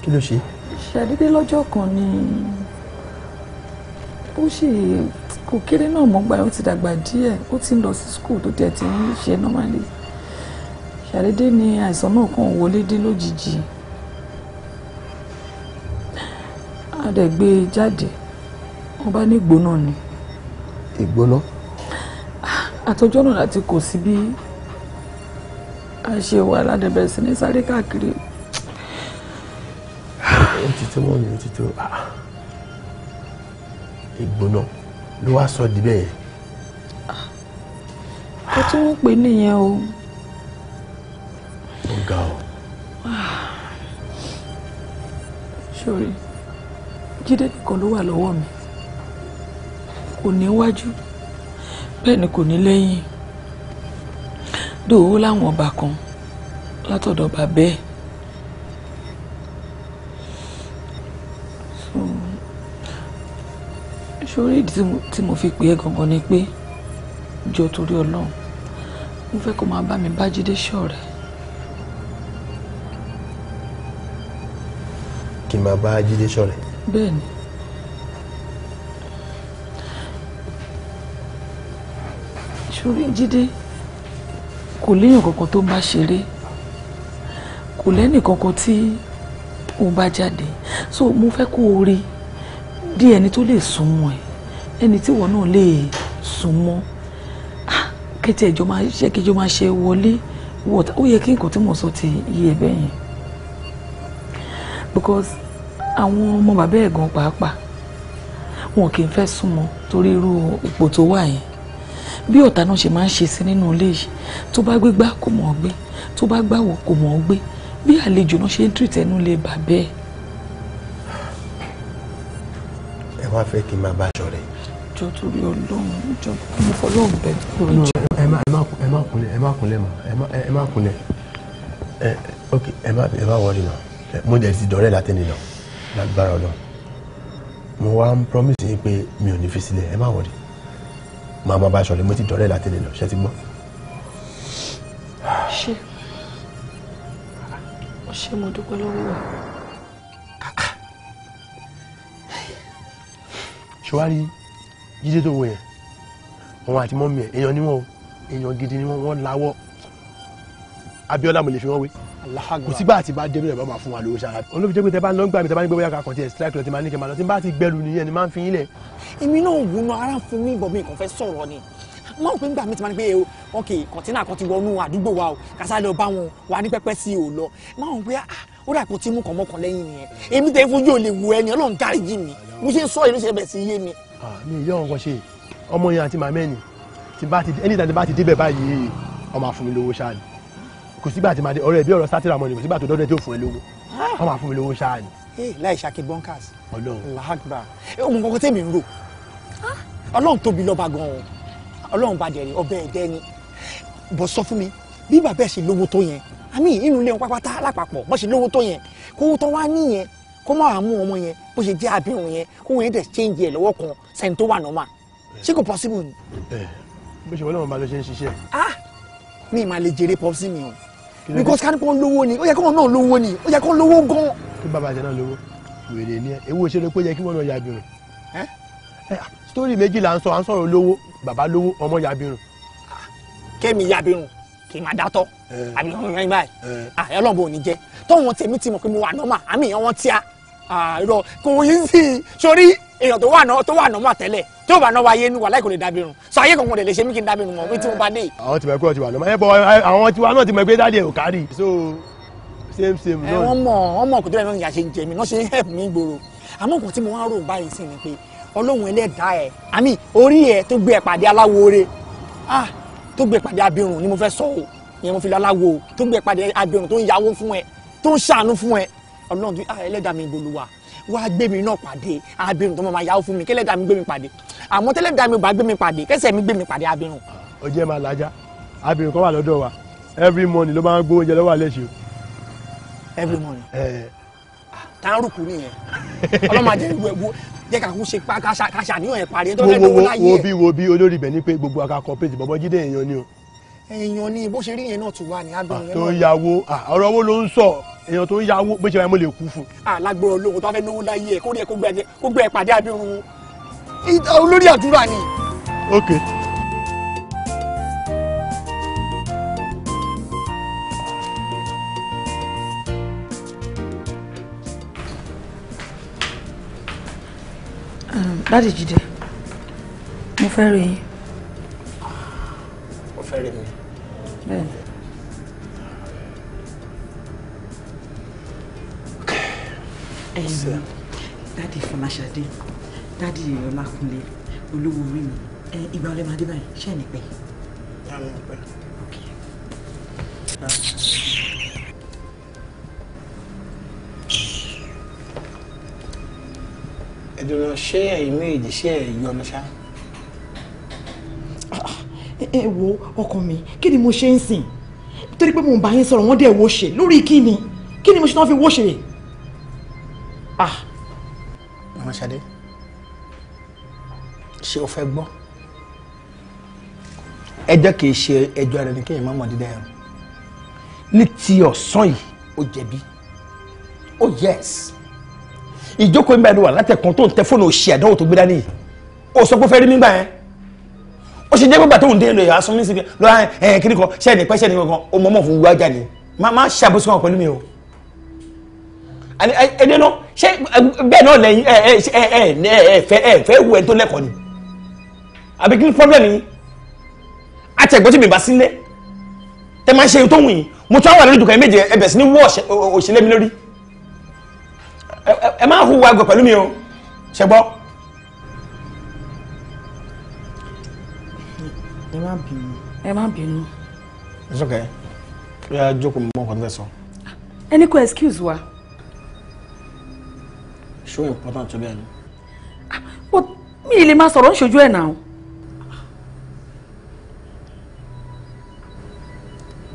kí ló ṣe. ṣàdédé lọ́jọ́ kan ni ó ṣe kò kéré náà mọ́gbà ó ti dàgbà díẹ̀ ó ti ń lọ sí skul tó tẹ̀ tí ń ṣe normally ṣàdédé ni àìsàn náà kàn wọlé dé lójijì a dẹ̀ gbé e jáde wọ́n bá ní gbóná ni ìgbóná. àtọjọ́ náà láti kò sí bí a ṣe wà ládẹ́bẹ̀ sí ní sáré káàkiri. ó ti tó mọ́ mi ó ti tó ah, ah. ìgbóná ló wá sọ di bẹ́ẹ̀. ẹ tí wọ́n pè nìyẹn o. ó ga o. sori ah. jíde nìkan ló wà lọ́wọ́ mi kò níwájú bẹ́ẹ̀ ni kò ní lẹ́yìn dòwó láwọn ọba kan látọ̀dọ̀ bàbẹ́ ẹ̀ ṣorí ìdí tí mo fi pè é gangan ni pé jọ torí ọlọ́run mo fẹ́ kó máa bá mi bá jíde ṣọ̀rẹ́. kí n máa bá jíde ṣọ̀rẹ́. bẹ́ẹ̀ ni. ṣorí jíde kò léèyàn kankan tó ń bá ṣeré kò lẹ́nì tí òun bá jáde so mo fẹ́ kó o rí di ẹni tó lè sún mọ́ ẹ ẹni tí ìwọ náà lè sún kẹtì ẹjọ máa ṣe kẹjọ máa ṣe wọlé wọta ó yẹ kí nǹkan tí mo sọ ti yí ẹ bẹ́ẹ̀ yẹn because àwọn ọmọ bàbá ẹ̀ gan pàápàá wọn kì í fẹ́ sún torí irú ipò tó wà yẹn bí ọ̀tá náà ṣe máa ń ṣe sí nínú ilé yìí tó bá gbé gbá kò mọ̀ ọ́ gbé tó bá gbàwọ̀ kò mọ̀ ọ́ gbé bí àlejò náà ṣe ń tìrì tẹnu lè bà bẹ́ẹ̀. ẹ wá fẹ́ kí n máa bá aṣọ rẹ̀. jọ torí ọlọ́run jọ mo fọlọ́run bẹ̀ kúrò jù. ẹ má kúnlẹ̀ ẹ má kúnlẹ̀ mọ́ ẹ má kúnlẹ̀ ẹ ok ẹ má ẹ má wọlé mọ́ mo dẹ̀ ti dọ̀rẹ́ látẹ́ni lọ lágbára ọlọ́run mo wá ń promise yín pé mi ò ní fi sílẹ̀ ẹ má wọlé máa máa bá aṣọ rẹ mo ti dọ̀rẹ́ láti lè lọ ṣe ti gbọ́. ṣé o ṣe mo dúpẹ́ lọ́wọ́ wa. ṣùwárí jíde tó wọ yẹn wọn àti mọ́mí ẹ̀ èèyàn ni wọ́n o èèyàn gidi ni wọ́n lawọ́ Abíọ́lá mo lè fi wọ́n wé kò sígbà àti bá débìrẹ̀ bá máa fún wa lówó ṣáà. olóbi jẹ́ pé tẹ bá ń lọ ń gbà mí tẹ bá ń gbé bóyá kakàn tí ẹ̀ strike lọ ti máa ní kẹ́ máa lọ tí n bá ti gbẹ́lu nìyẹn ni máa ń fi yín lẹ̀. èmi náà wò ó ara fún mi bọ̀ mi kàn fẹ́ sọ̀rọ̀ ni máa ń pè nígbà mi ti máa ń pè o wọn kì í kọ̀ntínà kan ti wọnú àdúgbò wa o kásá lọ bá wọn wà ní pẹ́pẹ́ sí o lọ máa ń pè ah ó dà kó tí mú kàn mọ́kàn lẹ́yìn nìyẹn èmi tẹ fojú ò lè wù ẹni ọlọ́run dáríjì mi mo ṣe kò sígbà tí màá dé ọ̀rẹ́ bí ọ̀rọ̀ sátìrà mọ ni kò sígbà tó dọdẹ tó fún ẹ lówó ah! wọn máa fún mi lówó ṣáà ni. Eh, láì ṣàkí bọ́ńkàs Ọlọ́run làágbà eh, ohun kankan tèmi ń rò ah! Ọlọ́run tóbi lọ́ba gan-an Ọlọ́run bá dẹ̀rẹ̀ ọbẹ̀ ẹ̀dẹ́ ni bọ́ sọ fún mi bí bàbá ẹ̀ ṣe lówó tó yẹn àmì inú ilé wọn pátá lápapọ̀ bọ́ ṣe lówó tó yẹn kówó tó wá níyẹn kó má mú ọmọ yẹn bó ṣe jẹ́ àbíhùn yẹn kó wọ́n yẹn dẹ̀ change ẹ̀ lọ́wọ́ kan sẹ́ni tó wà normal ṣé kò possible ni. Eh, bó ṣe wọlé wọn bá lọ ṣe ń ṣiṣẹ́. ah mi ì máa lè jèrè pọ́sí mi o because kánikọ́ ń lówó ni ó yẹ kọ́ náà lówó ni ó yẹ kọ́ lówó gan. kí bàbá àti náà lówó wèrè ni ẹ ewu ìṣeré pé yẹ kí wọn náà yabirun story méjì là ń sọ à ń sọ̀rọ̀ lówó bàbá lówó ọmọ yabirun. kémi yabirun kì í máa dátọ́ àbí ọmọ yẹn báyìí ọlọ́bù ò ní jẹ́ tọ́wọ́n tèmi ti mọ̀ pé mo wà nọ́mà àmì ìyẹn wọ́n tíya àìrọ kò yí sí sórí èèyàn tó wà náà tó wà náà mà tẹ́lẹ̀ tó bá náà wáyé nu wà láì kò lè dábìrún sọ ayé kankan lè lè ṣe mí kí n dábìrún mọ bí tí mo bá dé. àwọn tìmọ̀ ẹ̀kọ́ ti wà lọ́mọ ẹ̀ bọ̀ àwọn tiwa náà ti mọ̀ ẹgbẹ́ dáadé ò so same same náà. ẹ wọ́n mọ̀ wọ́n mọ̀ kòtò ẹ̀rọ ìyá ṣe ń mi náà ṣe ń help mi gbòòrò àmọ́ nǹkan tí mo wá rò báyìí sí ni pé ọlọ́run ẹlẹ́dàá ẹ̀ àmì orí ọlọ́run ti ah, ẹlẹ́dàá mi bolúwa wá gbé mi náà pàdé abirùn tó máa yáwó fún mi kẹlẹ́dàá mi gbé mi pàdé àmọ́ tẹ́lẹ́dàá mi ò bá gbé mi pàdé kẹsẹ̀ mi gbé mi pàdé abirùn. ó jẹ́ máa lajà abirùn kan wà lọ́dọ̀ wa every morning ló máa ń gbó oúnjẹ lọ́wọ́ alẹ́ ṣe. every morning. tàǹrùkù nìyẹn ọlọ́mọ ajẹ́ ìwé jẹ́ ká kú ṣe pa ká ṣàníyàn ẹ̀ parí. wo wo wo bí wo bí olórí ibẹ̀ ni pé gbogbo akakọ̀ péjì bọ́bọ́ jíde èèyàn ni o èèyàn ni bó ṣe rí yẹn náà tún wà ní agbóhùn ah, yẹn tó ń yàwó ah, ọ̀rọ̀ owó ló ń sọ èèyàn tó ń yàwó bó ṣe wà ní lè kú fún. alágbóró ah, olóhùn tó bá fẹ́ náwó láyé ẹ̀ kó rí ẹ̀ kó gbẹ ìpàdé abirun olórí àdúrà ni. ok. Ehm, dáàdì mo fẹ́ rí yín. mo fẹ́ rí mi. Okay. dádì Fọláṣadé dádì Ọlákúnlé olówó orí mi ìgbà ọlẹ́ máa dé báyìí ṣe ní pẹ́. ẹ̀dùnà ṣé share méjì ṣé Share, ọ̀nà ṣá ẹ wo ọkọ mi kí ni mo ṣe ń sìn torí pé mo ń bá yín sọ̀rọ̀ wọ́n dẹ̀ wo ṣe lórí kí ni kí ni mo ṣe tán fi wo ṣe. Ah. mama Ṣadé ṣé o fẹ́ gbọ́ ẹjọ́ kì í ṣe ẹjọ́ rẹ ní kéèyàn má dídá ẹ̀rù ní ti ọ̀sán yìí ó jẹ̀bi oh yes ìjókòó ìgbà ẹni wà látẹ̀kùn tó ń tẹ fóònù òṣì àdánwò tó gbé dání o ó sọ pé ó fẹ́ rí mi yẹn ó ṣe jẹ́ pé bàtà òun dé lọ ìhásùn mí sí lọ ẹ kiri kan ṣe ẹni pẹ́ ṣe ẹni kankan ó mọ̀ mọ̀ fún gbogbo ajá ni má ṣàbòsí kan pẹ̀lú mi o. ẹni náà ṣé bẹ́ẹ̀ náà lẹ́yìn ẹ ẹ ẹ ẹ fẹ́ ẹ fẹ́ wù ẹ tó lẹ́kọ̀ọ́ ni àbí kí ni problem yìí àti ẹ̀gbọ́n tí mi bá sílẹ̀ tẹ máa ń ṣe èyí tó wù yín mo tún àwọn àlejò kan méje ẹbẹ̀ sí ní wọ́ òṣèlè mi lórí ẹ má hùwà àgbẹ̀ pẹ̀lú mi o ṣẹ́gbọ́n. má bínú. ẹ má bínú. it's okay ẹ yà jókòó mi mọ ọkọ nífẹ̀ẹ́ sọ. ẹni kò excuse wa. ṣó important to me. ni. Ah, mi ì lè máa sọ̀rọ̀ ń ṣojú ẹ̀ náà.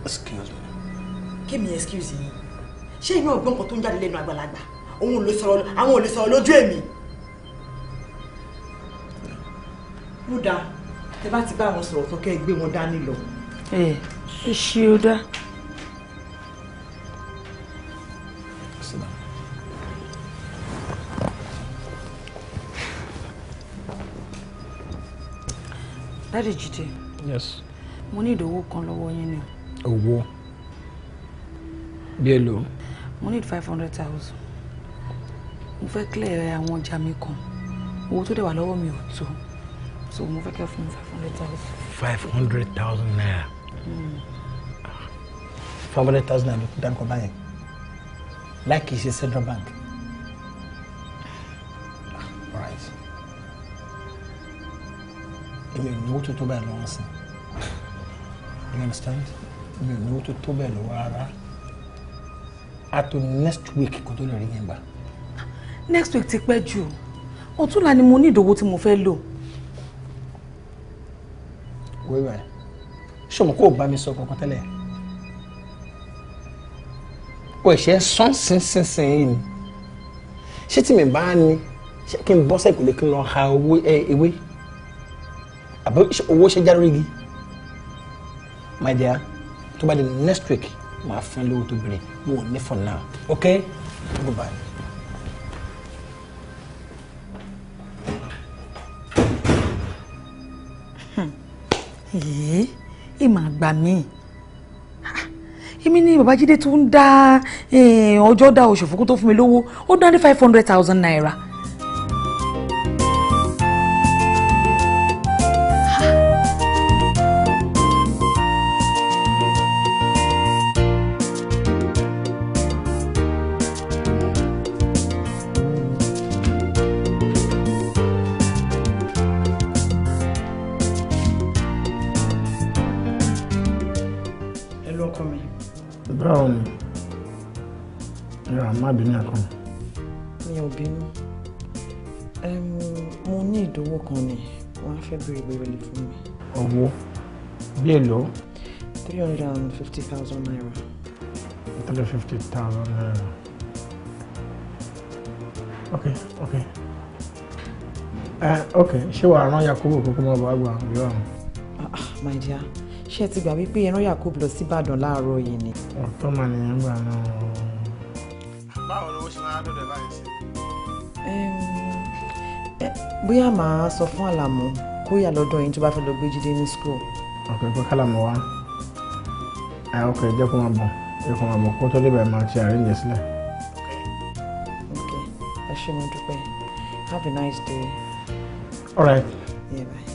excuse me. kémi excuse yìí ṣé ìyẹn ò gbọ́ nǹkan tó ń jáde lẹ́nu àgbàlagbà òun ò lè sọ̀rọ̀ àwọn ò lè sọ̀rọ̀ lójú èmi. ó dáa tẹ bá ti bá wọn sọ̀rọ̀ tán kẹ́ ẹ gbé wọn dání lọ. ẹ ẹ ṣe ó dá. dáàdì jìde. yes. mo ní ìdòwò kan lọ́wọ́ yín ni. owó bí èlò. mo ní five hundred thousand mo fẹ́ clear àwọn ọjà mi kan owó tó dẹ̀ wà lọ́wọ́ mi ò tó so mo fẹ́ kẹ́ fún mi five hundred thousand. five hundred thousand naira. Hmm. five hundred thousand naira ló kú dárúkọ báyẹn láì í ṣe central bank. èmi ò náwó tó tó bẹ́ẹ̀ lọ́wọ́ sí you understand èmi ò náwó tó tó bẹ́ẹ̀ lọ́wọ́ rárá àtò next week kó tó lè rí yẹn gbà. next week ti pẹ́ jù ọ̀túnla ni mo ní ìdòwò tí mo fẹ́ lò wẹ́wẹ́ rẹ̀ ṣé òun kò bá mi sọ kankan tẹ́lẹ̀ o ẹ̀ṣẹ̀ sán sínsínsìn ni ṣé tí mi bá ní ṣé kí n bọ́ sẹ́kù lè kí n lọ ha owó ẹ ewé àbí owó ṣe já lórí my dear tó bá di next week màá fún ẹ lówó tó bèrè mo ò ní for now okay goodbye. èé ìmọ̀ àgbà mi èmi ni bàbá Jídé tó ń dá eh, ọjọ́ dá oṣù fún kó tó fún mi lówó ó dá ní five hundred thousand naira. èlò. three hundred and fifty thousand naira. three hundred fifty thousand naira. okay. Okay. uh, ok ṣé wàá rán Yakubu kókó mọ́ bàbá àgbà my dear ṣé ẹ ti gbà wípé ẹran Yakubu lọ sí Ìbàdàn láàárọ̀ yìí ni. ọ̀tọ́ màá nìyẹn gbà náà. báwo lowó ṣe máa dọ̀dọ̀ báyìí sí. Eh, bóyá màá sọ fún Àlàmú kó yà lọ́dọ̀ yín tó bá fẹ́ lọ gbé Jídé ní school. Okay, for kálàmù wa ah, ẹ ọkọ̀ ẹ jẹ́ kó máa bọ̀ ẹ kó máa bọ̀ kó tó débẹ̀ Okay. ṣe àríyìn sílẹ̀. ok ẹ have a nice day. all right. Yeah, bye.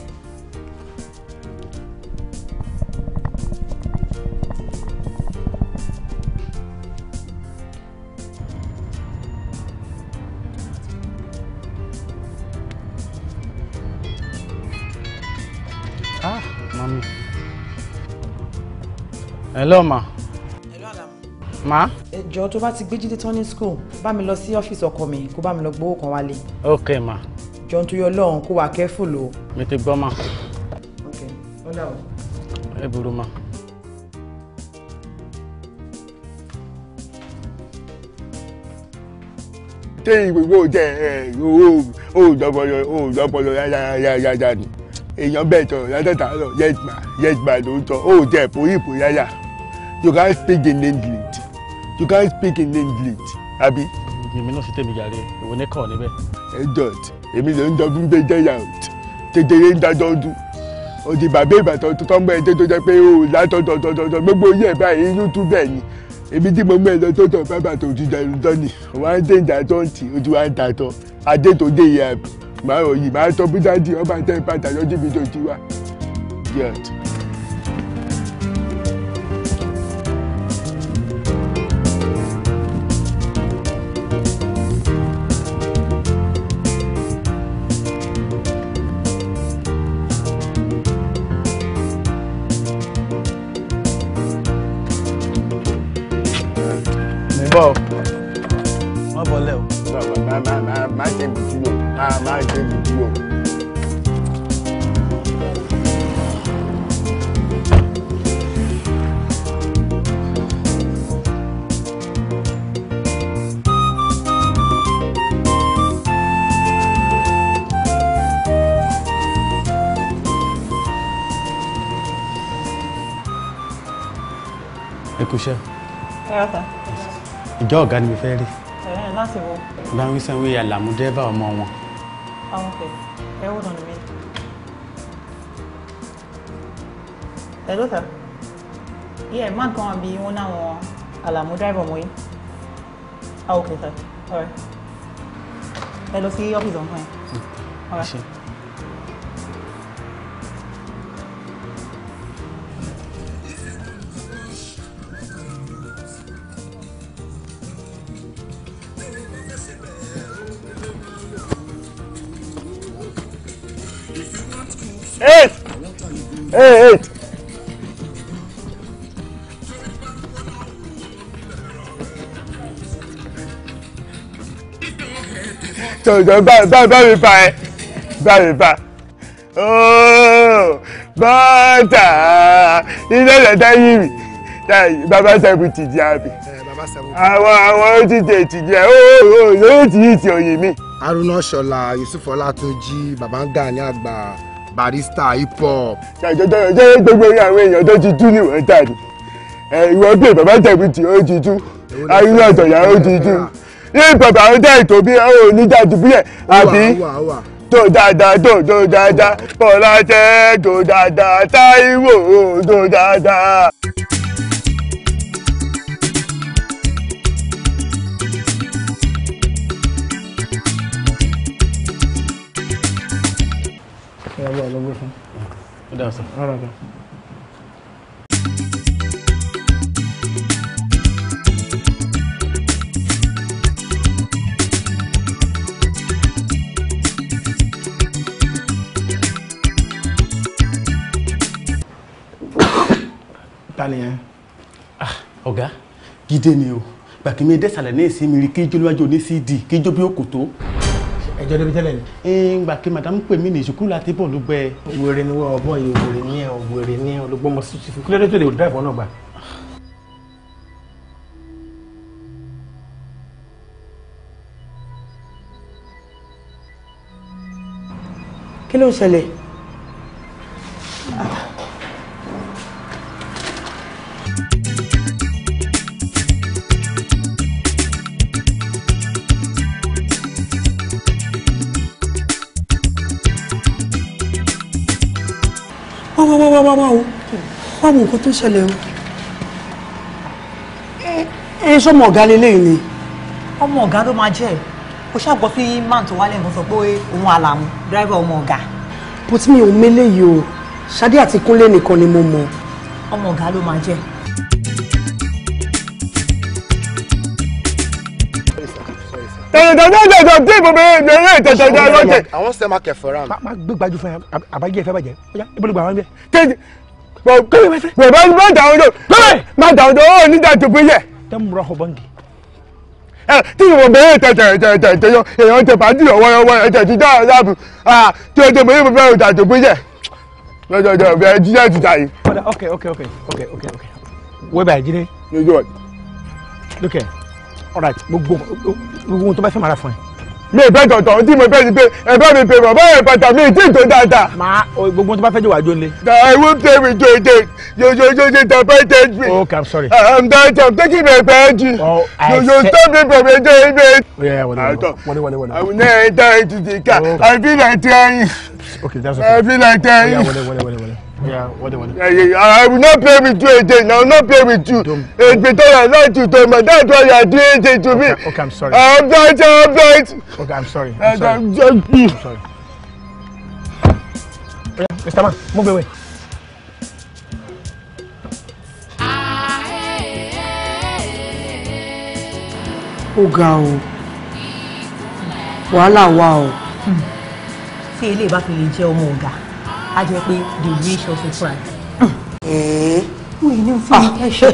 hello ma. hello Adam. ma. ẹjọ tó bá ti gbé jíde tán school bá mi lọ sí ọ́fíìsì ọkọ mi kó bá mi lọ gbowó kan wálé. ok ma. jọ ń toyọ lọ́hùn kó wà kẹ́fù lò. mi ti gbọ́ ma. ok ó dà o. ẹ burú ma. ṣé ìgbìgbò jẹ ẹ o jọpọlọ o jọpọlọ yáyáyáyá ni èèyàn bẹ́ẹ̀ tọ̀ yàtọ̀ tààrọ̀ yẹ́tìmá yẹ́tìmá ló ń tọ́ o jẹ ìpòyìpò yáyà you can speak in English you can speak in English àbí. èmi náà sì tèmi yàrá ìwọ ní kàn níbẹ̀. ẹ jọt èmi ló ń dọdún gbé jẹyà ọt kékeré ń dájọ ọdún òdì bàbá ìbàdàn tó tọ́ mọ́ ẹ tó jẹ pé o látọ̀tọ̀tọ̀tọ̀ gbogbo yẹ̀ báyìí YouTube ẹ̀ ni èmi tí mo mú ẹ lọ tó tọ̀ bàbà tó ti dẹnu tán ni wọ́n á dé ìdájọ́ ti ojú wa ń dàtọ̀ adé tó dé ìyá mi màá òyì màá tọ́ búdádì ọba tẹ́ bàtà lọ́jọ́ ibi tó ti wá. ìjọ ọ̀gá ni mo fẹ́ rí. ẹ láti wo. báwọn sanwó ìyá làmúdẹ́bà ọmọ wọn. àwọn kẹ ẹ wò náà nìyẹn. ẹ ló sà yẹ má kàn án bí wọn náà wọn àlàmúdẹ́bà ọmọ yìí. àwọn kẹ sà ọ̀rẹ́ ẹ lọ sí ọ́fíìsì ọ̀hún ẹ̀. ọ̀rẹ́. Hey! Hey, hey! jọjọ bá bá bá mi bá ẹ bá mi bá ooo bọ́tà iná lẹ́dá yìí mi bàbá sẹ́gun ti di àbí eh, àwọn àwọn ojútẹ̀ ti di ẹ ooo oh, oh, oh, yóò ti yìí ti òye mi. Haruna Ṣọlá Yusuf Ọlátúnjí bàbá ń gà ní àgbà barista hip hop. ṣàjọjọ ọjọ́ gbogbo àwọn èèyàn tó ti dún níwọ̀n tà ní ìwọ pé bàbá tẹ̀bí tí ó ti dún ayúlé ọ̀tọ̀yà ó ti dún ní bàbá ó dẹ̀ tó bí ó ní jáde búlẹ̀ àbí tó dáadáa tó tó dáadáa bọ́lá jẹ́ tó dáadáa táíwò tó dáadáa. lọ gbé fún. ó dà sọ. ọ̀rọ̀ kan. ta ni yẹn. ah ọ̀gá jíde ni o gbàkí mi dẹ́sàlẹ̀ ní ìsinmi rí kí ijó lójú ní cd kí ijó bí ó kò ẹjọ́ débi tẹ́lẹ̀ ni. ìgbà kí madam pè mí ní ìsukú láti bọ̀ ló gbẹ. wèrè ni wọ́n ọ̀bọ̀ yìí wèrè ni ẹ̀ wèrè ni olùgbọ́mọ sí ti fi kílódé tó lè drive ọ̀nà gbà. kí ló ń ṣẹlẹ̀? wá wá wá wá wá o wá wo o ẹ ẹ sọmọ ọ̀gá lélẹ́yìn ni. ọmọ ọ̀gá ló o ṣàgbọ́ fi máà tó wálé nǹkan sọ pé òun àlàmú dírẹ́fà ọmọ ọ̀gá. bó tí mi ò mélé yìí o ṣadé àti kúnlé nìkan ni mo mọ̀. ọmọ àwọn sẹ ma kẹfẹ ra mi. máa gbé gbajú fún yà àbájẹ ìfẹ́ bàjẹ́ ọjà ìbúlùgbà wọn bẹ. bẹ̀rẹ̀ bá ń bá dàwọn jọ bẹ́ẹ̀ má dàwọn jọ ó ní dàtí fún yẹ. tẹ́mùrọ̀ ọ̀bọ̀n di. ẹ tí ìwọ bẹ̀rẹ̀ tẹ̀tẹ̀tẹ̀tẹ̀ yọ èèyàn tẹ̀ pàdé ọ̀wọ́ ọwọ́ ẹ̀tẹ̀ ti dá ọ̀dà bù tí o tẹ̀ bẹ̀rẹ̀ bẹ̀rẹ̀ dàtí fún yẹ. lọ́jọ́jọ́ bẹ̀rẹ̀ jíjẹ́ ti ta yìí. okay okay okay okay okay okay. wẹ́ẹ̀ bàjẹ́ dé. lójú ọ̀ gbogbo ohun tó bá fẹ́ mara fún ẹ. mi ì bá tọ̀tọ̀ tí mo fẹ́ ni pé ẹ mi pè mọ̀ báyọ̀ bàtà mi ì tí dáadáa. màá gbogbo ohun tó bá fẹ́ jẹ́ wàá jóni. I will take me to again yoyoyoyo the boy tell me. okay I'm sorry. I'm done I'm taking my bed. oh I yoyo stop me from enjoying it. oya wọlé wọlé wọlé I will not enter into the car I feel like trying. okay that's okay. I feel like trying. oya wọlé wọlé wọlé. Yeah, what do you want? I I will not play with you again. I will not play with you. It's because I like you so much. That's why you are doing it to me. Okay, I'm sorry. I'm right, I'm right. Okay, I'm sorry. I'm sorry. I'm sorry. Yeah, Mr. Man, move away. Ó ga o. Wàhálà wà o. Hmm. Tí ilé ìbá fi lè jẹ́ a jẹ pé the rich of a price. mo yìí ní fún mi kẹ́sọ̀.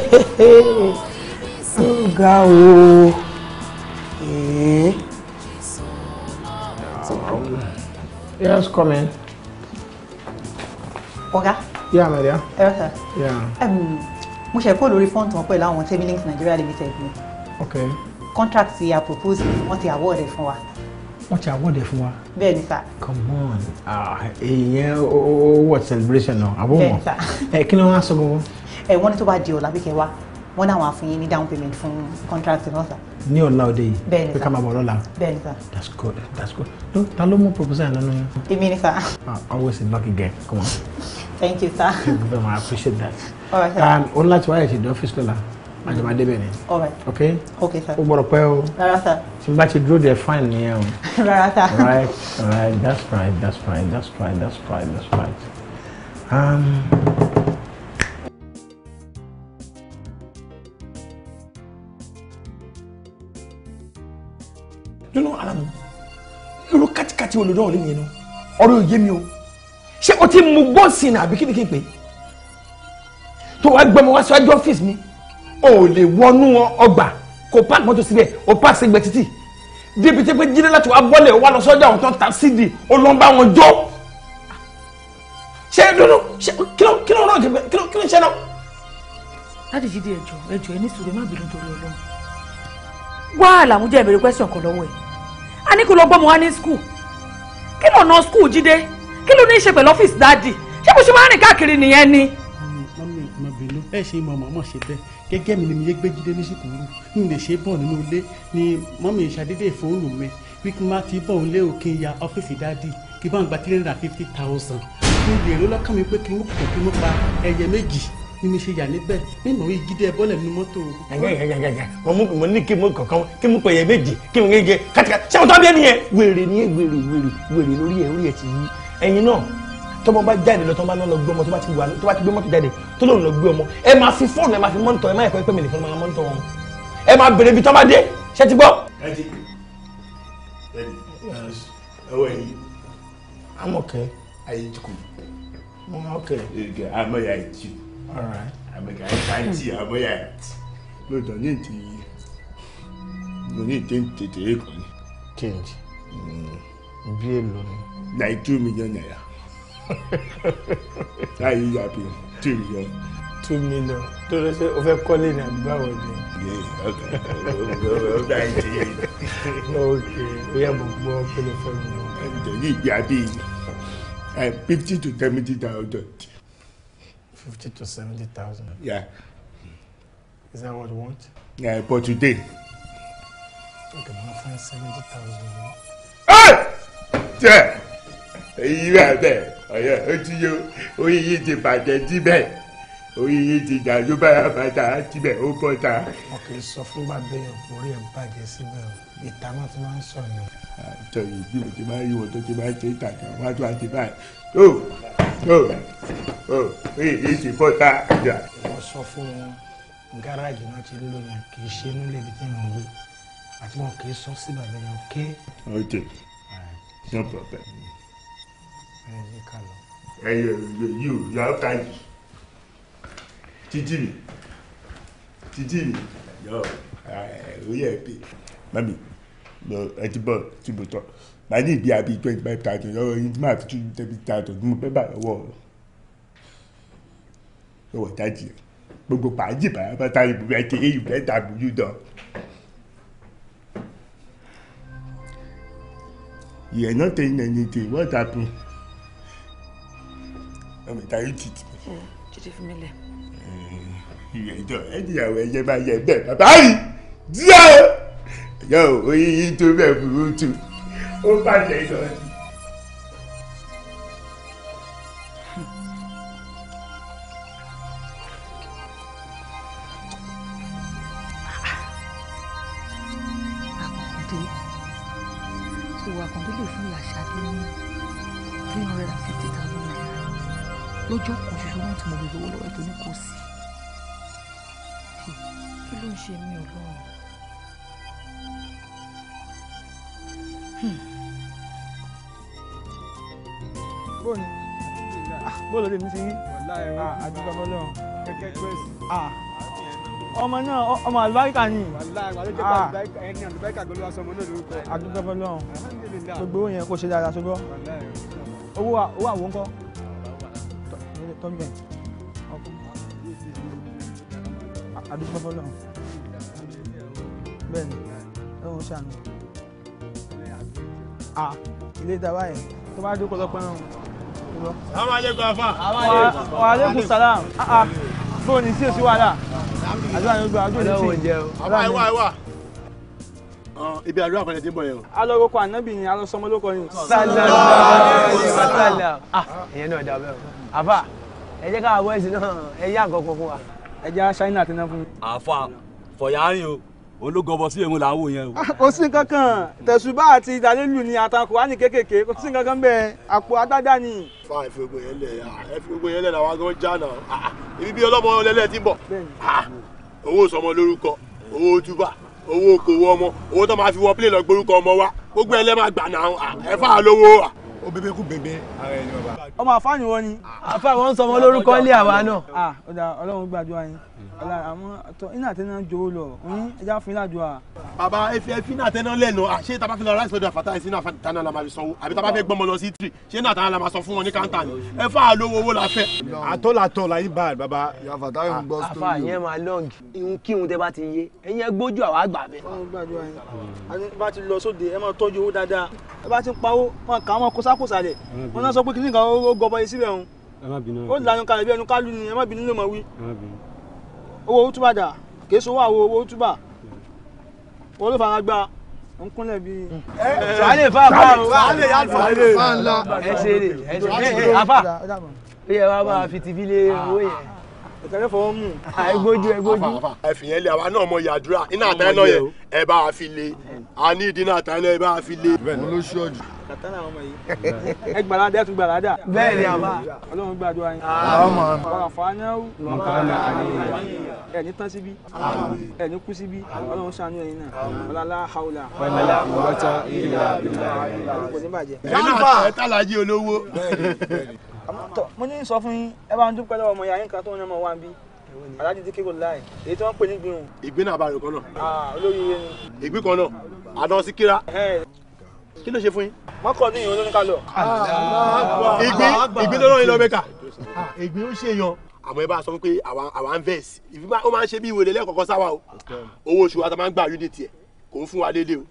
ó ga o. Eh. yes come in. ọ̀gá. yà mẹ́rìá. ẹ̀rọ sà. mo ṣe kó lórí fọ́ǹtì wọn pẹ̀lú àwọn tẹ́mílíǹkì Nigeria limited ni. ok. contract ti a propose wọ́n ti award ẹ̀ fún wa wọ́n ti awọ́dẹ fún wa. bẹ́ẹ̀ ni ta. come on ah, ìyẹn owó celebration náà àbúrò ẹ eh, kí ni wọ́n á sọ gbogbo. ẹ eh, wọ́n ní tó bá di ọ̀la bí kẹ́ wá wọ́n náà wàá fún yín ní down payment fún contract náà sà. ní ọ̀la òde yìí bẹ́ẹ̀ ni sà pé ká máa bọ̀ lọ́la. bẹ́ẹ̀ ni sà. that's good that's good no ta ló mú proposal yẹn lọ́nu yẹn. èmi ni sà. Ah, always a lucky guy. come on. thank you sir. thank you very much i appreciate that. ọ̀rọ̀ sà. o ní láti wáyà ṣe dé ọ́fíìsì lọ́la àjọba débẹ̀ ni. ok ok sir. ó gbọ́dọ̀ pẹ́ o. rárá sir. Simba n bá ti dúró de fine nìyẹn o. rárá sir. right right that's right that's right that's right that's right that's right. Um, you know alamu irú kátikáti olùdóòlù yẹn nu ọ̀rọ̀ yóò yé mi o ṣé o ti mú gbọ́sìn àbí kí ni kí n pè é tó wàá gbọmọ wá síwájú ọ́fíìsì mi o ò lè wọnú ọgbà kò páàkì mọ́tò síbẹ̀ o páàkì sẹ́gbẹ̀ẹ́ títì débi tí pé jíde láti wá bọ́lẹ̀ wá lọ sọ́jà òun tán ta síìdì ó lọ́n bá wọn jó ṣé dúdú ṣé kíló kíló náà jẹ kíló kíló ṣe náà. láti jíde ẹjọ ẹjọ ẹ ní sùúrù má bínú torí Ọlọ́run wàhálà mú jẹ ìbéèrè question kan ẹ a ní kó lọ gbọmọ wa ní school kí ló ná school jíde kí ló ní í ṣe pẹ̀lú ọ́fíìsì dáàdì ṣé bó ṣe máa rìn káàkiri nìyẹn ni. mọ́mí ṣe mọ̀ mọ́ ṣe bẹ́ẹ̀ gẹ́gẹ́ mi ni mi yé gbéjídé ní sìkúrú n lè ṣe bọ̀ nínú ilé ni mọ́mí ìṣàdédé fóònù mi bí kí n má ti bọ̀ ń lé òkè ya ọ́fíìsì dáàdì kí n gba three hundred and fifty thousand n lè ró lọ́kàn mi pé kí n kò kí n pa ẹyẹ méjì ni mi ṣe yà níbẹ̀ ní ìmọ̀ yìí jíde bọ́lẹ̀ nínú mọ́tò. mo ní kí mo kọ̀ọ̀kan kí mo pẹ̀yẹ méjì kí mo gẹ́gẹ́ kátìkátì ṣé mo tọ́ bí ẹni yẹn. wèrè ni ẹ wèrè wèrè wèrè lórí ẹ orí ẹ ti yí ẹyin náà tọmọ bá jáde lọ tọmọ bá lọ gbé ọmọ tó bá ti wà tó bá ti gbé mọ́tò jáde tó lòun lọ gbé ọmọ ẹ máa fi fóònù ẹ máa fi mọ́nítọ̀ ẹ máa yẹ kọ́ ẹ pé mi nìkan máa mọ́nítọ̀ wọn ẹ máa bèrè ibi tọ́ba dé ṣé ti gbọ́. Uh, ẹ ti ẹ ti ẹ wọ ẹyin. amọ̀kẹ́. ayé jukun. amọ̀kẹ́. amọ̀yà ìtì. amọ̀yà ìtì amọ̀yà ìtì. lóòótọ́ ní ìtì yìí mo ní ìtì tètè kàn ní. change. Hmm. bí èlò ni. like two million naira láyé yàbí two million. two million tó lọ sí o fẹ́ kọ́lé ní àdúgbò àwọn ọ̀dẹ́. ok o yà bọ̀ gbọ́ pẹ̀lẹ́ fọ́ọ̀mù náà. ẹ̀jẹ̀ yìí gbé abí fifty to seventy thousand. fifty to seventy thousand. yeah. is that what you want. yeah but today. okay my friend seventy thousand. ẹ jẹ́ èyí rà bẹ́ẹ̀ ọ̀yọ́ ó ti yó oyin yìí ti bàjẹ́ jíbẹ̀ oyin yìí ti jà ló bá bàtà jíbẹ̀ ó bọ́ta. wọn kì í sọ fún bàbá yẹn orí ẹ̀ bàjẹ́ síbẹ̀ o ìta máa ti máa ń sọ ni. àtọ yìí bí o ti máa ń yíwọ tó ti máa ń ṣe ìtàkà wá tó a ti báyìí ó ó ó oyin yìí ti bọ́ta. wọ́n sọ fún wọn gáràjì náà ti lò yẹn kì í ṣe inú lè fi tẹ̀ wí àti wọn kì í sọ sí bàbá yẹn ké. ok no ẹyẹ yìí ò yà ọ́ ta yìí títí mi títí mi yọ oyè ẹbí mami ẹ ti bọ ti bọ tọ màá ní ìgbé àbí twenty five thousand ọwọ́ yìí tí màá fi tún tẹbi thousand not saying anything. What happened? ọmọ ìta yìí tì tì. jíde fún mi lẹ. ìyẹjọ ẹnìyàwó ẹyẹ máa yẹ bẹ́ẹ̀ bàbá yìí díẹ̀ ẹyọ òyìnbó bẹ́ẹ̀ burú tu ó bàjẹ́ ìdọ̀tí. lọ́jọ́ kan ṣoṣo náà tí mo lè lówó lọ́wọ́ ní kò sí. kí ló ń ṣe mí ọlọ́run. bó ni bó mi ti rí àdúgbò ah, ọmọ náà kẹ̀kẹ́ ah, ọmọ náà ọmọ àlùbáríkà ni. Ah. ẹni àlùbáríkà gbọ́dọ̀ wá sọ ọmọ náà lórúkọ. àdúgbò ọmọ gbogbo yẹn kò ṣe dáadáa ṣùgbọ́n owó àwọn ń kọ́ tọ́jú ẹ̀ àdúgbò fọlọ́ bẹ́ẹ̀ ni ẹ wọ́n ṣàánú à ilé ìdáwà yẹn tó bá dúkọ́ lọ́pẹ́ náà lọ. àwọn àlékún afa. àwọn àlékún salam bóun ni sí èsì wàhálà àdúrà yóò gba àdúrà yóò jẹ o. àwa ìwà ìwà ibi àdúrà kan lè dín bọ̀ yẹn o. alọ́wọ́ kọ ànábì ni alọ́sọmọlókọ ni. sálẹ̀ sálẹ̀ sálẹ̀ ah ìyẹn náà dà bẹ́ẹ̀ o àbá ẹ jẹ́ ká àwọ̀ ẹ̀sìn náà ẹ yá àgọ́kọ̀ fún wa. ẹ já ṣáínà àti náà fún mi. àfa fọyàrin o ológọbọ sí èmu làwọn wò yẹn o. Ah, kò sí nǹkan kan tẹ̀sùbá àti ìdálélù ni àtàkùn wà ní kékèké kò sí nǹkan kan bẹ́ẹ̀ àpò agbádá ni. fa ìfowópamọ́ yẹn lẹ̀ ìfowópamọ́ ah, yẹn lẹ̀ làwọn agbọ́n já náà ah, ibi bí ọlọ́mọ ọlẹ́lẹ́ ti ń bọ̀ owó sọmọ lórúkọ owó túbà owó okòwò ọmọ owó tó máa fi wọ pílẹ̀ lọ gborúkọ ọmọ wa gbogbo ẹlẹ́ máa gbà náà ẹ̀fà lówó ó bébé kú bébé ara ẹni bàbá. ọmọ àfáàyàn wọn ni. àfáà wọn ń sọ ọmọ lórúkọ ilé àwa náà. Ah, ọlọ́run gbàdúrà yín ọ̀la àwọn tọ iná àtẹná jowó lọ òyìn ẹja fún ilá jọ à. bàbá efi efi iná àtẹná lẹ́nu àṣé tá a bá fi lọ ráìsì lọ́dọ̀ àfàtà ẹ̀sìn náà tánà la máa fi sanwó àbí tá a bá fẹ́ gbọ́mọ lọ sí tìrì ṣé náà tánà la máa sọ fún wọn ní káńtà ni ẹ fà á lówó owó la fẹ́. àtọ́ la tọ́ la yín bá bàbá. àfàtà yóò gbọ́ sítórì. àfà yẹn máa lọ́ọ̀gì ihun kíhun tẹ bá ti yé ẹ̀yin ẹ gbójú àwa àgbà bẹ́ẹ̀. bá ti lọ sóde ẹ máa tọ́jú owó dáadáa ẹ bá ti ń pawó máa kà á máa kó sákòsà lẹ̀ wọn náà owó útúbà dà kìí sọ wà wo owó útúbà owó ló fara gbá n kúnlẹ̀ bí. sàlẹ̀ fà fà o sàlẹ̀ yà sàlẹ̀ fà ńlá. ẹ ṣe lè ẹ ṣe lè afa ó yẹ wàá máa fi tìbí lé owó yẹn ìtẹ́lẹ̀ fọwọ́ mú àìgbójú ẹgbójú. ẹ̀fìyẹn lé àwa náà mọ yàdúrà iná àtàlẹ́ náà yẹ ẹ bá a fi lé a ní ìdí náà àtàlẹ́ ẹ bá a fi lé. bẹ́ẹ̀ ni ló ṣọ́ọ̀jù kàtàlà ọmọ yìí ẹ gbàládà ẹ tún gbàládà. bẹ́ẹ̀ ni àbá ọlọ́run gbàdúrà yín. ọmọ ọ̀ràfọ̀ anáwó mọ̀kànlá ẹ̀ ní tán síbí ẹ̀ ní kú síbí ọlọ́run ṣàánú ẹ̀yin náà ọ̀làlá haúlà. ọ̀làlá ọ̀rọ̀ta ìlà ìlà. ẹ tàlàjì olówó. mo ní sọ fún yín ẹ bá ń dúpẹ́ lọ́wọ́ ọmọ yàrá yín kan tó ń yàn mọ́ wá ń bí aláàjì tí kéwòn láì èyí tí wọ́n ń pè ní gbìyànjú. ìgbín náà bá rè kan náà. Ah, olóyè yẹn ni. ìgbín kan náà àdán sí kíra kí ló ṣe fún yín. wọn kọ ní ìyẹn olóníkà lọ. ìgbín ìgbín ló rán yín lọ mẹ́ka ìgbín ó ṣe yan. àmọ́ ẹ bá a sọ pé àwa ń vex ìfipá ó máa ń ṣe bí ìwé lẹ́kọ̀ọ́kan sáwà o owó oṣù wa ta máa ń gba unity ẹ̀ kò ń fún wa déédéé o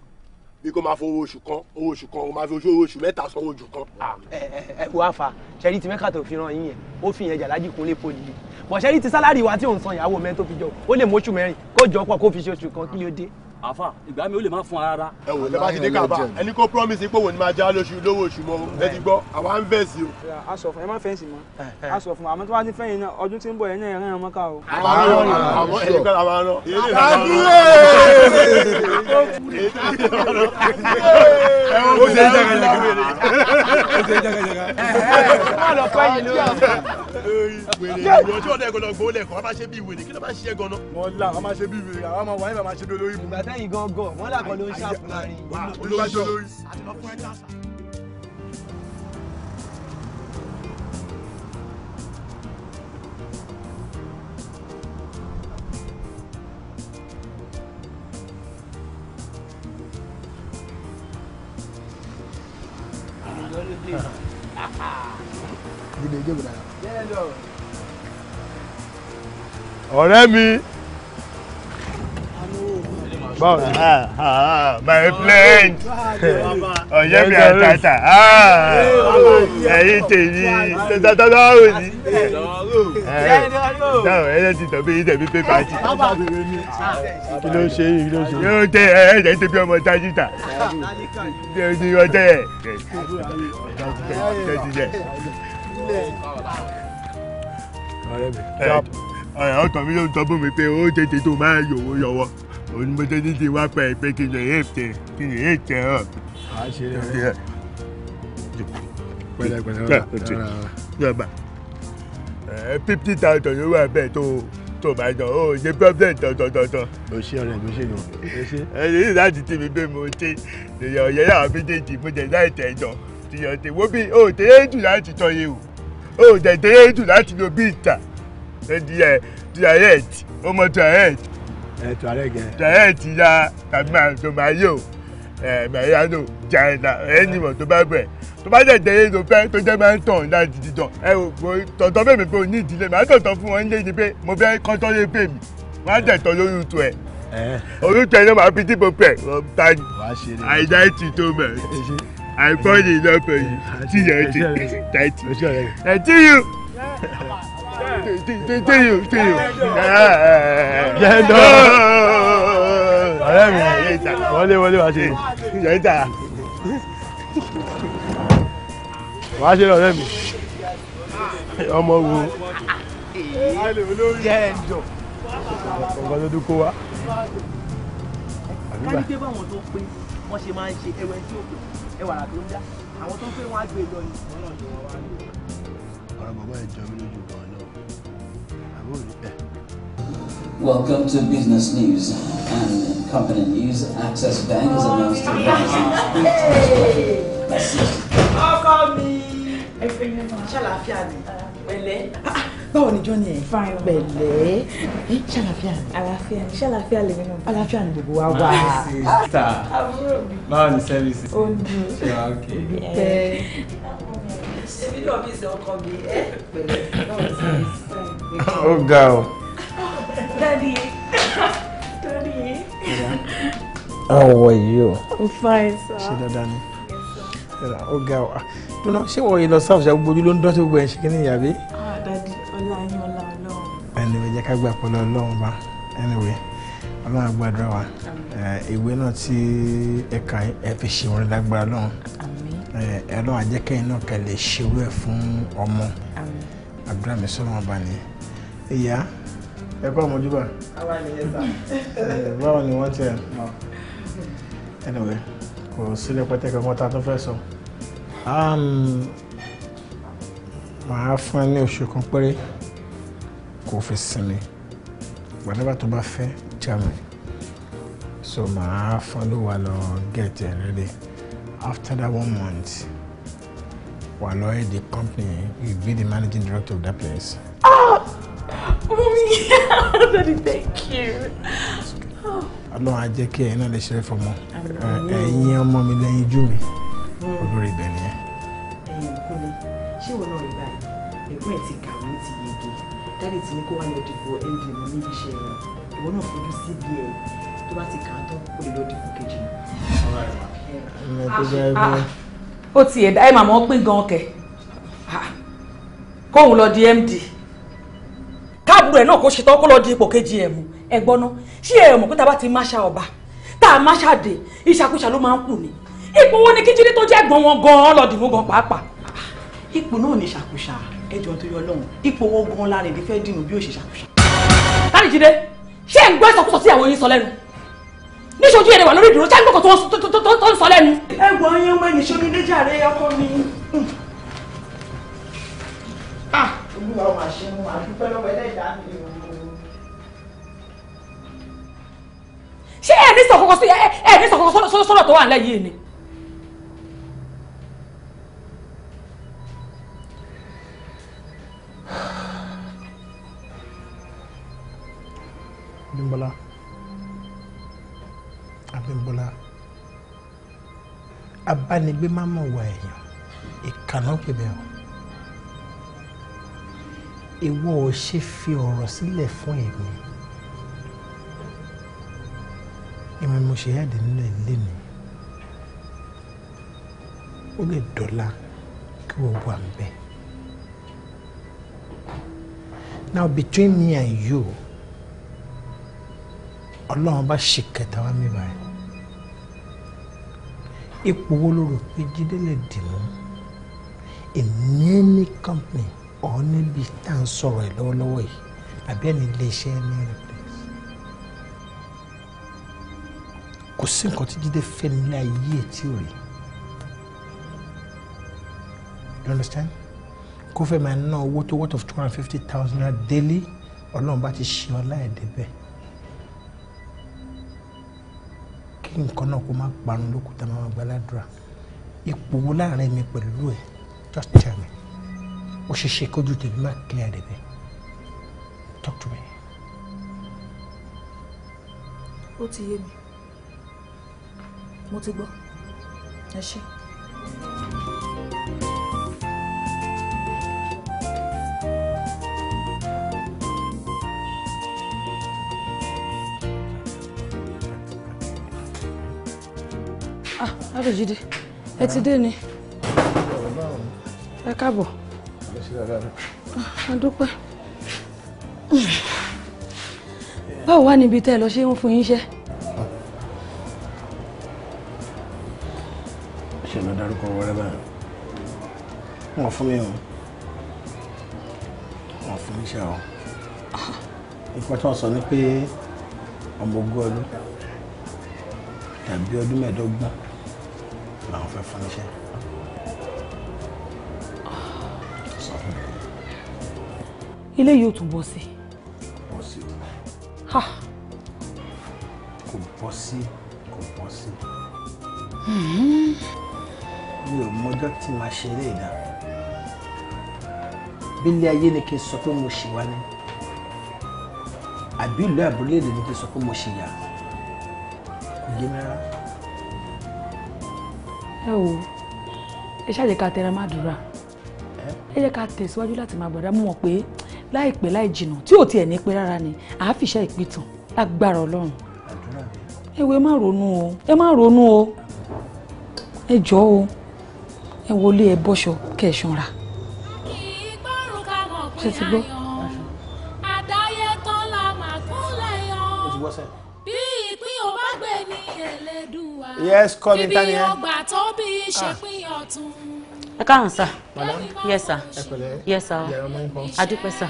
bí kò máa fọ owó oṣù kan owó oṣù kan o máa fi oṣù owó oṣù mẹ́ta sanwó oṣù kan. ẹ ẹ wá fa ṣẹ́rí ti mẹ́ka tó fi ràn yín yẹn ó fi yẹn jàlájì kúnlé poli bọ̀ ṣẹ́rí ti sálárì wa tí òun san ìyàwó mẹ́ tó fi jọ ó lè mọ́ṣù mẹ́rin kó jọ pọ̀ kó fi ṣe oṣù kan kí ló dé àfa ìgbà mi ò lè má fún ara. ẹ wò lẹ́bàá ti dé kaba ẹni kó promise pé wò ni máa já lóṣù lówó oṣù mọ́ ẹ ti gbọ́ àwa ń fẹ̀sì o. a sọ fún ẹ má fẹ̀sì mọ́ a sọ fún wa àmọ́ tó ti fẹ́yìn náà ọdún tí ń bọ̀ yẹn náà ẹ̀rẹ́ ọmọ ká o. àwọn ẹni kan àwọn ọ̀nà. àbúrò ó ṣe é jẹ́gẹ́ jẹ́gẹ́ ó ṣe é jẹ́gẹ́ jẹ́gẹ́. wọ́n lọ fẹ́ yìí lóyún. ìwé ọjọ́ ọ̀dọ́ gbọ́ lẹ̀kọ́ a máa ṣe bí ìwé ni kí ló máa ṣe é sẹ́yìn gángan wọ́n làkọ́ ló ń ṣàpò láàrin. olùwàjọ ọ̀rẹ́ mi báwo ni. Ah, ah, ah, my friend ọ̀yẹ́ mi àtàtà ẹ̀yin tèmi tọ́tọ́tọ́ ò ní. táwọn ẹ̀yẹ́ ti tọ́ bí yín tẹ̀mí pépà jì. kí ló ń ṣe yín kí ló ń ṣe yín. yóò tẹ ẹ ẹ jẹ́ tẹ́bí ọmọ tájútà ní ọjọ́ ẹ̀ ọ̀rẹ́ mi. Eh, ọ̀rẹ́ ọ̀tọ̀ mi ló ń tọ́ bú mi pé ó tètè tó máa yòwó yọwọ́ onímọ̀tò ní ti wá pẹ́ pé kí lè yé tẹ kí lè yé tẹ ọ. a ṣe é pẹ̀lẹ́pẹ̀lẹ́ yọba fifty thousand ló wà bẹ́ẹ̀ tó tó máa jọ ó ṣe problem tọ̀tọ̀tọ̀tọ̀. o ṣe ọ̀rẹ́ mi ṣe yàn ẹ ṣe. ẹ ṣe láti ti mi pé mo ṣe èèyàn ọ̀yẹ́ làwọn méjèèjì mo jẹ láì tẹ̀ jọ tìyàn tè bí o tẹ̀lé jù láti tọ́ yẹ o o tẹ̀lé jù láti lo bí ìta ẹ di ẹ di ahẹ́ẹ̀tì ọmọ tó ahẹ́ẹ̀tì ẹtù alẹ gẹ. tẹ̀yẹ̀ ti ya kàmá tó máa yọ mẹ̀yánù jàǹdà ẹ̀yìnbọn tó bá bẹ̀ tó bá dẹ̀dẹ̀ yé ló fẹ́ tó jẹ́ máa ń tàn láti dídọ̀ ẹ ò bò tọ̀tọ̀ bèmí pé o ní ìdílé màá tọ̀tọ̀ fún wọn léyìn pé mo fẹ́ kọ́tọ́ lé bèmí wọ́n á dẹ̀tọ̀ lórí utu ẹ̀ orúkọ ẹ̀ ló máa fi dìbò pẹ̀ wọ́n ni àìdá tètè yìí tètè yìí jẹ́ńdọ́ ọ̀rẹ́ mi wọlé wọlé wá ṣe yọ̀ ìta wá ṣe ọ̀rẹ́ mi ọmọ wo jẹ́ńdọ́ ọ̀gbọ́n tó dúkọ́ wa. ká ní báwọn tó pé wọ́n ṣe máa ń ṣe ẹwẹ́ tí ó pè ẹwàrà tó ń dá àwọn tó ń pè wọ́n á gbé lọ ni. ọ̀rọ̀ bàbá ẹ̀ jọ mí lójú. Welcome to Business News and Company News. Access Bank has announced to bank. báwo ni jọ́ni ẹ̀ pẹ̀lẹ́ ṣàlàfíà ni. àlàfíà ni ṣàlàfíà lèmi náà. àlàfíà ni gbogbo wa wà. báwo ni sẹ́fíìsì. ó ń dùn. ṣé wàá òkè. ṣe bí lọ́ọ́ bí ṣe ọkọ mi ẹ pẹ̀lẹ́ báwo ni sẹ́fíìsì. Oh ga Daddy, Daddy. dadi. how are you. i'm fine sir. ṣe dáadáa ni Oh ga you know she wọ́n yìí lọ sáfù ṣe gbogbo ojú ló ń dọ́tí gbogbo ẹ̀ Ah, Daddy, ni ìyàbí. dadi ọlá yín ọlá ọlọ́run. anyway jẹ́ ká gbà pọ̀ lọ ọlọ́run bá anyway ọlọ́run á gbàdúrà wa eh, ìwé náà tí ẹ̀ka ẹ̀ fi ṣe wọn lágbára lọ́run ẹ̀rọ àjẹkẹ́yìn náà kẹlẹ̀ ṣerú ẹ̀ fún ọmọ àdúrà mi sọ̀rọ̀ ọba nìyẹn ìyá ẹ kọ́ ọmọjúbà báwo ni wọ́n ti ẹ̀ ẹnìwẹ̀ kò sílẹ̀ pẹ́tẹ́kẹ́ mọ́ta tó fẹ́ sọ um, màá fún ẹ ní oṣù kan péré kò fi sinmi whenever tó bá fẹ́ germany so màá follow wa lọ get ready after that one month wa lọ head the company you be the managing director of that place Daddy, thank you. Ọlọ́run á jẹ́ kí ẹ̀yin náà lè ṣeré fọmọ. Ẹ̀yin ọmọ mi lẹ́yìn jú mi. Hmm. Olórí ibẹ̀ nìyẹn. Ẹ̀yin Kúnlé, ṣé ìwọ náà rí báyìí? Ẹ̀gbọ́n ẹ̀ ti kàwé ti yege. Dáàdì ti ní kó wá lọ dìbò MD mọ́ níbi iṣẹ́ rẹ̀. Ìwọ náà fojú sí bí ẹ̀ tó bá ti kà á tán kó lè lọ dìbò kejì. Ah, ah. Ah, ó ti ẹ̀dá ẹ̀ màmá pín gan-an kẹ̀. Kóhun lọ di MD ẹrù ẹ̀ náà kó ṣe tán kó lọ di ipò kejì ẹ̀ mú ẹ gbọ́ná ṣé ẹ mọ̀ pé tá a bá ti máṣá ọba tá a máṣá dé ìṣàkóṣà ló máa ń kù ni ipò wo ni kíjírí tó jẹ́ gbọ̀n wọn gan-an lọ dìmú gan pàápàá. ipò náà ni ìṣàkóṣà ẹjọ́ tó yọ lọ́hùn ipò wọn gan-an lára èdè fẹ́ dìnnú bí ó ṣe ṣàkóṣà. láríjídé ṣé ẹ ń gbọ́ ìṣàkóso sí àwọn yín sọ lẹ́nu níṣojú èrè wà lórí ìdúró ṣé ẹ ń gbọ́kọ̀ tó ah olúwa ọmọ àṣẹmú àdúpẹ́ lọ́wọ́ ẹlẹ́dà mi o. ṣé ẹ ní sọkọkọ sí ẹ ní sọkọkọ sọ̀rọ̀ tó wà nílẹ̀ yìí ni. Abímbọ́lá Abímbọ́lá abánigbé má mọ̀ wà èèyàn ìkànnà ìwọ ò ṣe fi ọ̀rọ̀ sílẹ̀ fún èmi èmi mo ṣe jáde nínú ilé mi ó lè dọ́là kí wọ́n wà ń bẹ̀. now between me and you ọlọ́run bá ṣe kẹta wá mi báyìí ipò wo ló rò pé jíde lè dì mú in any company ọ̀ níbi tá à ń sọ̀rọ̀ ẹ̀ lọ́wọ́lọ́wọ́ yìí àbí ẹni lè ṣe é ní replace. kò sí nǹkan tí Jídé fẹ́ nílé ayé ẹ̀ tí you understand kó fẹ́ máa ná owó tó worth of two hundred fifty thousand naira daily ọlọ́run bá ti ṣe ọlá ẹ̀ débẹ̀ kí nǹkan náà kó má parun lókùtà máa gbàládùra ipò wo láàárín mi pẹ̀lú ẹ̀ just tell me ó ṣe ṣe kójú tèmi má clear to me sí rárá. a ah, dúpẹ́ báwo wá níbi tẹ́ ẹ lọ ṣé ń fún yín ṣẹ́. ṣe lọ dárúkọ wọrẹ báyìí wọn fún mi o wọn fún mi ṣe o nǹkan tí wọn sọ ni pé ọmọ ogún ọdún tàbí ọdún mẹ́ẹ̀ẹ́dọ́gbọ̀n làwọn fẹ́ fún iṣẹ́. eléyìí ò tún bọ́ sí. bọ́ sí o kò bọ́ sí kò bọ́ sí. Hmm. mi ò mọjọ́ tí màá ṣe eré ìdá bílé ayé ni kí n sọ pé mo ṣì wá ní àbí ìlú àbúlé èdè ni kí n sọ pé mo ṣì yà kò yé mi rárá. ẹ wo ẹ ṣáà ká tẹra má dúrà ẹ jẹ́ ká tẹ̀síwájú láti máa gbàdá mọ̀ pé láìpẹ́ láì jìnà tí ò tiẹ̀ ní pẹ́ rárá ni àáfìṣẹ́ ìpìtàn lágbára ọlọ́run ẹwẹ má ronú o ẹ má ronú o ẹ jọ o ẹ wọlé ẹ bọ́ṣọ kẹsàn-án ṣe ti gbọ́. yes come in tani yẹn. ibi ọgbà tó bí ṣe pín ọ̀tún ẹ káàrún sá yes sá yes sá adúpẹ́ sá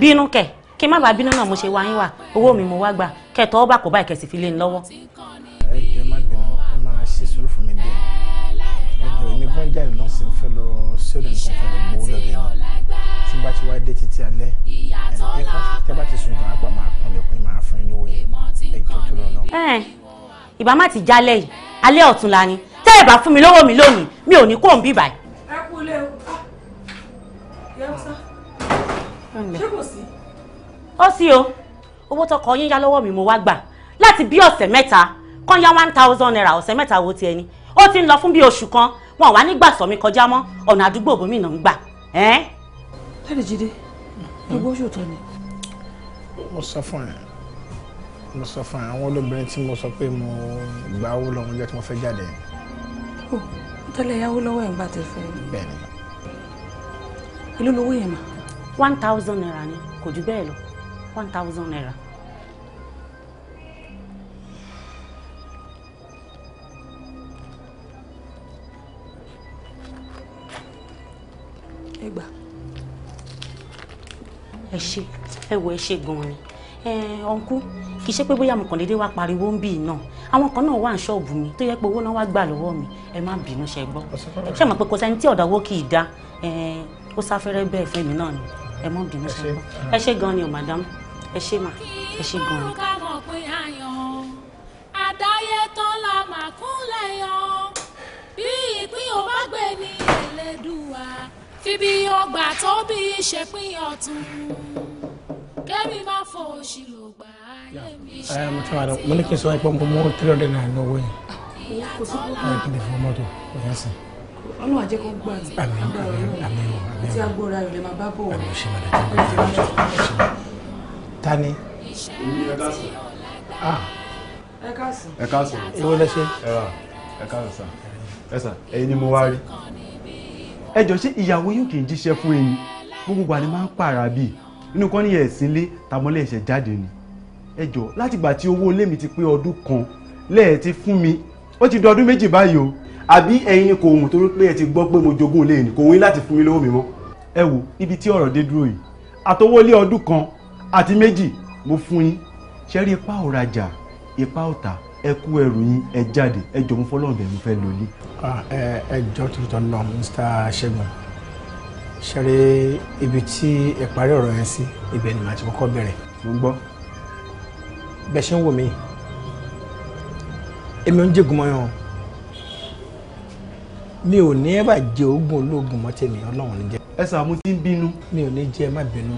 bínú kẹ̀ kí n má bàa bínú náà mo ṣe wá yín wá owó mi mo wá gbà kẹtọ ọba kò báyìí kẹsì fi lé ní lọ́wọ́. ẹ jẹ́ má bínú ẹ máa ṣe sùúrù fún mi díẹ̀ ẹ jọ èmi gan jáde lọ sí fẹ́ lọ sódò nìkan fẹ́ lọ gbowó lọ́dọ̀ yẹn tí n bá ti wá dé títí alẹ́ ẹ tẹ bá ti sùn gan apá máa kún lẹkùn máa fún yín lówó yẹn ẹ jọ tó lọ lọ. ẹ ìbámu àti jálẹ̀ yìí alẹ́ ọ̀tún la ni tẹ́ ẹ̀ bá fún mi lówó mi lónìí mi ò ní kó ń bí báyìí. ẹ kú ilé o ah, ìyá ọ̀sán ṣé kò sí. ó sì o owó tọkọ yín yá lọ́wọ́ mi mo wá gbà láti bí ọ̀sẹ̀ mẹ́ta kán yá one thousand naira ọ̀sẹ̀ mẹ́ta wo ti ẹni ó ti ń lọ fún bí oṣù kan wọn wá nígbà sọ mi kọjá mọ́ ọ̀nà àdúgbò bòmí náà ń gbà. láti jíde gbogbo oṣù tó ni. mo sọ fún ẹ mo sọ fún ẹ àwọn olóbìnrin tí mo sọ pé mo gbà owó lọ́wọ́ jẹ́ tí mo fẹ́ jáde ó tẹ́lẹ̀ yáwó lọ́wọ́ ẹ̀ ń gbà tẹ fẹ́. bẹ́ẹ̀ni. ìlú lówó yẹn mà. one thousand naira ni kò jù bẹ́ẹ̀ lọ one thousand naira. ẹ gbà. ẹ ṣe ẹ wọ ẹ ṣe gan-an ni ọ̀nkú kì í ṣe pé bóyá mo kàn déédéé wá pariwo ń bì náà àwọn kan náà wà ní ṣọ́ọ̀bù mi tó yẹ pé owó náà wá gbà lọ́wọ́ mi ẹ má bínú ṣe gbọ́ ṣé mọ̀ pé kò sẹ́ni tí ọ̀dà owó kì í dá ó sáfẹ́rẹ́ bẹ́ẹ̀ fún mi náà ni ẹ má bínú ṣe gbọ́ ẹ ṣé gan ni o madam ẹ ṣé mà ẹ ṣé gan ni. àdáyé ọgbà tó bí ṣèpín ọ̀tún kẹ́mi má fọ oṣù ló gbà ayé mi ṣe three hundred naira lọ́wọ́ yẹn. kò sí wàhálà. ẹ kí n lè fún mọ́tò kò yẹn sìn. ọlọ́run àjẹ́ kan gbà tí. àmín àmín àmín o àmín o. tí agbóra rẹ̀ lè máa bá bọ̀. àmín ṣe máa dàgbà ní ọjọ́ ìṣẹ́. ta ni. Ah. ẹ káàsán. ẹ káàsán. ìwọ lẹ ṣe. ìyàwó yóò kì í jíṣẹ́ fún ẹyin gbogbo wa máa ń pààrà bíi inú kan ní ẹ̀sìn lé tamọ́lé ẹ̀ṣẹ̀ jáde ni ẹ jọ látìgbà tí owó ilé mi ti pé ọdún kan lẹ́ẹ̀ ti fún mi ó ti dọdún méjì báyìí o àbí ẹ̀yin ni kò hùn torí pé ẹ ti gbọ́ pé mo jogún ilé ni kò hùn láti fún mi lówó mi mọ́ ẹ wo ibi tí ọ̀rọ̀ dé dúró yìí àtọwọ́ ilé ọdún kan àti méjì mo fún yín ṣe rí ipá òrajà ipá ọ̀tà ẹ kú ẹrù yín ẹ jáde ẹ jọ fọlọ́ọ̀bẹ̀ mo fẹ́ lólé. Ah, ẹ ẹ jọ tuntun náà Mr. Ṣẹ́gun ṣeré ibi tí ẹ parí ọ̀rọ̀ yẹn sí ibẹ̀ ni màá ti kọ́kọ́ bẹ̀rẹ̀. mo gbọ́. bẹ́ẹ̀ ṣe ń wò mí èmi ò ń jẹ́gun mọ́ o mi ò ní ẹ́ bà jẹ oògùn olóògùn mọ́ tèmi ọlọ́run ní jẹ. ẹ sàn mo ti ń bínú. mi ò ní jẹ má bínú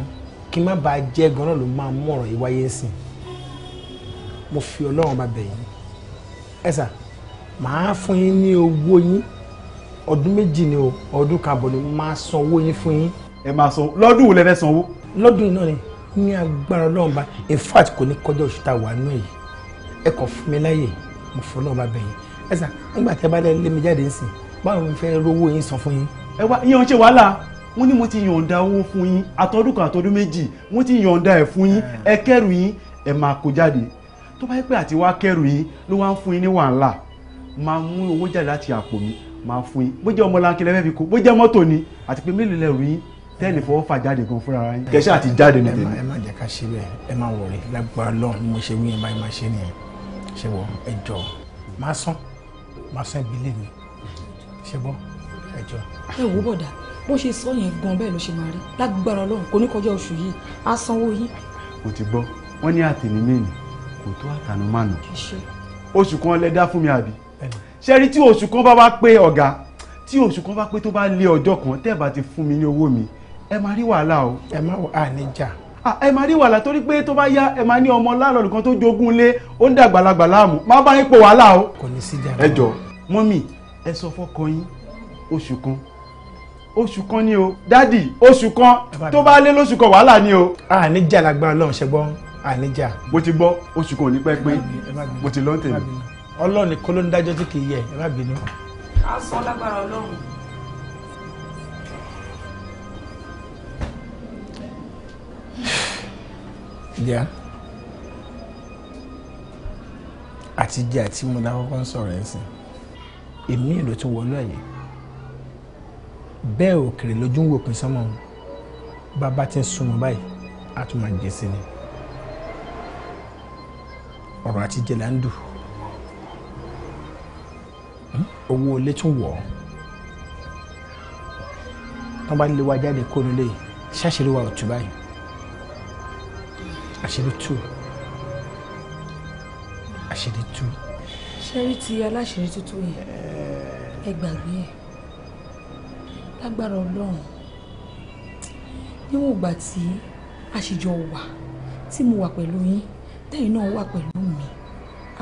kí n má bàa jẹ ganan ló máa mú ọ̀rọ̀ yìí wáyé sìn mo fi ọlọ́run bá bẹ̀ yín ẹ sà màá fún yín ní owó yín ọdún méjì ni o ọdún kan bọ̀ ni máa sanwó yín fún yín. ẹ máa sanwó lọ́dún wo lẹ́fẹ̀ẹ́ sanwó. lọ́dún yìí náà ni ní agbára ọlọ́run bá in fact kò ní kọjá oṣù tá a wà nù ẹ̀ yìí ẹ kàn fún mi láyè mo fọ́ náà bá bẹ̀ yín ẹ sà nígbà tí ẹ bá lẹ lé mi jáde ńsìn báwo ni mo fẹ́ rówó yín san fún yín. ẹ wá ìyẹn ṣe wàhálà wọ́n ní mo ti yọ̀ǹda owó fún yín àtọdún kan àtọdún méjì wọ́n ti yọ̀ǹda ẹ̀ fún yín eh. ẹ kẹ́rù yín ẹ máa kó jáde tó bá yẹ pé àti wá kẹ́rù yín ló wá ń fún yín ní wàhálà máa mú owó jáde láti àpò mi máa fún yín bó jẹ́ ọmọlanke lẹ́fẹ́ fi kó bó jẹ́ mọ́tò ni àti pé mélòó lẹ́rù yín tẹ́ẹ̀lì fọwọ́ fà jáde gan fúnra yín kẹ́sẹ́ àti jáde ní tèmi. ẹ má jẹ́ ká ṣe bẹ́ẹ̀ ẹ má wọ̀rẹ́ lágbára lọ́ọ̀ ni mo ṣe wí yẹn báyìí má ṣe nìyẹn ṣe wọ ẹ jọ máa sán máa sán ibi lè mi ṣe bọ́ ẹ jọ. ẹ wò bọ̀dà bó ṣe sọ yẹn gan bẹ́ẹ̀ ló ṣe máa rí lágbára lọ́run kò ní kọjá oṣù yìí á sanwó yín. kò ti gbọ́ wọ́n ní àtẹnumẹ́ni kò ṣe rí tí oṣù kan bá wá pé ọ̀gá tí oṣù kan bá pé tó bá lé ọjọ́ kan tẹ́ bá ti fún mi ní owó mi ẹ máa rí wàhálà o. ẹ má wà á níjà. ẹ máa rí wàhálà torí pé tó bá yá ẹ máa ní ọmọ láàlọ́ọ̀lù kan tó jogún lé ó ń dàgbàlagbà láàmú má bá yín po wàhálà o. kò ní sí jà. ẹ jọ mọ́mì ẹ sọ fọ́kọ yín oṣù kan oṣù kan ni o dádì oṣù kan tó bá lé lóṣù kan wàhálà ni o. a ní jà lágbára ọlọ́run ṣe gbọ́ a ní jà. mo ti gbọ́ oṣù kan ò ní pẹ́ pé mo ti lọ́ọ́ tèmi ọlọ́run ni kó ló ń dájọ́ tí kì í yẹ ẹ má bínú. a sọ lágbára ọlọ́run. ìyá àti jẹ́ àti mo lákọ́kọ́ ń sọ̀rọ̀ ẹ̀ sìn èmi ìlú tó wọnú ẹ̀yẹ bẹ́ẹ̀ òkèrè lójú ń wòpin sánmọ́ bàbá ti ń súnmọ́ báyìí a tún máa jẹ sí ni ọ̀rọ̀ àti jẹ́ ń dùn owó ilé tún wọ̀ ọ́ tán bá lè wá jáde kó nílé ṣàṣírí wa òtún báyìí àṣírí tú àṣírí tú. ṣẹ́rí ti aláṣírí tútù yẹn eh. ẹ gbàgbé ẹ̀ lágbára ọlọ́run níwọ̀n ìgbà tí a ṣe jọ wà tí mo wà pẹ̀lú yín tẹ́yìn náà wà pẹ̀lú mi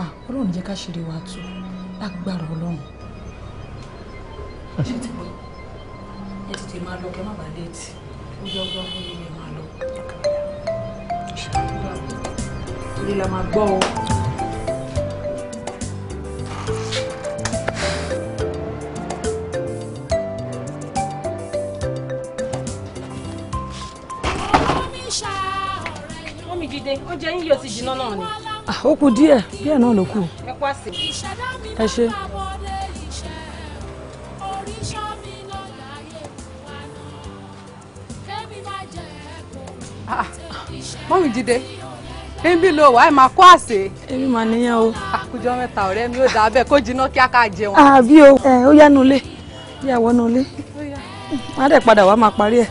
ọlọ́run jẹ́ ká ṣeré wa tó lágbára ọlọ́run. ṣé ti gbọ́ ẹ tètè máa lọ kẹ́ má bàa léètì ó jẹ́ ọgbọ́n fún yíyẹ máa lọ. orí la máa gbọ́ o. oúnjẹ yín yóò ti jiná náà ni. Ah, ó kù díẹ̀ díẹ̀ náà ló kù kú àsè. ẹ ṣe. Ah, mọ́mí jíde níbí ló wà ẹ̀ máa kó àsè. èmi mà níyàn o. àkójọ ah, mẹ́ta ọ̀rẹ́ mi ò dà bẹ́ẹ̀ kó jiná kí a ká jẹun. àbí o ẹ ó yá nulẹ̀ yá wọnú ilé má dẹ̀ padà wá máa parí ẹ̀.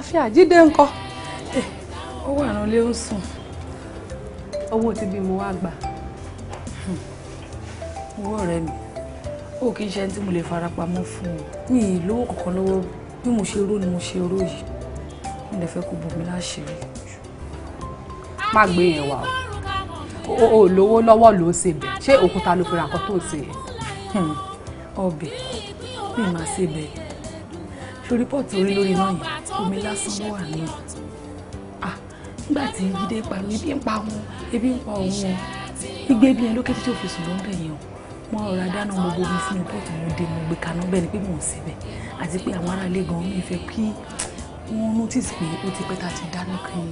àlàáfíà jíde ńkọ́ eh, ó wà ránlé ó ń sùn owó ti bí mo wá gbà hmm. owó ọ̀rẹ́ mi ó kì í ṣe ẹni tí mo lè fara pamọ́ fún un mi ì lówó kankan lọ́wọ́ bí mo ṣe rò ni mo ṣe rò yìí mo lè fẹ́ kó bò mí láṣìírí má gbé yẹn wá o ò lówó lọ́wọ́ ló ṣe bẹ̀ ṣé òkúta ló fi ra tó ṣe yẹn hmm. ọbẹ̀ mi máa ṣe bẹ̀ ṣorí pọ́ọ̀tì orí lórí náà yẹn omi lásán ló wà ní ah nígbà tí jíde pa mi ebi ń pa òun ebi ń pa òun o gbígbé bí ẹ lókè títí òfin sùn ló ń bẹ̀ yẹn o mo rọra dáná mo bomi sínú pọ́ọ̀tù mo dé mo gbé kaná bẹ́ẹ̀ ni pé mò ń síbẹ̀ àti pé àwọn aráalé gan mi fẹ́ kí wọ́n notice pé ó ti pẹ́ ta ti dáná kan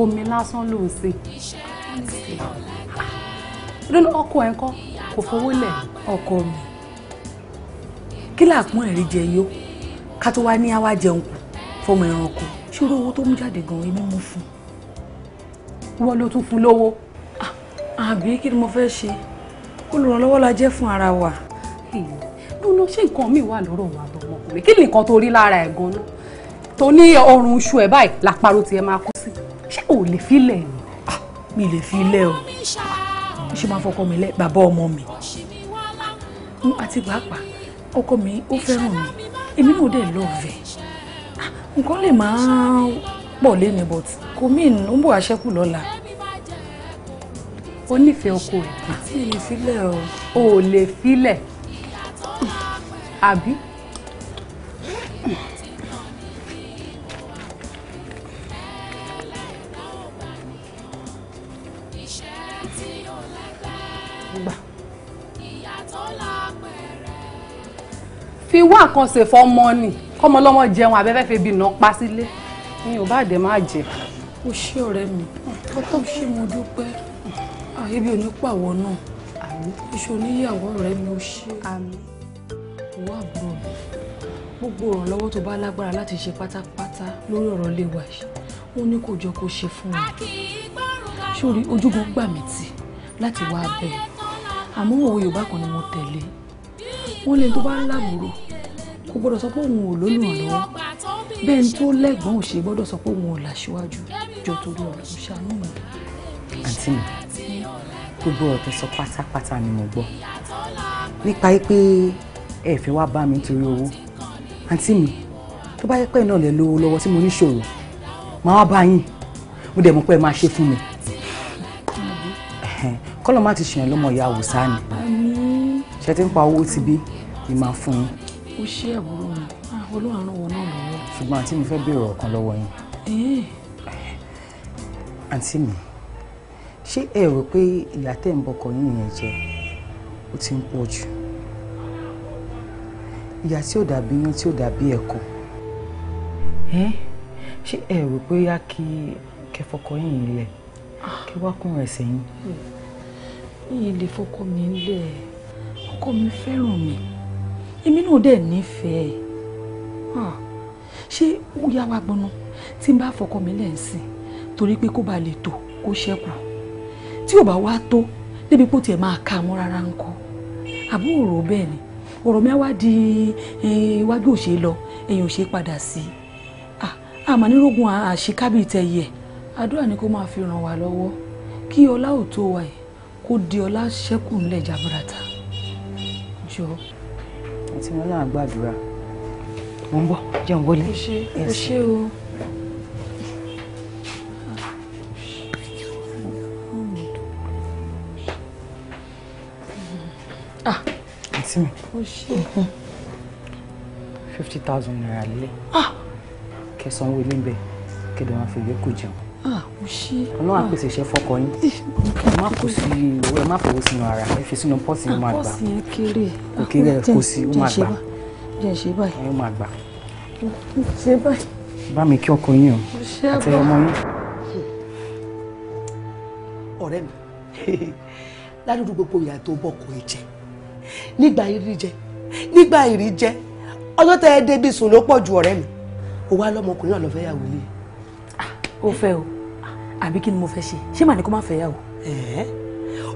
omi lásán ló ń sè ah, lónìí ọkọ ẹ̀ ń kọ́ kò fowó lẹ̀ ọkọ mi kí làpọ́n ẹ̀rí jẹ yó ká tó wá ní àwa kù fọmọ ẹranko ṣírò owó tó mú jáde gan èmi mú fún wọ́n ló tún fún lówó ah, àbí kí ni mo fẹ́ ṣe olùrànlọ́wọ́ la jẹ́ fún ara wa. lónà ṣé nǹkan mi wà lọ́rọ̀ wa lọ́mọkùnrin kí ni nǹkan tó rí lára ẹ̀ gan-an tó ní ọrùn oṣù ẹ̀ báyìí làpárò tiẹ̀ máa kú sí ṣé ò lè filẹ̀ ni. Ah, mi lè fi ilẹ̀ o ṣé máa fọkọ mi lẹ bàbá ọmọ mi àti pàápàá ọkọ mi ó fẹ́ràn mi èmi náà dẹ̀ lọ́ọ̀fẹ́ nǹkan lè máa pọ̀ léni but kò mean ó ń bò wá ṣẹ́kù lọ́la ó nífẹ̀ẹ́ oko ẹ̀ o. lè filẹ̀ àbí. fi wá àkànṣe fọ́ mọ́ kọ́mọ lọ́mọ jẹun abẹ́fẹ́ fi bí náà pa sílé mi ò bá dẹ̀ máa jẹ. o ṣé ọ̀rẹ́ mi ó tó ṣe mo dúpẹ́ ebi onípàwọ̀ náà iṣu oníyàwó ọ̀rẹ́ mi ò ṣe wà bọ̀ gbogbo ìrànlọ́wọ́ tó bá lágbára láti ṣe pátápátá lórí ọ̀rọ̀ ilé wa yìí ó ní kò jọ kó ṣe fún mi sórí ojúgun gbà mí tì láti wá bẹ́ẹ̀ àmọ́ òwe Yorùbá kan ni mo tẹ̀lé wọ́n lè tó bá ń lábùrò kò gbọ́dọ̀ sọ pé òun ò lólùrànlọ́wọ́ bẹ́ẹ̀ ni tó lẹ́gbọ́n ò ṣe gbọ́dọ̀ sọ pé òun ò làṣíwájú jọ torí ọ̀rọ̀ ṣàánú mi. àǹtí mi gbogbo ọ̀tẹ̀ sọ pátápátá ni mo gbọ́ nípa pé ẹ fẹ́ wá bá mi torí owó àǹtí mi tó bá yẹ pé náà lè lówó lọ́wọ́ tí mo níṣòro màá wá bá yín mo dẹ̀ mọ̀ pé ẹ máa ṣe fún mi kọ́lọ́ má ti ṣèyàn lọ́mọ ìyá àwòsàn ni ṣe ti ń pa owó ti bí ìmà fún yín ó ṣe àbúrò mi olóhàn náà wọn náà lọ́wọ́. ṣùgbọ́n àǹtí mi fẹ́ béèrè ọ̀kan lọ́wọ́ yín. Eh. àǹtí mi ṣé ẹ rò pé ìyá tẹ̀ ń bọkọ yín yẹn jẹ ó ti ń pọ̀ jù ìyá tí ò dàbí yán tí ò dàbí ẹ̀kọ́ eh? ṣé ẹ rò pé yá kí kẹfọkọ yín lẹ̀ ah. kí wá kún ẹsẹ̀ yín. yìí lè fọkọ mi lẹ̀ ọkọ mi fẹ́ràn mi. Mm èmi náà dẹ̀ nífẹ̀ẹ́ ah, ṣé ó yá wa gbọ́nà tí n bá fọkọ mi lẹ́ǹsìn torí pé kó ba lè tò kó ṣẹ́kù tí ò bá wá tó débi pò tiẹ̀ máa ka mọ́ rárá ń kọ́ àbúrò rò bẹ́ẹ̀ ni ọ̀rọ̀ mi á wá di iwájú òṣè lọ ẹ̀yìn òṣè padà sí àmàlérògùn ah, àṣekábì tẹ̀yẹ àdúrà ni kó máa fi ràn wá lọ́wọ́ kí ọlá ò wa yìí kó di ọlá ṣẹ́kù ńlẹ̀ jaburata jọ tí wọn náà gbàdúrà mo ń bọ̀ jẹun wọlé. o ṣe o ṣe o. Ah, àǹtí mi fifty thousand naira lé kẹsàn-án wọlé ń bẹ kẹdùn àfẹyẹ kò jẹun. Ah, ọlọ́run àpèsè ah. iṣẹ́ fọkọ yín ẹ má kó sí ẹ má fowó sínú ara ẹ fi sínú pọ́ọ̀sì yín ah, máa gbà kò kéré ẹ kó sí ó máa gbà ẹ máa gbà bá mi kí ọkọ yín o àti ọmọ yín. ọ̀rẹ́ mi ládùúgbò gbogbo ìyá tó bọ̀kọ ẹ jẹ nígbà ìrí jẹ nígbà ìrí jẹ ọjọ́ tẹ ẹ débi sùn ló pọ̀ ju ọ̀rẹ́ mi òwa lọmọkùnrin náà lọ fẹ́ ó fẹ́ o àbí kí ni mo fẹ́ ṣe ṣé màá ní kó má fẹ́ yàwó.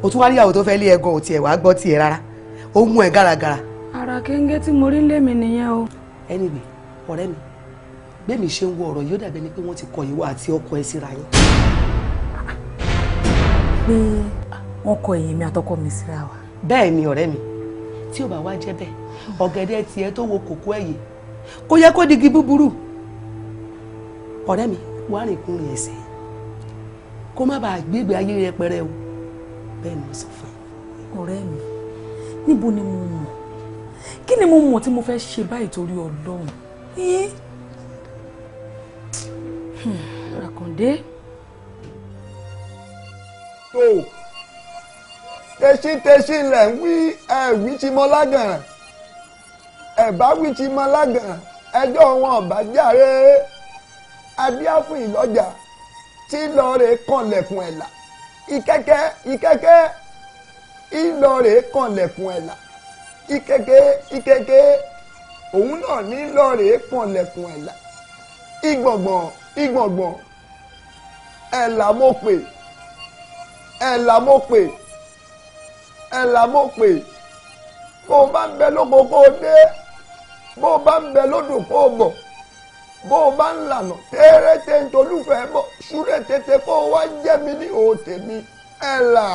o tún wá rí ìyàwó tó fẹ́ lé ẹ gan-an tiẹ̀ wàá gbọ́ tiẹ̀ rárá ó mú ẹ gàràgàrà. ara kéńgé tí mo rí lé mi nìyẹn o. anyway ọ̀rẹ́ mi gbẹ̀mí ṣe ń wo ọ̀rọ̀ yóò dàbí ẹni pé wọ́n ti kọ ìwọ àti ọkọ ẹ síra yín. pé wọ́n kọ èyí mi àtọkọ mi síra wa. bẹ́ẹ̀ ni ọ̀rẹ́ mi tí ò bá wá jẹ́ bẹ́ẹ̀ ọ̀gẹ̀dẹ̀ tiẹ̀ tó wo kòkó ẹ̀yẹ kò yẹ kó digi búburú ọ̀rẹ́ mi wá rìnkúnrin ẹ̀sìn kó má bàa gbégbé ayé yẹpẹrẹ o bẹ́ẹ̀ ni mo sọ fún un. ọ̀rẹ́ mi níbo ni mo mọ̀ kí ni mo mọ̀ tí mo fẹ́ ṣe báyìí torí ọlọ́run. Hmm, àkàndé. tó tẹsítẹsí lẹ̀ ń wí ẹ̀wí ti mọ lágàràn ẹ̀bá wí ti mọ lágàràn ẹjọ́ wọn ọ̀bá jàre abíáfún ìlọ́jà tí lọ́ọ̀rẹ́ kànlẹ̀kùn ẹ̀là ìkẹ́kẹ́ ìkẹ́kẹ́ ìlọ́ọ̀rẹ́ kànlẹ̀kùn ẹ̀là ìkẹ́kẹ́ ìkẹ́kẹ́ òun náà ní lọ́ọ̀rẹ́ kànlẹ̀kùn ẹ̀là ìgbọ̀ngbọ̀n ìgbọ̀ngbọ̀n ẹ̀là mo pè ẹ̀là mo pè ẹ̀là mo pè kó o bá ń bẹ lóko kó o dé bó o bá ń bẹ lódò kó o bọ̀ bó o bá ń lànà tẹ́rẹ́tẹ́ ntolúfẹ́ bọ̀ súré tètè kó o wá jẹ́ mi ní òun tèmi ẹ̀ là.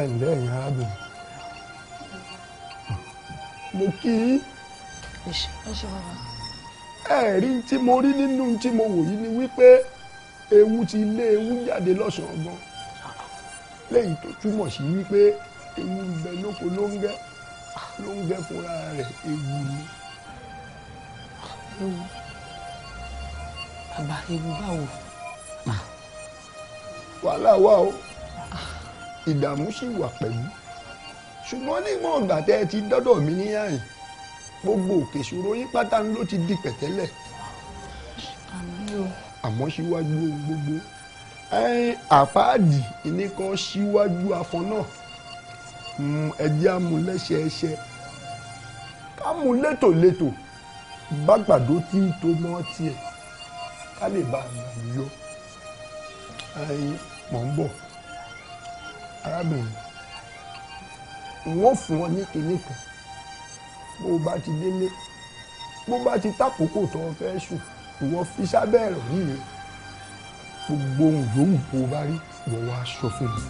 ẹ ǹlẹ́ ìyá arábìnrin mo kí í ẹ̀rí tí mo rí nínú tí mo wò yìí ni wípé ewu ti lé ewu jáde lọ́sàn-án gan lẹ́yìn tó túmọ̀ sí wípé ewu ń bẹ lóko ló ń gẹ́ ló ń gẹ́ fúnra rẹ̀ ewu ni. ewu bàbá ewu báwo. wàhálà wà o ìdààmú sì wà pẹ̀lú ṣùgbọ́n nígbà ọ̀gbà tẹ́ ẹ ti dọ́dọ̀ mi níyàyìn gbogbo òkè ìṣòro yín pátá ló ti di pẹ̀tẹ́lẹ̀. àmọ́ síwájú ohun gbogbo àfáàdì ìní kan síwájú afọ náà hmm, ẹjẹ́ amúlẹ́sẹẹsẹ ká mú létòlétò bàgbàdo tí ń to mọ́ tiẹ̀ ká lè bá a gbà yọ mọ̀ ń bọ̀ arábìnrin n ó fún ọ ní kinní kan bó o bá ti délé bó o bá ti tàkókò tó o fẹ́ sùn ìwọ fi sábẹ́ ẹ̀rọ yìí gbogbo ohun yòówù bó o bá rí ìwọ wá sọ fún mi.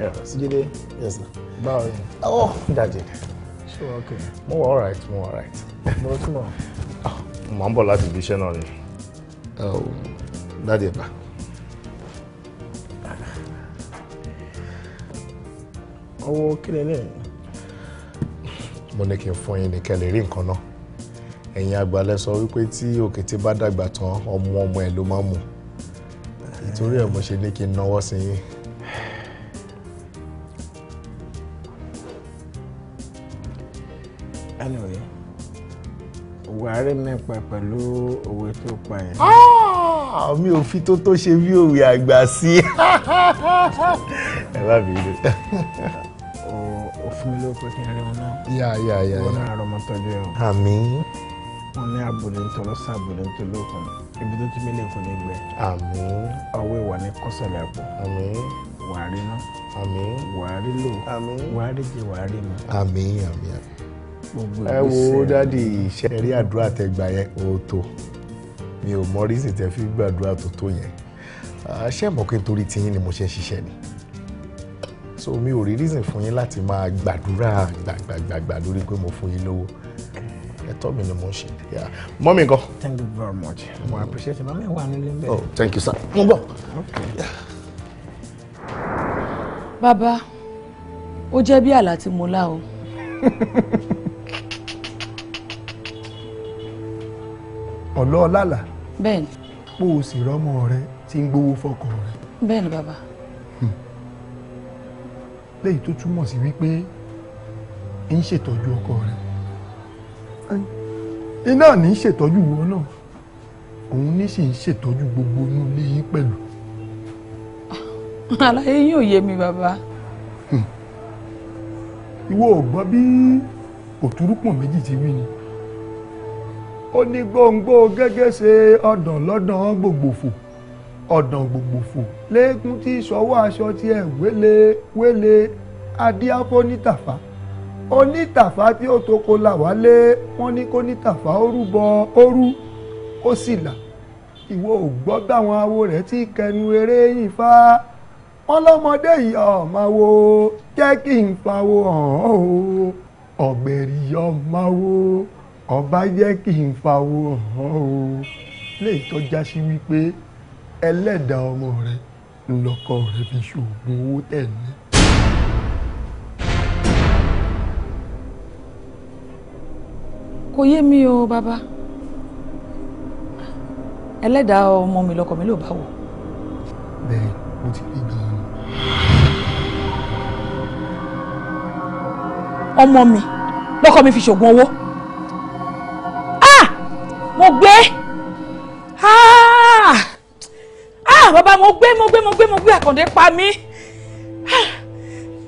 Yes. Jide. Yes, sir. Báwo ni? Ó oh, ṣé wà mo wà alright mo wà alright. mo tún mọ. Ah, mo ń bọ̀ láti ibi iṣẹ́ náà ni oh, dáàdi ẹ̀ bá. owó kílẹ̀ lẹ́yìn. mo ní kí n fún yín ní kẹ́lẹ̀ rí nǹkan náà ẹ̀yin àgbàlẹ̀ sọ wípé tí òkété bá dàgbà tán ọmọ ọmọ ẹ̀ ló máa mú ìtorí ẹ̀ mo ṣe ní kí n náwó sí yín. January Buhari mẹ́pẹ́ pẹ̀lú òwe tó pa yẹn. Ah! mi ò fi tó tó ṣe bí òwe àgbà sí ẹ bá mi rí. òfin ló pé kí n rí wọn náà. yà yà yà wọn náà rọmọ tọjú ẹ o. àmín. wọn ní àbòdè ńtọrọ sàbòdè ńtọlọkùn ibi tó tún mílẹ̀ kò ní gbẹ. àmín. ọwọ́ ìwà ní kọ́sọ̀lẹ̀ àpò. àmín. wàá rí náà. àmín. wàá rí lò. àmín. wàá rí jẹ wàá rí mu. àmín àmín gbogbo ìgbésẹ̀. ẹ wo dádì iṣẹ́ rí àdúrà tẹgbà yẹn ó tó mi ò mọ rísì tẹ fi gbàdúrà tó tó yẹn ṣé mọ̀ pé nítorí tiyín ni mo ṣe ń ṣiṣẹ́ ni so mi ò rí reason fún yín láti máa gbàdúrà gbàgbàgbà lórí pé mo fún yín lówó ẹ̀tọ́ mi ni mo ń ṣe mọ́mí gan. thank you very much mo mm. appreciate mami wà nílé bẹ́ẹ̀. oh thank you sir mo gbọ́. baba o jẹ́ bí àlá tí mo lá o. ọlọ́ọ̀lálà. bẹ́ẹ̀ni. pò ó sì rọ́mọ rẹ tí ń gbowó fọkọ rẹ. bẹ́ẹ̀ni bàbá. Hmm. léyìí tó túmọ̀ sí wípé ń ṣètọ́jú ọkọ rẹ iná ní í ṣètọ́jú wọn náà òun ní sì ń ṣètọ́jú gbogbo inú ilé yín pẹ̀lú. àlàyé ah, yín ò yé mi bàbá. Hmm. ìwọ ò gbọ́ bí òtúrúpọ̀ méjì ti wí ni ó ní gbòǹgbò gẹ́gẹ́ ṣe ọ̀dàn lọ́dàn gbògbòfò ọ̀dàn gbògbòfò lẹ́ẹ̀kún tí sọ́wọ́ aṣọ tiẹ̀ wélé wélé adíáfó nítàfà onítàfà tí ó toko là wálé wọ́n ní kó nítàfà ó rúbọ ó rú ó sì là ìwọ ò gbọ́ báwọn awo rẹ̀ tí kẹnu eré yìí fa wọ́n lọ́mọdé yìí ọ̀ma wo jẹ́ kí n fa wo hàn án o ọ̀gbẹ̀rì ọ̀ma wo ọba jẹ́ kí n fawọ́ hàn o lè tọ́já sí wípé ẹlẹ́dàá ọmọ rẹ ńlọkọ rẹ fi ṣoògùn owó tẹ̀ ní. kò yé mi o bàbá ẹlẹ́dàá ọmọ mi lọkọ mi ló bá wò. bẹ́ẹ̀ mo ti rí gan-an. ọmọ mi lọkọ mi fi ṣoògùn owó mo gbé ah! Ah, bàbá mo gbé mo gbé mo gbé mo gbé àkàndé pa mí ah!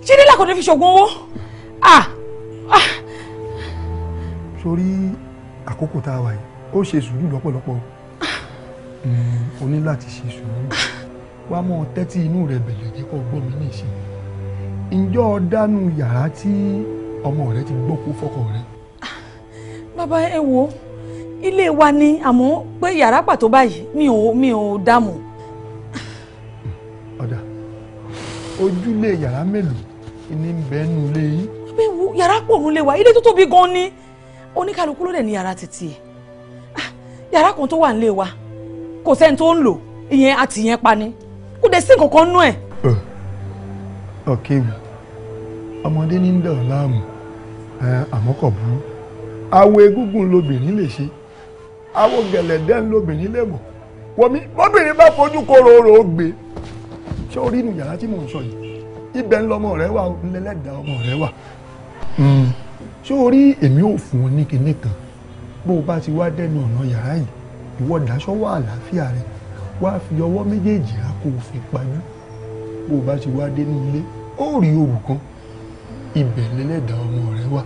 ṣé nílẹ̀ àkàndé fi ṣògùn owó. sórí àkókò tá a wà yìí ó ṣe sùúrù lọ́pọ̀lọpọ̀ hmm, o ní láti ṣe sùúrù wá mọ́ tẹ́tí inú rẹ̀ bẹ̀lẹ̀ jẹ́ kó gbọ́ mi ní ìsìn ǹjọ́ dánú yàrá tí ọmọ rẹ ti gbókú fọ́kọ rẹ. bàbá ẹ wo ilé wa ni àmọ́ pé yàrá pàtó báyìí mi ò mi ò dààmú. ọ̀dà ojúlé yàrá mélòó ni ń bẹ nù lé yìí. àbí wo yàrá pọ̀ nù lé wa ilé tó tóbi gan-an ni oníkàlùkù ló dẹ̀ ní yàrá títì ẹ̀ ah, yàrá kan tó wà nílé wa kò sẹ́ni tó ń lò ìyẹn àti ìyẹn pa ni kò dẹ̀ sí nǹkan nú ẹ̀. Oh, ọ̀kẹ́wì ọmọdé ní ń láàmú àmọ́ burú awo egúngún lobìnrin lè ṣe awo gẹ̀lẹ̀dẹ́ ń lóbìnrin lẹ́mọ̀ wọ̀mí bọ́bìnrin bá fojú kòròrò gbé ṣé o rí inú yàrá tí mò ń sọ yìí ibẹ̀ ń lọmọ rẹ wà ńlẹ́lẹ́dàá ọmọ rẹ wà hmm, ṣé o rí èmi ò fún ọ ní kinní kan bó o bá ti wá dẹnu ọ̀nà yàrá yìí ìwọ dáṣọ́wọ́ àlàáfíà rẹ wá fi ọwọ́ méjèèjì rà kó o fi pajú bó o bá ti wá dé ní ilé ó rí òwú kan ibẹ̀ ńlẹ́lẹ́dàá ọmọ rẹ wà.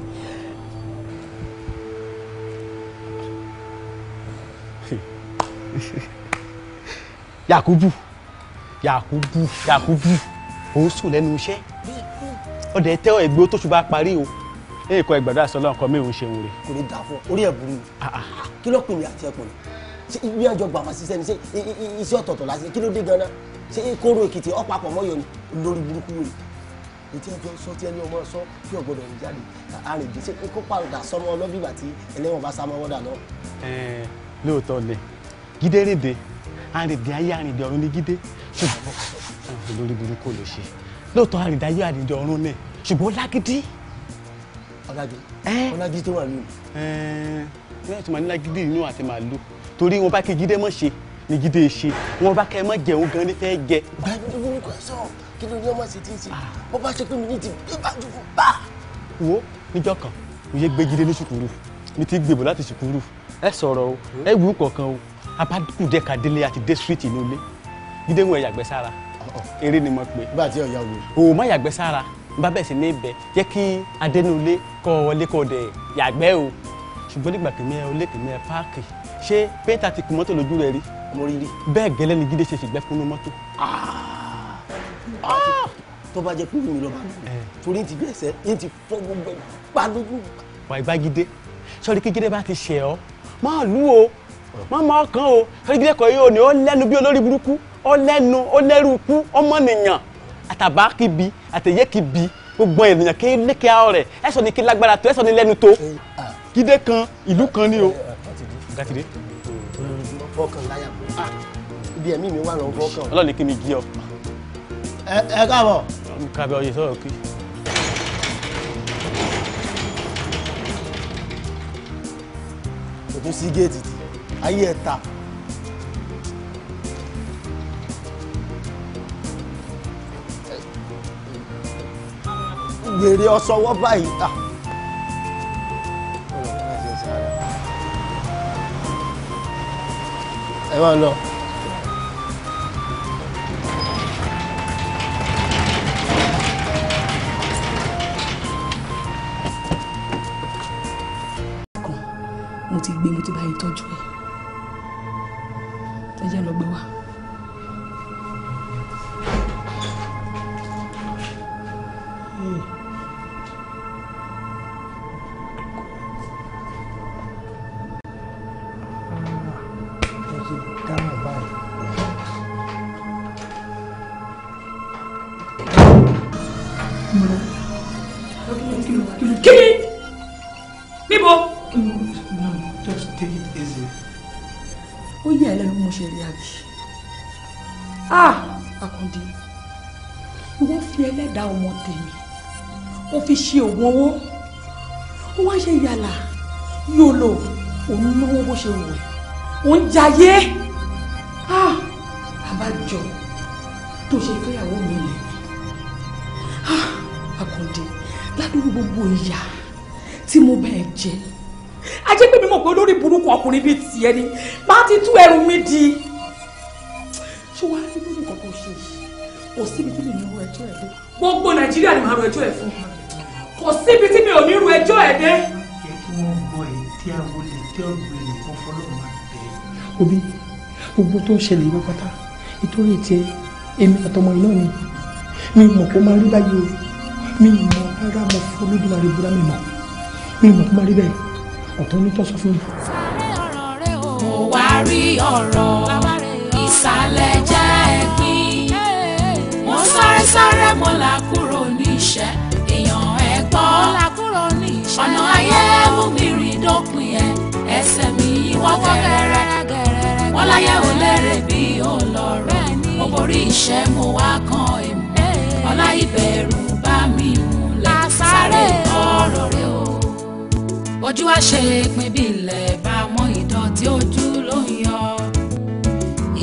Yakubu Yakubu Yakubu òun sùn lẹ́nu iṣẹ́ ọdẹ tẹ ẹgbẹ́ tó ṣùgbọ́n parí o èyí kọ ẹgbàdo àsọlọ nǹkan mi ò ń ṣe òun rè. kò lè dà fún ọ orí ẹ burú mi ah, ah, ah. kí ló pinnu àti ẹkùn ṣe ìwé ọjọ́ gbàmà ṣiṣẹ́ ni ṣe iṣẹ́ ọ̀tọ̀ọ̀tọ̀ láti kí ló dé ganan ṣe kóró èkìtì ọpapọ mọyọ ni lórí burúkú rè ètí ẹjọ́ sọ tí ẹni ọmọ sọ kí ọgbọdọ rìn jáde àrègbè ṣe kó pàrọdà sọmọ ọlọbìgbà tí ẹlẹ́wọ̀n bá sá mọ náà. ẹ lóòótọ́ le gídé rèdè àrìndé ayé àrìndé ọ̀run ní gídé ṣùgbọ́n olórí burúkú ló ṣe lóòótọ́ àrìndé ayé àrìndé ọ̀run náà ṣùgbọ́n lágídí. ọ̀làjú ọ̀làjú tó wà nínú. bẹ́ẹ̀ tí màá ní lágídí inú àti màálù torí wọn bá kí gídé mọ̀ ṣe ni gídé ṣe wọn bá kẹ́ ẹ mọ̀ jẹun gan ni fẹ́ jẹ. gbàgbé orúkọ ẹ sọ kí ló ní ọmọ ṣe ti ń ṣe wọn ah. bá ṣe pé mi ní ti gbé bá dùn bá. wo níjọ́ kan mo yẹ gbé gídé ní sùkúrù mi ti gbèbọ láti sùkúrù ẹ sọ̀rọ̀ o ẹ wù ú kọ̀ọ̀kan o abákùdé kàdélé àti dé síríìtì inú ilé dídéhùn ẹ̀ yàgbẹ́ sára eré ni mo pè. nígbà tí ọ̀yà wò. òun má yàgbẹ́ sára bá bẹ̀ sí ní ibẹ̀ jẹ́ kí adénúlé kọ́ wọlé kọ́ dẹ̀ yàgbẹ́ o ṣùgbọ́n nígbà kìíní ẹ olé kìíní ẹ páàkì ṣé pétà ti kun mọ́tò lójú rẹ rí. mo rí rí. bẹ́ẹ̀ gẹ́lẹ́ ni jíde ṣe ṣègbẹ́ fún mọ́tò. Ah! Ah! tó bá jẹ́ pé mi lọ́ba eh. torí ti bí ẹsẹ̀ yín ti fọ́ gbogbo ẹ̀ pa lójú. wà á gbá jíde sọ́ọ́rí kí jíde bá ti ṣẹ̀ ọ́ máa lú o mọ́mọ́ ọkàn o fẹ́rẹ́gídẹ́kọ̀ yìí ò ní ó lẹ́nu bí olórí burúkú ó lẹ́nu ó lẹ́rú ikú ọmọnìyàn àtàbá kìbi àtẹ̀yẹ kìbi gbogbo ènìyàn kí lékè àwọ̀ rẹ̀ ẹ̀sọ́ ni kí lágbára tó ẹ̀sọ́ ni lẹ́nu tó kídé kan ìlú kan ni o. gàtìdé. fọkàn láyà bọ ibi ẹ̀mí mi wà lọ fọkàn. ọlọ́ọ̀ni kí mi gí ọ. ẹ ẹ káàbọ̀. ọyẹ sọ̀rọ̀ kí. kò sí géètì tì ayé ẹ̀ ta. gbèrè ọsọwọ́ báyìí ta. Ah. ẹ máa lọ. dá ọmọ tèmi ó fi ṣe oògùn owó ó wá ṣe yàlà yóò lò òun náwó bó ṣe wù ẹ́ òun jayé àbájọ ah! tó ṣe fẹ́yàwó mi lẹ̀ ah! àkàndé ládùúgbò gbogbo ìyá tí mo bẹ̀ jẹ́ ajẹ́pẹ̀mí mọ̀ pé olórí burúkú ọkùnrin bíi tiẹ̀ ni máa ti tú ẹrù mi di. gbogbo nàìjíríà ni màá ro ẹjọ́ ẹ̀ fún kò síbi tí mi ò ní ro ẹjọ́ ẹ̀ dé. jẹ́ kí wọ́n gbọ́ ẹ̀ tí àwọn olè tí ọ̀gbìn máa bẹ̀. òbí gbogbo tó ń ṣẹlẹ̀ yìí pátá nítorí tiẹ̀ èmi àtọmọ iná ni mi mọ̀ kó máa rí báyìí o mi mọ̀ rárá mo fọ́ lódúmarè búra mi mọ̀ mi mọ̀ kó máa rí bẹ́ẹ̀ ọ̀tọ̀ ní tọ́sọ fún mi. mo wá rí ọ̀rọ̀ ìsàlẹ̀ jẹ́. mo là kúrò níṣẹ́ èèyàn ẹ gbọ́ ọ̀nà ayé mú mi rìn dópin ẹ ẹsẹ̀ mi yíwọ́ gẹ̀rẹ́rẹ́ wọ́n láyé ò lérè bí ó lọ rẹ̀ mo borí iṣẹ́ mo wá kan èmọ̀ ọlá ìbẹ̀rù bá mi múlẹ̀ sáré ọ̀rọ̀ rẹ̀ o ojú wa ṣe pin bí ilẹ̀ bá mọ́ ìdọ̀tí ojú ló ń yọ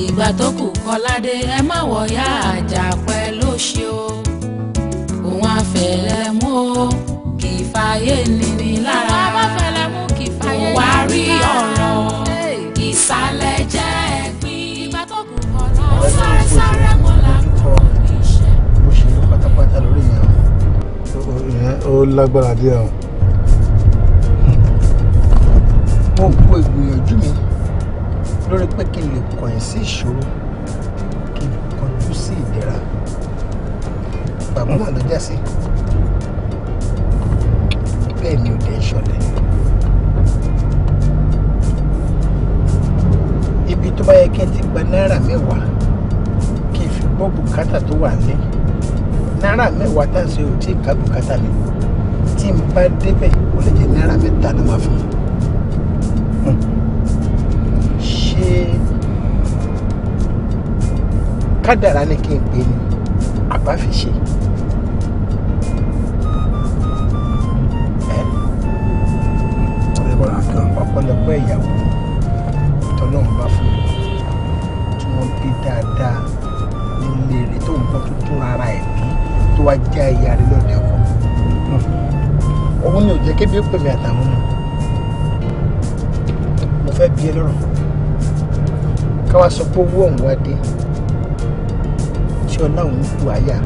ìgbà tó kù kọ́ládé ẹ má wọ̀ yá àjà ṣe o òun àfẹ̀lẹ̀ mú o kì í fàyè níní lára òun wá rí ọ̀rọ̀ ìsàlẹ̀ jẹ́ ẹ̀gbin ó sáré sáré mọ́ làkúrò níṣẹ́. bó ṣe ní pátápátá lórí ìyẹn ó lágbára díẹ̀ o. mo gbọ́ ìgbìyànjú mi lórí pé kí n lè kọ̀yìn sí ìṣòro kí n kọjú sí ìdẹ̀ra ìpàmù náà ló já sí bẹ́ẹ̀ ni ò dé ìṣọ̀lẹ̀ ibi tó bá yẹ kí n ti gba náírà mẹ́wàá kí n fi gbọ́ bùkátà tó wà ní náírà mẹ́wàá tá à ń ṣe ò tí ì ká bùkátà mi tí n bá débẹ̀ ó lè jẹ́ náírà mẹ́ta ló máa fún un hmm. kádàrá ni kí n pè é ni àbá fi ṣe. ọ̀pọ̀lọpọ̀ ìyàwó tọ́lọ́run bá fún mi tí wọ́n bí dáadáa nílé rẹ̀ tó ń bọ́ tó tún ara ẹ̀ bí tó wá já ìyá rẹ̀ lọ́dẹ ọkọ. ọwọ́ ni ò jẹ́ kébi ó pè mí àtàwọn ọmọ mo fẹ́ bí ẹ lọ́rọ̀ káwa sọ pé owó ọ̀hún wá dé tí ọlọ́run ń fò àyà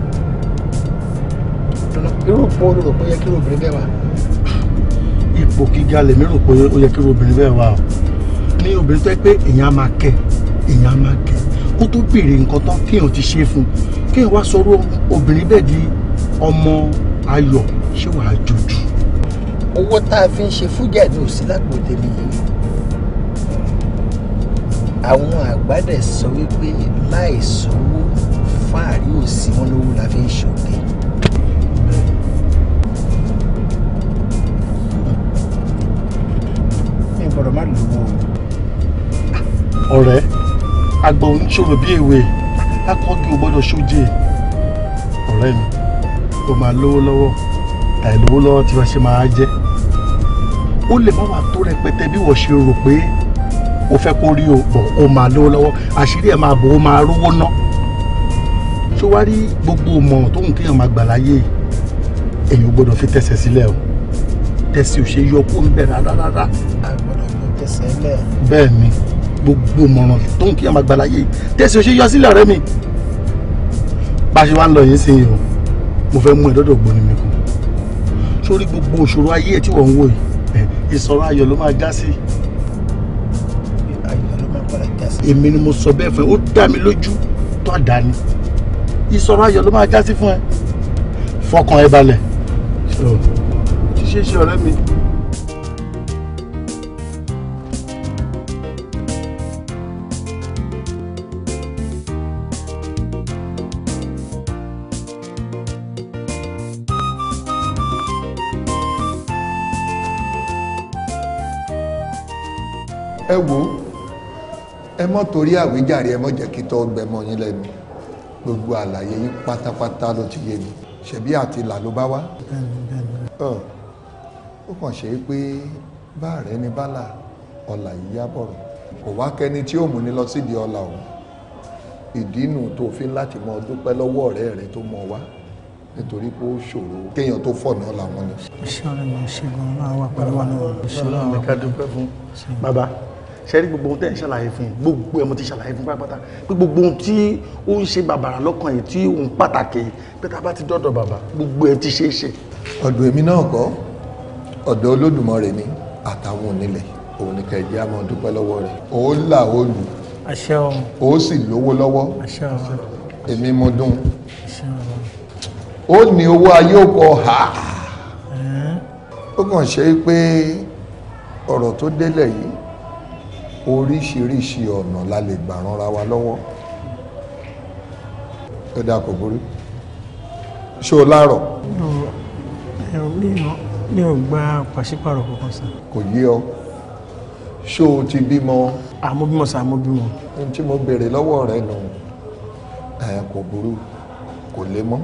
irú ipò o rò pé ó yẹ kí obìnrin bẹ́ẹ̀ wà. ipò gíga lèmi rò pé ó yẹ kí obìnrin bẹ́ẹ̀ wà o ní obìnrin tó yẹ pé èèyàn á máa o èèyàn á máa kẹ́ kó tó béèrè nǹkan tán kéèyàn ti ṣe fún un kéèyàn wá sọ obìnrin bẹ́ẹ̀ di ọmọ ayọ̀ ṣé wàá jojú. owó tá a fi ń ṣe fújà ní òsì lápò tèmi yìí àwọn àgbàdẹ sọ wípé láì fáàrí ò sí wọn lówó la fi ń ṣòkè. mi ò gbọ́dọ̀ má lówó o. ọ̀rẹ́ àgbà oníṣòro bíi èwe akọ́kí ò gbọ́dọ̀ ṣojú ẹ̀ ọ̀rẹ́ mi ó máa lówó lọ́wọ́ àìlówó lọ́wọ́ tí wọ́n ṣe máa jẹ́ ó lè má wà tó rẹpẹtẹ bí wọ́n ṣe rò pé o fẹ́ kó rí o bọ̀ o máa lówó lọ́wọ́ àṣírí ẹ̀ máa bò ó máa rówó ná ṣó wá rí gbogbo mọ̀ tóun kéèyàn máa gbà láyé èyàn gbọ́dọ̀ fi tẹ̀sẹ̀ sílẹ̀ o tẹ̀sẹ̀ ò ṣe yọ kó ń bẹ̀ rárá rárá. àgbọ̀dọ̀ fi tẹ̀sẹ̀ lẹ̀. bẹ́ẹ̀ ni gbogbo mọ̀ràn tóun kéèyàn máa gbà láyé tẹ̀sẹ̀ ò ṣe yọ sílẹ̀ ọ̀rẹ́ mi bá a ṣe wá ń lọ yìí sí o mo fẹ́ mú ẹ dọ́dọ̀ gbóni mi kù sórí gbogbo òṣòro ayé ẹ tí wọ́n ń wò yìí ìsọ̀rọ̀ ayọ̀ ló máa já sí. ayọ̀ ló máa padà já sí. èmi ni mo sọ bẹ́ẹ̀ fún ẹ ó dá mi lójú tó àdáni ìsọ̀rọ̀ ayọ̀ ló máa já sí fún ẹ fọkàn ẹ balẹ̀ ṣíṣe ṣe ọ̀rẹ́ mi. ẹ wò ó ẹ mọ́ torí àwíjàre ẹ mọ́ jẹ́ kí tọ́ gbẹmọ yín lẹ́nu gbogbo àlàyé yìí pátápátá ló ti yé mi ṣebí àti ìlà ló bá wá. ó kàn ṣe é pé bá rẹ̀ ní bálà ọ̀là yìí yá bọ̀rọ̀ kò wá kẹ́ni tí ó mú ni lọ sídìí ọ̀là ọ̀hún ìdínú tó fi láti mọ dúpẹ́ lọ́wọ́ ọ̀rẹ́ rẹ tó mọ wá nítorí pé ó ṣòro kéèyàn tó fọ̀nà làwọn ni. iṣẹ́ ọ̀rẹ́ mi ṣe gan-an wà pẹ̀lú wa náà. ọlọ́run ká dúpẹ́ fún bàbá ṣe rí gbogbo ohun tẹ́ ń ṣàlàyé fún yín gbogbo ẹ̀ mo ti ṣàlàyé fún pátápátá pé gbogbo ohun tí ó ń ṣe bàbàrà lọ́kàn yìí tí òun pàtàkì yìí a bá ti dọ́dọ̀ bàbá gbogbo ẹ̀ ti ṣe é ṣe. ọ̀dọ̀ èmi náà kọ́ ọ̀dọ̀ Olódùmarè ni àtàwọn onílẹ̀ òun ni kẹ́ ẹ jẹ́ àmọ́ dúpẹ́ lọ́wọ́ rẹ̀ ó là ó lù ó sì lówó lọ́wọ́ èmi mo dún ó ní owó ayé ó kọ ha ó kàn ṣe pé ọ̀rọ̀ tó délẹ̀ yìí oríṣiríṣi ọ̀nà la lè gbà ránra wa lọ́wọ́ ó dáa kò burú ṣé o láàrọ̀. mi ò gba pàṣípàrọ̀ kankan sá. kò yé ọ ṣé o ti bímọ. àmọ́ bímọ sá àmọ́ bímọ. ohun tí mo béèrè lọ́wọ́ rẹ nù ẹ kò burú kò lè mọ́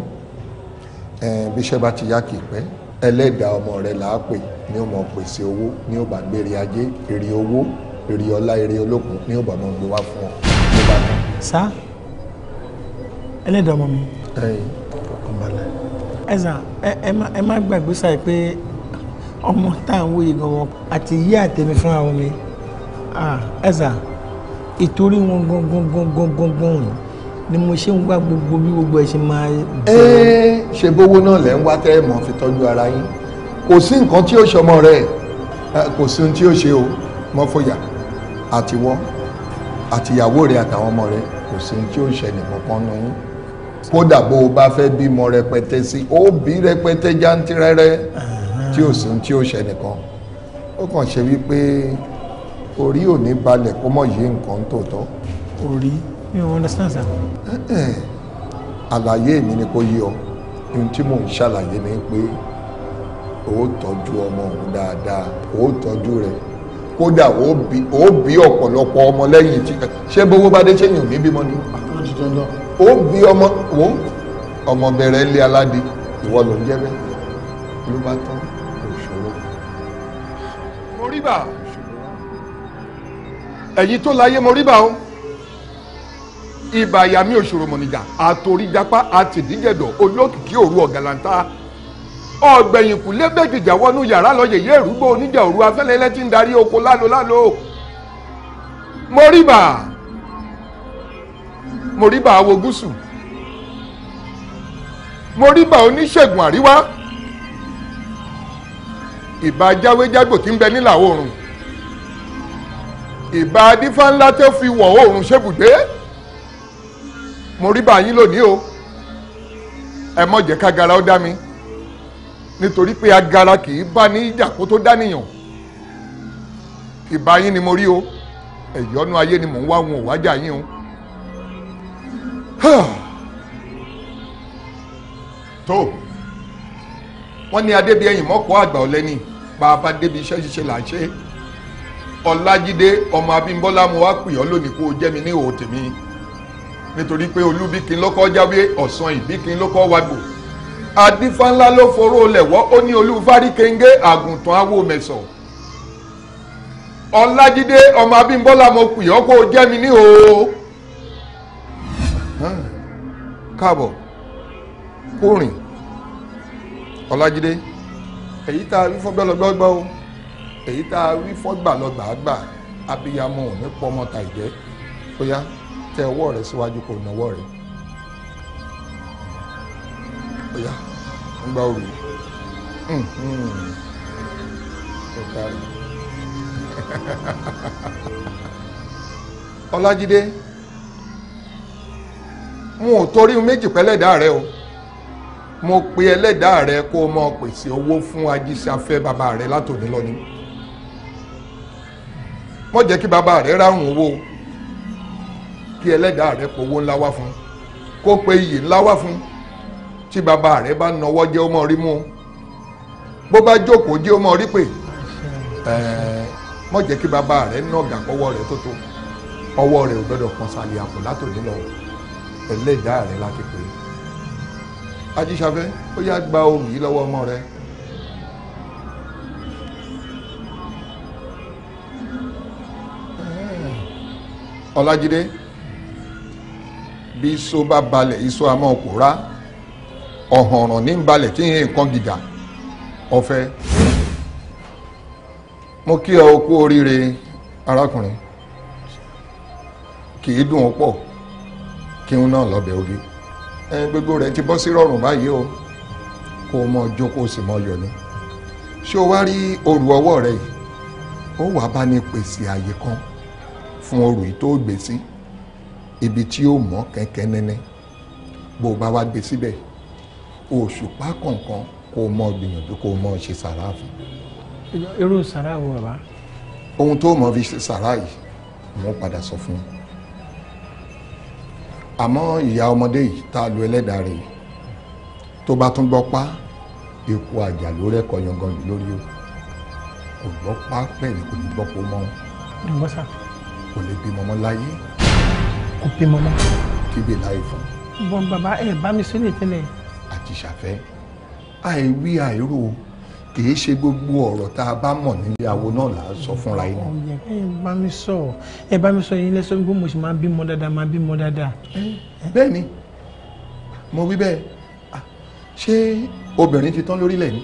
ẹ bí iṣẹ́ bá ti yá kì í pẹ́ ẹlẹ́dàá ọmọ rẹ làá pè ní ó mọ̀ pèsè owó ní ó bá gbére ajé èrè owó èrè ọlá èrè olókun ní yóò bàbá gbé wá fún ọ ló bá tán. sá ẹlẹ́dàá ọmọ mi. ọkàn balẹ̀. ẹ sà ẹ má gbàgbé sáà pé ọmọ tá à ń wòye gan-an àti yí àtẹ̀mí fúnra wọn mi ẹ sà ìtorí wọn gangan gangan gangan yìí ni mo ṣe ń wá gbogbo bí gbogbo ẹ ṣe máa. ẹ ṣe bówó náà lẹ́ ń wá tẹ́ ẹ mọ̀ fi tọ́jú ara yín kò sí nǹkan tí ó ṣọmọ rẹ̀ kò sí ohun tí ó ṣe o mọ́ fòyà àtiwọ́ àtìyàwó rẹ àtàwọn ọmọ rẹ kò sí ní tí ó ṣẹlẹ̀ kankan nù yín kódà bó o bá fẹ́ bímọ rẹpẹtẹ sí ó bí rẹpẹtẹ jántìrẹrẹ tí ò sí ní tí ó ṣẹlẹ̀ kan ó kàn ṣe wípé orí ò ní balẹ̀ kó mọ̀ yé nǹkan tòótọ́. orí mi ò understand sir. àlàyé mi ni kò yé ọ ohun tí mò ń ṣàlàyé ni pé ó tọ́jú ọmọ òun dáadáa ó tọ́jú rẹ̀ kódà ó bí ọ̀pọ̀lọpọ̀ ọmọ lẹ́yìn tí ṣé bówó bá dé ṣéyìn òní bímọ ni ó bí ọmọ wo ọmọ bẹ̀rẹ̀ ilé aládé ìwọ ló ń jẹ́ bẹ́ẹ̀ ló bá tán òṣòro. mo rí bà ẹ̀yin tó láyé mo rí bà o ibà àyà mi òṣòro mọ̀nìjà àtòrí japa àtìdíjẹ̀dọ̀ olókìkí òru ọ̀gàlàntà ọ̀gbẹ̀yìn kù lébèjìjà wọnú yàrá lọ yèyé èrúgbó oníjà òru afẹ́lẹ́lẹ́ tí ń darí oko lálo lálo mọ̀ríbà mọ̀ríbà awo gúúsù mọ̀ríbà oníṣègùn àríwá ìbà jáwéjágbò tí ń bẹ nílà oòrùn ìbà adífá ńlá tó fi wọ̀ oòrùn ṣébùdé mọ̀ríbà yín lónìí o ẹ mọ̀ jẹ́ ká gara ó dá mi nítorí pé agara kì í bá ní ìjà kó tó dánìyàn ìbá yín ni mo rí o ẹ̀yọ́nú ayé ni mò ń wá wọn ò wájà yín o. tó wọ́n ní adébíyẹ̀yìn mọ́kọ́ àgbà ọ̀lẹ́ni bàbá débi iṣẹ́ ṣiṣẹ́ là ń ṣe ọlájídé ọmọ abímbọ́lá mo wá pè ọ́ lónìí kó o jẹ́ mi ní òòtẹ̀mí nítorí pé olúbíkin ló kọ́ jáwé ọ̀sán ìbíkin ló kọ́ wàgbò adífánlá ló foró lẹ̀wọ́ ó ní olúfárí kenge àgùntàn awo mẹ̀sọ̀ ọlájídé ọmọ abímbọ́lá mo pè ọ́ kó o jẹ́ mi ní o káàbọ̀ kó rìn ọlájídé èyí tá a wí fọ́gbà lọ́gbàgbà o èyí tá a wí fọ́gbà lọ́gbàgbà abiyamọ ò ní pọ́ ọmọ tàìjẹ́ ó tẹ ọwọ́ rẹ síwájú kò náwó rẹ ọ̀yà ń gba òwe hmm, hmm. ọ̀kàrà ọlájídé mo ò torí méjì pẹ́lẹ́dàá rẹ o mo pe ẹlẹ́dàá rẹ kó o mọ pèsè owó fún ajíṣafẹ́ bàbá rẹ látòní lọ́ní mo jẹ́ kí bàbá rẹ ráhùn owó kí ẹlẹ́dàá rẹ kó owó ńlá wá fún kó pe iyì ńlá wá fún tí bàbá rẹ bá nọwọ́ jẹ́ ó mọ̀ rí mú bó bá jókòó jẹ́ ó mọ̀ rí pé mọ̀ jẹ́ kí bàbá rẹ nàgà ọwọ́ rẹ tó tó ọwọ́ rẹ ò gbọ́dọ̀ pọn sàlẹ̀ àpò látòní lọ ẹlẹ́dàá rẹ láti pè é ajíṣafẹ́ ó yá gba ohun yìí lọ́wọ́ ọmọ rẹ. ọlájídé bí iṣó bá balẹ̀ iṣó amọ̀ kò rá ọ̀hànràn ní balẹ̀ tí yẹn nǹkan gíga ọ̀fẹ́ mo kí ọ kú oríire arákùnrin kì í dùn ó pọ̀ kí n náà lọ́bẹ̀ oge gbogbo rẹ̀ ti bọ́ sí rọrùn báyìí o kó o mọ jókòó sì mọ yọ ni ṣé o wá rí òrù ọwọ́ rẹ yìí ó wàá bá ní pèsè àyè kan fún òrù yìí tó gbé sí ibi tí ó mọ́ kẹ́kẹ́ nẹ́nẹ́ bó o bá wá gbé síbẹ̀. Si òṣùpá kọ̀ọ̀kan kó o mọ gbìyànjú kó o mọ ṣe sàrà fún. irú sàrà wo bàbá. ohun tó mọ fi ṣe sàrà yìí mo padà sọ fún un àmọ́ ìyá ọmọdé yìí tá a lu ẹlẹ́dàá rẹ̀ tó bá tún gbọ́ pa epo àjà ló rẹ́kọ̀ yangan yìí lórí o kò gbọ́ pa pẹ̀lú kò ní gbọ́ pọ̀ mọ́ wọn kò lè bímọ mọ́ láyé kò bímọ mọ́ kíbi láyé fún. bọ́n bàbá ẹ̀ bá mi sílẹ̀ tẹ́lẹ̀ àti ṣàfẹ́ àìwí àìrò kì í ṣe gbogbo ọ̀rọ̀ tá a bá mọ̀ nílé awo náà là ń sọ fúnra yín. ọ̀yẹ̀ ẹ bá mi sọ ẹ bá mi sọ yín lẹ́sọ̀ bí mo ṣe máa bímọ dáadáa máa bímọ dáadáa. bẹ́ẹ̀ ni mo wí bẹ́ẹ̀ ṣé obìnrin ti tán lórílẹ̀ ni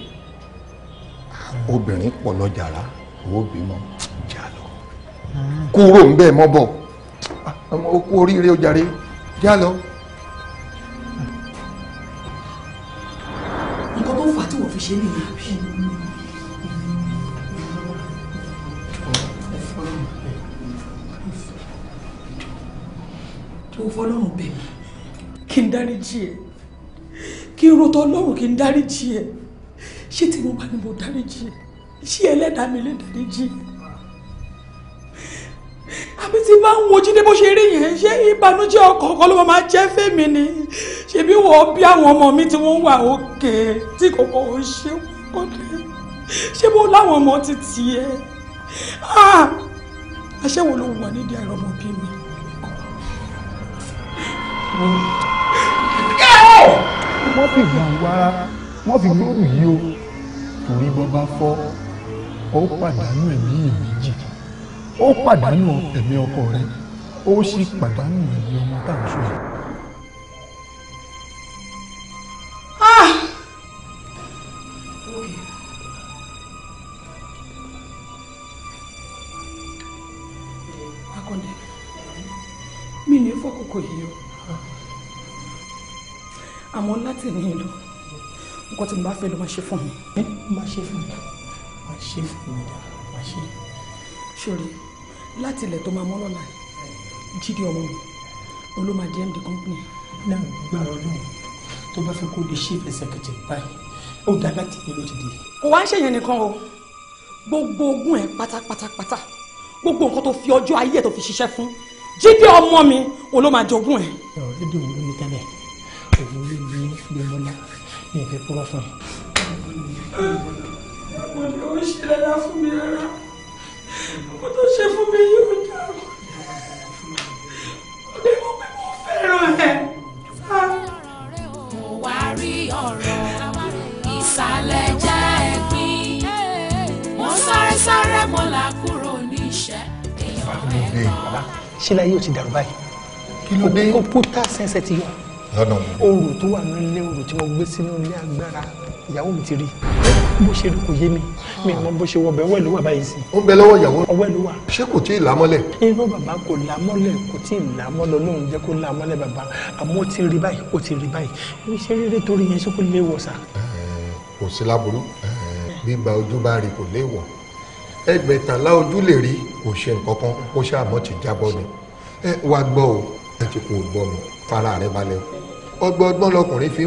obìnrin pọ̀ lọ́jàrá owó bímọ jà lọ ah. kúrò ń bẹ́ẹ̀ mọ́ bọ̀ ọkú oríire ó jàre já lọ. ṣe nìyẹn àbí. tó fọlọ́run bẹ̀ mí kí n dáríjì ẹ kí n rotọ ọlọ́run kí n dáríjì ẹ ṣé tí mo bá ní mo dáríjì ẹ ṣé ẹlẹ́dàá mi lè dáríjì ẹ àbí tí bá ń wo jíde bó ṣe rí yẹn ṣé ìbànújẹ́ ọkọọkọ ló máa jẹ́ fèmí ni ṣebí wọ́n bí àwọn ọmọ mi tí wọ́n wà òkè tí kòkó ò ṣe kọdẹ ṣé bó láwọn ọmọ ti tiẹ̀ aṣẹ́wó ló wà nídìí àìrọ́mọ bí mi. wọ́n fi gbàǹgbà ara wọ́n fi gbòòrò yìí o torí bọ́ bá fọ́ ó pàdánù ẹ̀mí méjì ó pàdánù ẹ̀mí ọkọ rẹ̀ ó sì pàdánù ẹ̀mí ọmọ táwọn sọ yìí. Ah! mi yìí o àmọ́ láti ní ìlú nǹkan tí mo bá fẹ́ ló máa ṣe fún mi. máa ṣe fún mi máa ṣe fún mi máa ṣe. sori láti ilẹ̀ tó máa mọ́ lọ́la jíde ọmọ mi olómadé md company. náà gbàrọ̀ náà tó bá fẹ́ kó lè ṣe ìfẹsẹ̀kẹ̀tẹ̀ báyìí ó dá láti ilé ló ti di. kò wá ń ṣèyàn nìkan o gbogbo ogún ẹ pátápátápátá gbogbo nǹkan tó fi ọjọ́ ayé ẹ̀ tó fi ṣiṣẹ́ fún jíde ọmọ mi olómadé ogún ẹ. ọ̀rọ̀ èdè òun ló ní tẹ́lẹ̀ òun ló ní gbẹmọ́lá ní ìfẹ́ kó wá fún ẹ. ó ṣe dáadáa fún mi rárá mo tó ṣe fún mi yóò dá mo dé mo pé mo fẹ́ràn ẹ̀. mo wá rí ọ̀rọ̀ ìsàlẹ̀ jẹ́ ẹ̀gbin mo sáré sáré mo là kúrò níṣẹ́ èèyàn mẹ́fà. ṣé láyé o ti dàrú báyìí kí ló dé kó kó tá sẹ́sẹ̀ ti yọ. lọ́nà òru tó wà nílé òru tí wọ́n gbé sínú ilé agbára ìyàwó mi ti rí bó ṣe rí kò yé mi mi mọ bó ṣe wọ bẹ ọwọ́ ẹ̀ ló wà báyìí sí. ó ń bẹ lọ́wọ́ ìyàwó. ọwọ́ ẹ̀ ló wà. ṣé kò tí ì lámọ́lẹ̀. irú bàbá kò lámọ́lẹ̀ kò tí ì lámọ́lẹ̀ olóhùn jẹ́ kó lámọ́lẹ̀ bàbá àmọ́ ó ti rí báyìí ó ti rí báyìí mi ṣe rí rí torí yẹn ṣé kò léwọ̀ sà. kò sí láburú bíba ojú bá rí kò léwọ̀ ẹgbẹ̀tàlá ojú lè rí kò ṣe nǹkan kan kó ṣàmọ́ ti jábọ́ ni o ẹ ti kò gbọ́ mi fara rẹ balẹ̀ ọgbọ́n ọgbọ́n lọkùnrin fi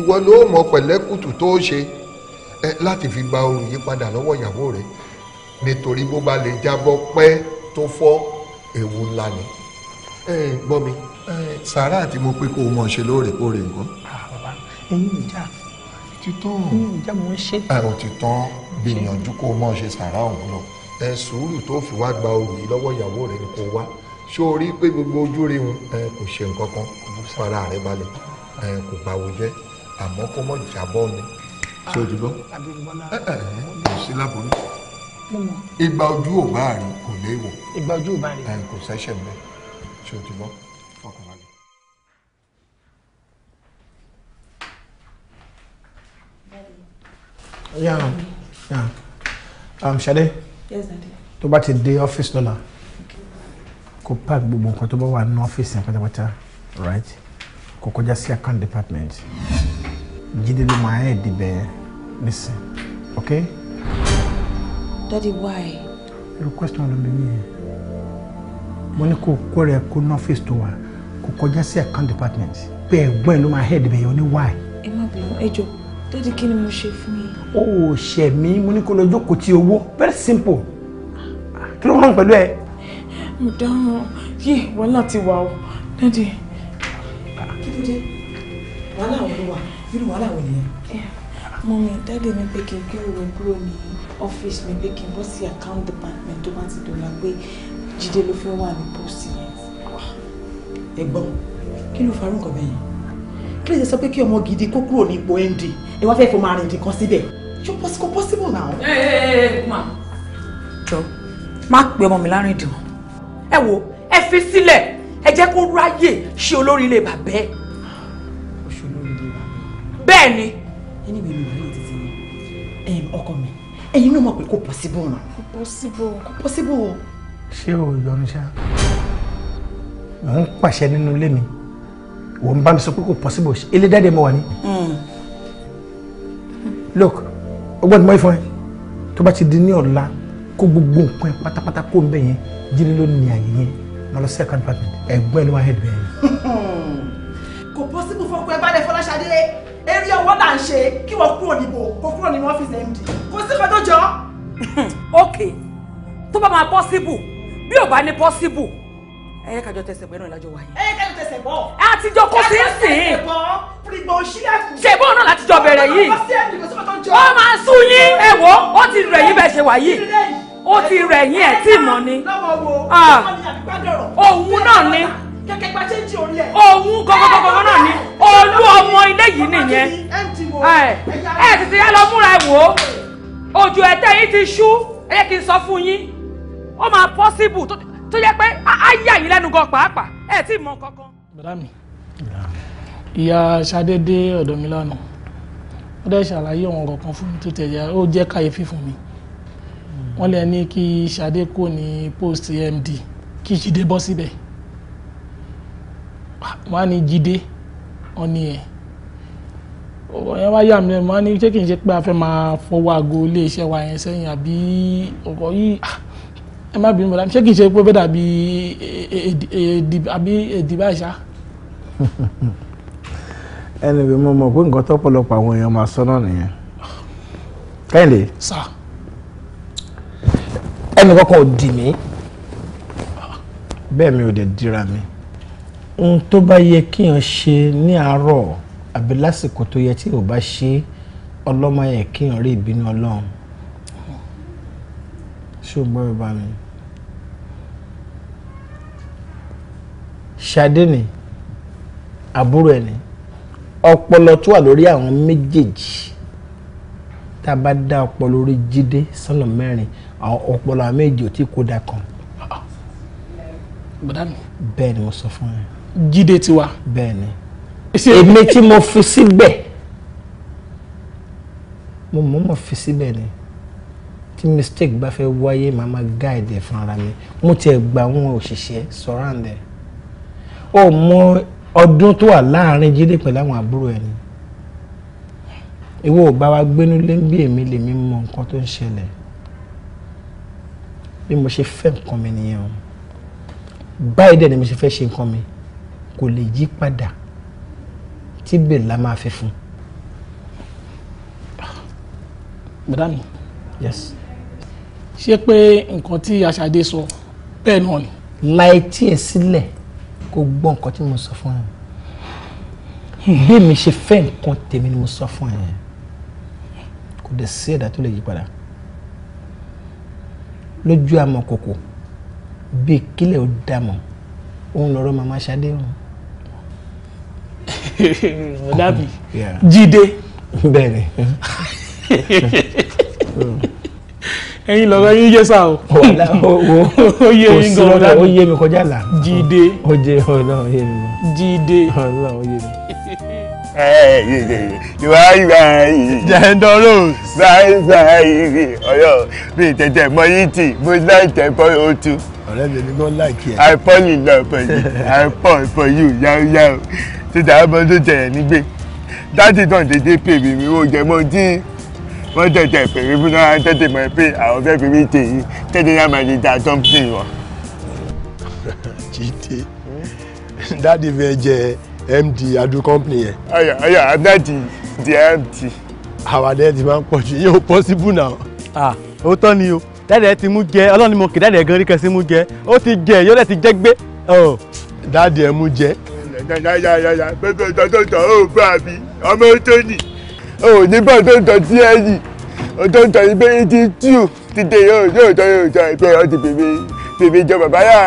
ìwọ ló mọ̀ pẹ̀lẹ́kùtù tó ṣe ẹ láti fi gba ohun yìí padà lọ́wọ́ ìyàwó rẹ nítorí bó bá lè jábọ́ pẹ́ tó fọ́ ewu ńlá ni ẹ gbọ́ mi sàárà tí mo pé kó o mọ̀ ṣe lóòrèkóòrè nǹkan. Ah, bàbá ẹ̀yin ìjà títàn ẹ̀yin ìjà mo ń ṣe. ẹ ò ti tán gbìyànjú kó o mọ̀ ṣe sàárà òun lọ ẹ sùúrù tó fi wá gba ohun yìí lọ́wọ́ ìyàwó rẹ ni kó wá ṣó o rí pé gbogbo ojú rí wọn kò ṣe nǹkan kan fara rẹ balẹ̀ kò báwo jẹ́ àmọ́ kó mọ̀ jábọ́ ni ṣé o ti gbọ́ ẹ ẹ kò sí láborí ìgbà ojú ò bá rí kò léèwọ̀ ìgbà ojú ò bá rí kò sẹ́sẹ̀ mẹ́ ṣé o ti gbọ́ fọkàn um, um, Yes, Daddy. Tó bá ti dé ọ́fíìsì lọ́la, kó pack gbogbo nǹkan tó bá wà ní ọ́fíìsì yẹn pátápátá, right? Kó kọjá sí account department. Mm -hmm. Jídé ló máa ẹ̀ dìbẹ̀ listen okay. Daddy why? irú question ló ń bí mi yẹn mo ní kó kó rẹ kó ní ọ́fíìsì tó wà kó kọjá sí account department pé ẹ̀gbọ́n ẹ̀ ló máa head bẹ̀yẹ̀ ó ní why. ẹ má bínú ẹ jọ Daddy kí ni mo ṣe fún yín. o ò ṣẹ̀ mí mo ní kó lọ jókòó tí owó very simple kí ló wọ́n pẹ̀lú ẹ. mo dáhùn yí wàhálà ti wà o Daddy. kí ló dé wàhálà ò ló wà irú wàhálà wo nìyẹn. mọ́mí dáàdì mi pé kí n gbé òwe kúrò ní ọ́fíìsì mi pé kí n account department tó bá ti dọ̀la pé jíde ló fẹ́ wà ní post yẹn. ẹ gbọ́ kí ló farú nǹkan Please, kí ló ṣe sọ pé kí ọmọ gidi kó kúrò ní ipò to ẹ wá fẹ́ fọmọ arìnrìn kan possible? yóò pọ́ sí kó possible now. ẹ ẹ ẹ ẹ kùmà. jọ má pe ọmọ mi lárìndìn ẹ wo ẹ fi sílẹ̀ ẹ jẹ́ kó ráyè ṣe olórí ilé bàbá bẹ́ẹ̀ ni. ẹni mi lò lórí títí ni ọkọ mi ẹ̀yin náà mọ̀ pé kò possible náà. kò possible kò possible o. ṣé o yọnu ṣá mò ń pàṣẹ nínú ilé mi wọ́n bá mi sọ pé kò possible ilé dáadé mo wà ní. Hmm. look ọgbọ́n ti mọ ìfọ̀n yẹn tó bá ti di ní ọ̀la kó gbogbo nǹkan yẹn pátápátá kó ń bẹ̀ yẹn jírí ló ní àyè yẹn mo lọ sí ẹ̀ka nípa mi ẹ̀gbọ́n ẹ̀ ló wá hẹ́ẹ̀dì bẹ́ẹ̀ yẹn. Hmm. kò possible fún ọkùnrin bá lè Fọláṣadé eré ọwọ́ là ń ṣe kí wọ́n kúrò níbo kó kúrò nínú ọ́fíìsì md kò sí kan tó jọ. ok tó bá máa possible bí ò bá ní possible ẹyẹ kájọ tẹsẹ̀ bọ́ iná ìlàjọ wa yìí. ẹyẹ kájọ tẹsẹ̀ bọ́. àtijọ́ kò sí sí. kájọ tẹsẹ̀ bọ́ fúrigbọ̀ òṣìlẹ̀kùn. ṣèbọ̀ náà láti jọ bẹ̀rẹ̀ yìí. ó máa sún yín ẹ̀wọ́ ó ti rẹ̀ yín bẹ́ẹ̀ ṣe wà yìí ó ti rẹ̀ yín ẹ̀ tí mọ̀ ni. Ah. òun náà ni kẹ̀kẹ́ gba ṣéǹjì orí ẹ̀. òun gọgọgọgọ náà ni olú ọmọ ilé yìí nìyẹn ẹ tètè yá lọ múra ẹ wò ó ojú ẹ̀tẹ́ yìí ti ṣú ẹ yẹ kí n sọ fún yín ó máa pọ́síbù tó yẹ pé ayé àyè lẹ́nu gan pàápàá ẹ tí ì mọ kankan. bàdá mi ìyá Ṣadé dé ọ̀dọ̀ mi lánàá ó dẹ̀ ṣàlàyé ọ̀hún ọ̀rọ̀ kan fún mi tó tẹ̀yà ó jẹ́ kàyéfì fún mi wọ́n lẹ ní kí Ṣadé kò ní post MD kí Jídé bọ́ síbẹ̀. Si wọ́n á ní jíde wọ́n ní ẹ̀ ọ̀rọ̀ yẹn wá yà mí lẹ́nu wọ́n á ní ṣé kì í ṣe pé a fẹ́ máa fọwọ́ aago iléeṣẹ́ wa yẹn sẹ́yìn àbí ọ̀rọ̀ yìí ẹ má bínú bọ̀dá ṣé kì í ṣe pé bẹ́ẹ̀ dàbí àbí èdè báyìí ṣá. ẹnì bí mo mọ̀ pé nǹkan tọ́pọ̀lọpọ̀ àwọn èèyàn máa sọ náà nìyẹn kẹ́hìndé ẹnì kankan ò dì mí bẹ́ẹ̀ mi ò dẹ̀ dira mi ohun tó bá yẹ kíyàn ṣe ní àárọ̀ àbí lásìkò tó yẹ tí ò bá ṣe ọlọ́mọ yẹ kíyàn rí ìbínú ọlọ́run ṣùgbọ́n bàbá mi. Ṣadé ni àbúrò ẹ̀ ni ọpọlọ tó wà lórí àwọn méjèèjì tá a bá dá ọpọlọ orí Jídé sọ́nà mẹ́rin àwọn ọpọlọ àwọn méjèèjì ò tí kó dà kan. bẹ́ẹ̀ ni mo sọ fún ẹ jíde tiwa. bẹ́ẹ̀ni èmi tí mo fi síbẹ̀ mo mọ̀ mọ̀ fi síbẹ̀ ni tí mistake bá fẹ́ wáyé màá máa guide ẹ̀ fúnra mi mo tiẹ̀ gba àwọn òṣìṣẹ́ surround ẹ̀ ó mọ ọdún tó wà láàrin jíde pẹ̀lú àwọn àbúrò ẹ̀ ni ìwọ ò bá wa gbénú lé bí èmi lèmi mọ nǹkan tó ń ṣẹlẹ̀ bí mo ṣe fẹ́ nǹkan mi nìyẹn o báyìí dẹ̀ ni mo ṣe fẹ́ ṣe nǹkan mi kò lè yí padà tí bèlà máa fi fún. madam yes. ṣé pé nǹkan tí aṣáde sọ bẹ́ẹ̀ náà ni. láì tiẹ̀ sílẹ̀ kó gbọ́ nǹkan tí mo sọ fún ẹ bí mi ṣe fẹ́ nǹkan tèmi ni mo sọ fún ẹ kò dẹ̀ sí ẹ̀dá tó lè yí padà lójú àmọ̀kòkò bíi kílẹ̀ ó dàmọ̀ òun lọ́rọ̀ màmá ṣadé hàn mọ̀dábì jíde. bẹ́ẹ̀ni. ẹ̀yin lọ́rọ̀ yín yé sá o. wàhálà owó ó yé mi gan mọ̀dábì ó yé mi kọjá là. jíde. ó jẹ Ọlọ́run yé mi. jíde. Ọlọ́run yé mi. Jẹ́ndọ́rọ̀ báyìí tẹ̀tẹ̀ mọ́ yìí tì bó láì tẹ̀ bọ́ yóò tú ọ̀rẹ́ mi ni wọ́n láìkí ẹ̀. àìpọ́ yìí náà pọ̀ yìí àìpọ́ ìpọ̀ yìí yáyáyá ti dàá mọ́ tó jẹ̀yẹ̀ nígbè dájú náà dédé pèmí mi ó jẹ mọ́ tí wọ́n tẹ̀tẹ̀ pèmí fún náà tẹ̀tẹ̀ mọ́ pé àwọn fẹ́ fi mí tèyí tẹ̀tẹ̀ yá máa lè da something wọn. jíde dáàdi fẹ́ jẹ md adu company yẹn. ọyà ọyà adáàdì di md. àwọn adé ti máa ń pọ̀ jù yóò possible now. ah òótọ́ ni o dáadẹ́ ti mú jẹ ọlọ́run ni mo kì dáadẹ́ gan rí kan sí mú jẹ ó ti jẹ yóò dẹ̀ ti jẹ́ gbé. dáadẹ́ ẹ mú jẹ. yàyàyàyà pépè tọ́tọ̀tọ̀ ó bá mi ọmọ tó nì. o ò ní bọ́ tó ń tọ́ sí ẹ̀yìn o tó ń tọ́ ibẹ̀ yìí ti tú títẹ yóò yóò tọ́ yóò tọ́ ìpè ọ́ ti bèbè bèbè jọ bàbá yà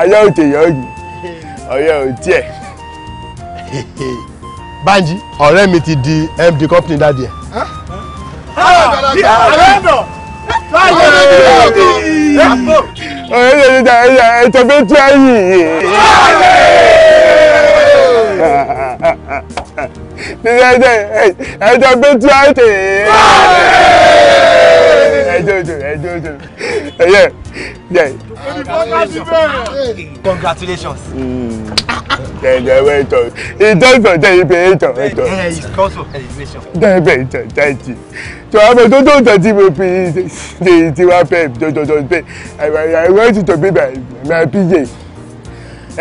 ayé òtè yọ̀ ọ́ ọ̀yẹ́ òtí ẹ̀. Banji ọ̀rẹ́ mi ti di MD company dáadẹ́. ọ̀rẹ́ mi ti di MD company dáadẹ́ ètò bí tí a yìí. ẹjọ bí tí a tè é. ẹjọ ẹjọ ẹjọ ẹjọ ẹyẹ. Congratulations. Congratulations. Ìtọ́sọ̀ tẹ ibẹ̀ ẹ̀tọ̀ ẹ̀tọ̀. Ìtọ́sọ̀ tẹ ibẹ̀ ẹ̀tọ̀. Dẹ́bẹ̀ ẹ̀tọ̀ tẹ́tì. Tí wàá mọ̀ tó tó tẹ̀ tí mo fi ṣe ti wá fẹ́ tó tó tó pé àwọn ẹ̀sìn tó bíbà máa bí yè.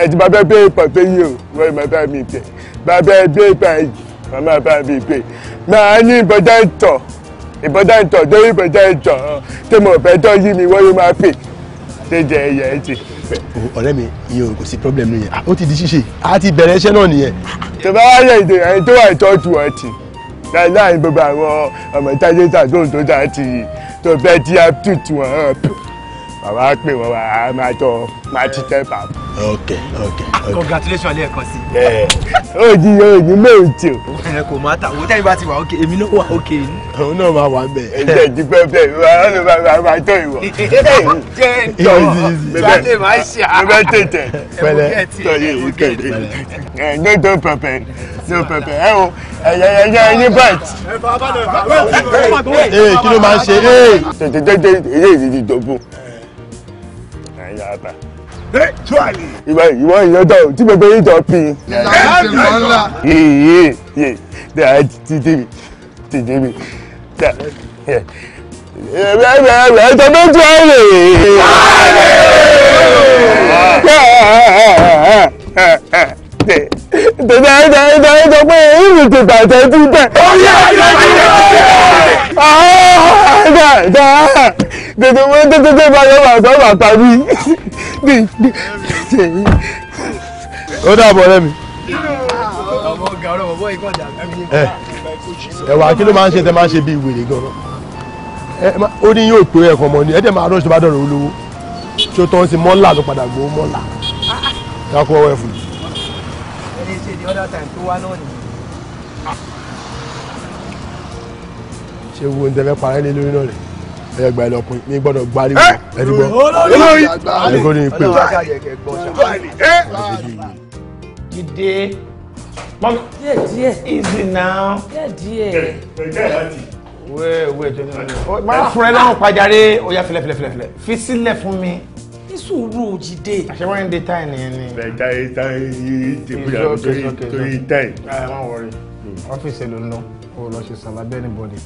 Ẹ ti máa bẹ́ pé pàpẹ́ yìí o, wọ́n máa bá mi pè. Máa bẹ́ gbé pàì, wọ́n máa bá mi pè. Máa ní ìbọ̀dá ìtọ̀, ìbọ̀dá ìtọ̀ tó ìbọ̀dá ìtọ̀ tí mo fẹ́ tọ́ yí mi wọ́n yóò máa pè tẹjẹ ẹyẹ ẹ ti. ọ̀rẹ́ mi iye kò sí problem nìyẹn ah, ó ti di ṣíṣe a ti bẹ̀rẹ̀ iṣẹ́ náà nìyẹn. tó bá wáyé èdè ẹni tó wà ìtọ́jú ẹ láìláì gbogbo àwọn ọmọ ìtajẹ́ta tó ń tó dá ti tó bẹ́ẹ̀ di aptitude wọn bàbá pè wọ́n wá a máa jọ máa ti tẹ́ bàbá. ok ok ok. congratulations lẹ́ẹ̀kan sí i. òjì òjì méjì o. ẹ kò má ta owó tẹ́yìn bá ti wà ókè èmi náà wà ókè òun náà máa wà bẹ́ẹ̀. ẹ jẹ́ ìdí pẹ́pẹ́ ìwà ọ̀nà bàbá máa tọ́ ìwọ. jẹ́ ìjọ ìgbàdé máa ṣe à. bẹ́ẹ̀ tètè pẹ̀lẹ́ tọ́yé yìí kẹ̀lé. ẹ no don pẹpẹ no pẹpẹ ẹ o ẹyẹ ẹyẹ ẹyin bẹ́ẹ̀t. ee kí ló máa ń ṣe tètè tètè èyí èyí ti yàrá ta. ìwọ ìwọ ìyẹn tó tí gbogbo yìí tó pin. yìí yìí dáa títí mi títí mi dáa ẹ̀ẹ́dẹ̀ méjì ọ̀rẹ́ tẹ̀lé ẹ̀dá ẹ̀dá ẹ̀dá pé ìlú ti bàtẹ́ tún tẹ̀. ó yẹ ẹ̀dá ẹ̀dá ẹ̀dá tètè wọ́n tètè báyọ̀ wà sábà tàbí. o dàbọ̀ ọ̀rẹ́ mi. ẹ̀wà kí ló máa ń ṣe tẹ́ máa ń ṣe bí wèrè gan-an ó ní yóò pé ẹ̀kọ́ ọmọ ni ẹ̀dẹ̀ máa rọ́ọ̀ṣì tó bá dọ̀rọ̀ olówó tí ó tọ́ ń sin mọ́là ló padà gbowó mọ́là dákú ọwọ́ ẹ̀ fún mi. ẹni ṣe the other time tó wá náà nìyí. ṣé wo ń tẹ́lẹ̀ parẹ́ lé lórí náà rẹ̀ ẹ gba ẹ lọ pin mi gbọ́dọ̀ gbari wo eh! ẹ ti gbọ́ olórí àdìgbò ní ìpè dìde mami díẹ̀ díẹ̀ easy now díẹ̀ díẹ̀ wẹ́ẹ̀ wẹ́ẹ̀ jẹ́ ní máa fún ẹ lọ́rùn pàjáre ó yá filẹ̀ filẹ̀ filẹ̀ filẹ̀ fi sílẹ̀ fún mi ní sùúrù òjìdè. àṣewọ́n ń de táì nìyẹn ni. bẹ̀ẹ̀ta ìta ìdìbòyà torí táì. ẹ má wọrí ọ́fíìsì ló ń lọ kó lọ ṣe sàlábẹ́ ní bọ́ọ̀dì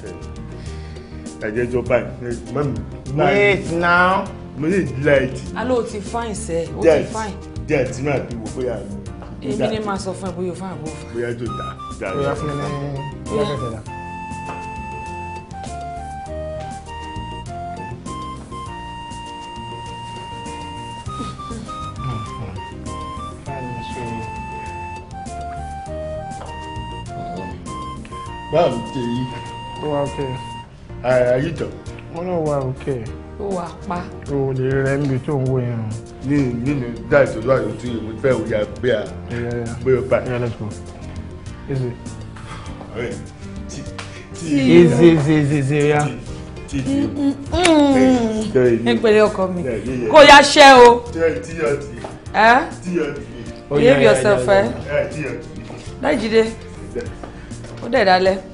ẹ̀jẹ̀ jọ báyìí. wait now. mo ní ìdílé ẹ̀jì. alo ti fine sẹ o ti fine. díẹ̀ tí máa bí wo bóyá. èmi ni màá sọ fún ẹ bóyá o fún àbò bóyá jò dá. bóyá fún mi ní bóyá kẹ̀kẹ́ dá. Well, Dave. Well, okay ayíjọ. wọn náà wà òkè. ó wà pa. o lè rẹ níbi tó ń wo irun. ní nínú dá ìtọ́jú àyọ̀ tí èmi fẹ́ òun yà gbé a gbé o bá. easy. easy easy easy easy ya. ẹ pẹ̀lẹ́ ọkọ mi kó yá ṣẹ́ o. behave yourself ẹ. láì jíde ó dẹ̀ dalẹ̀.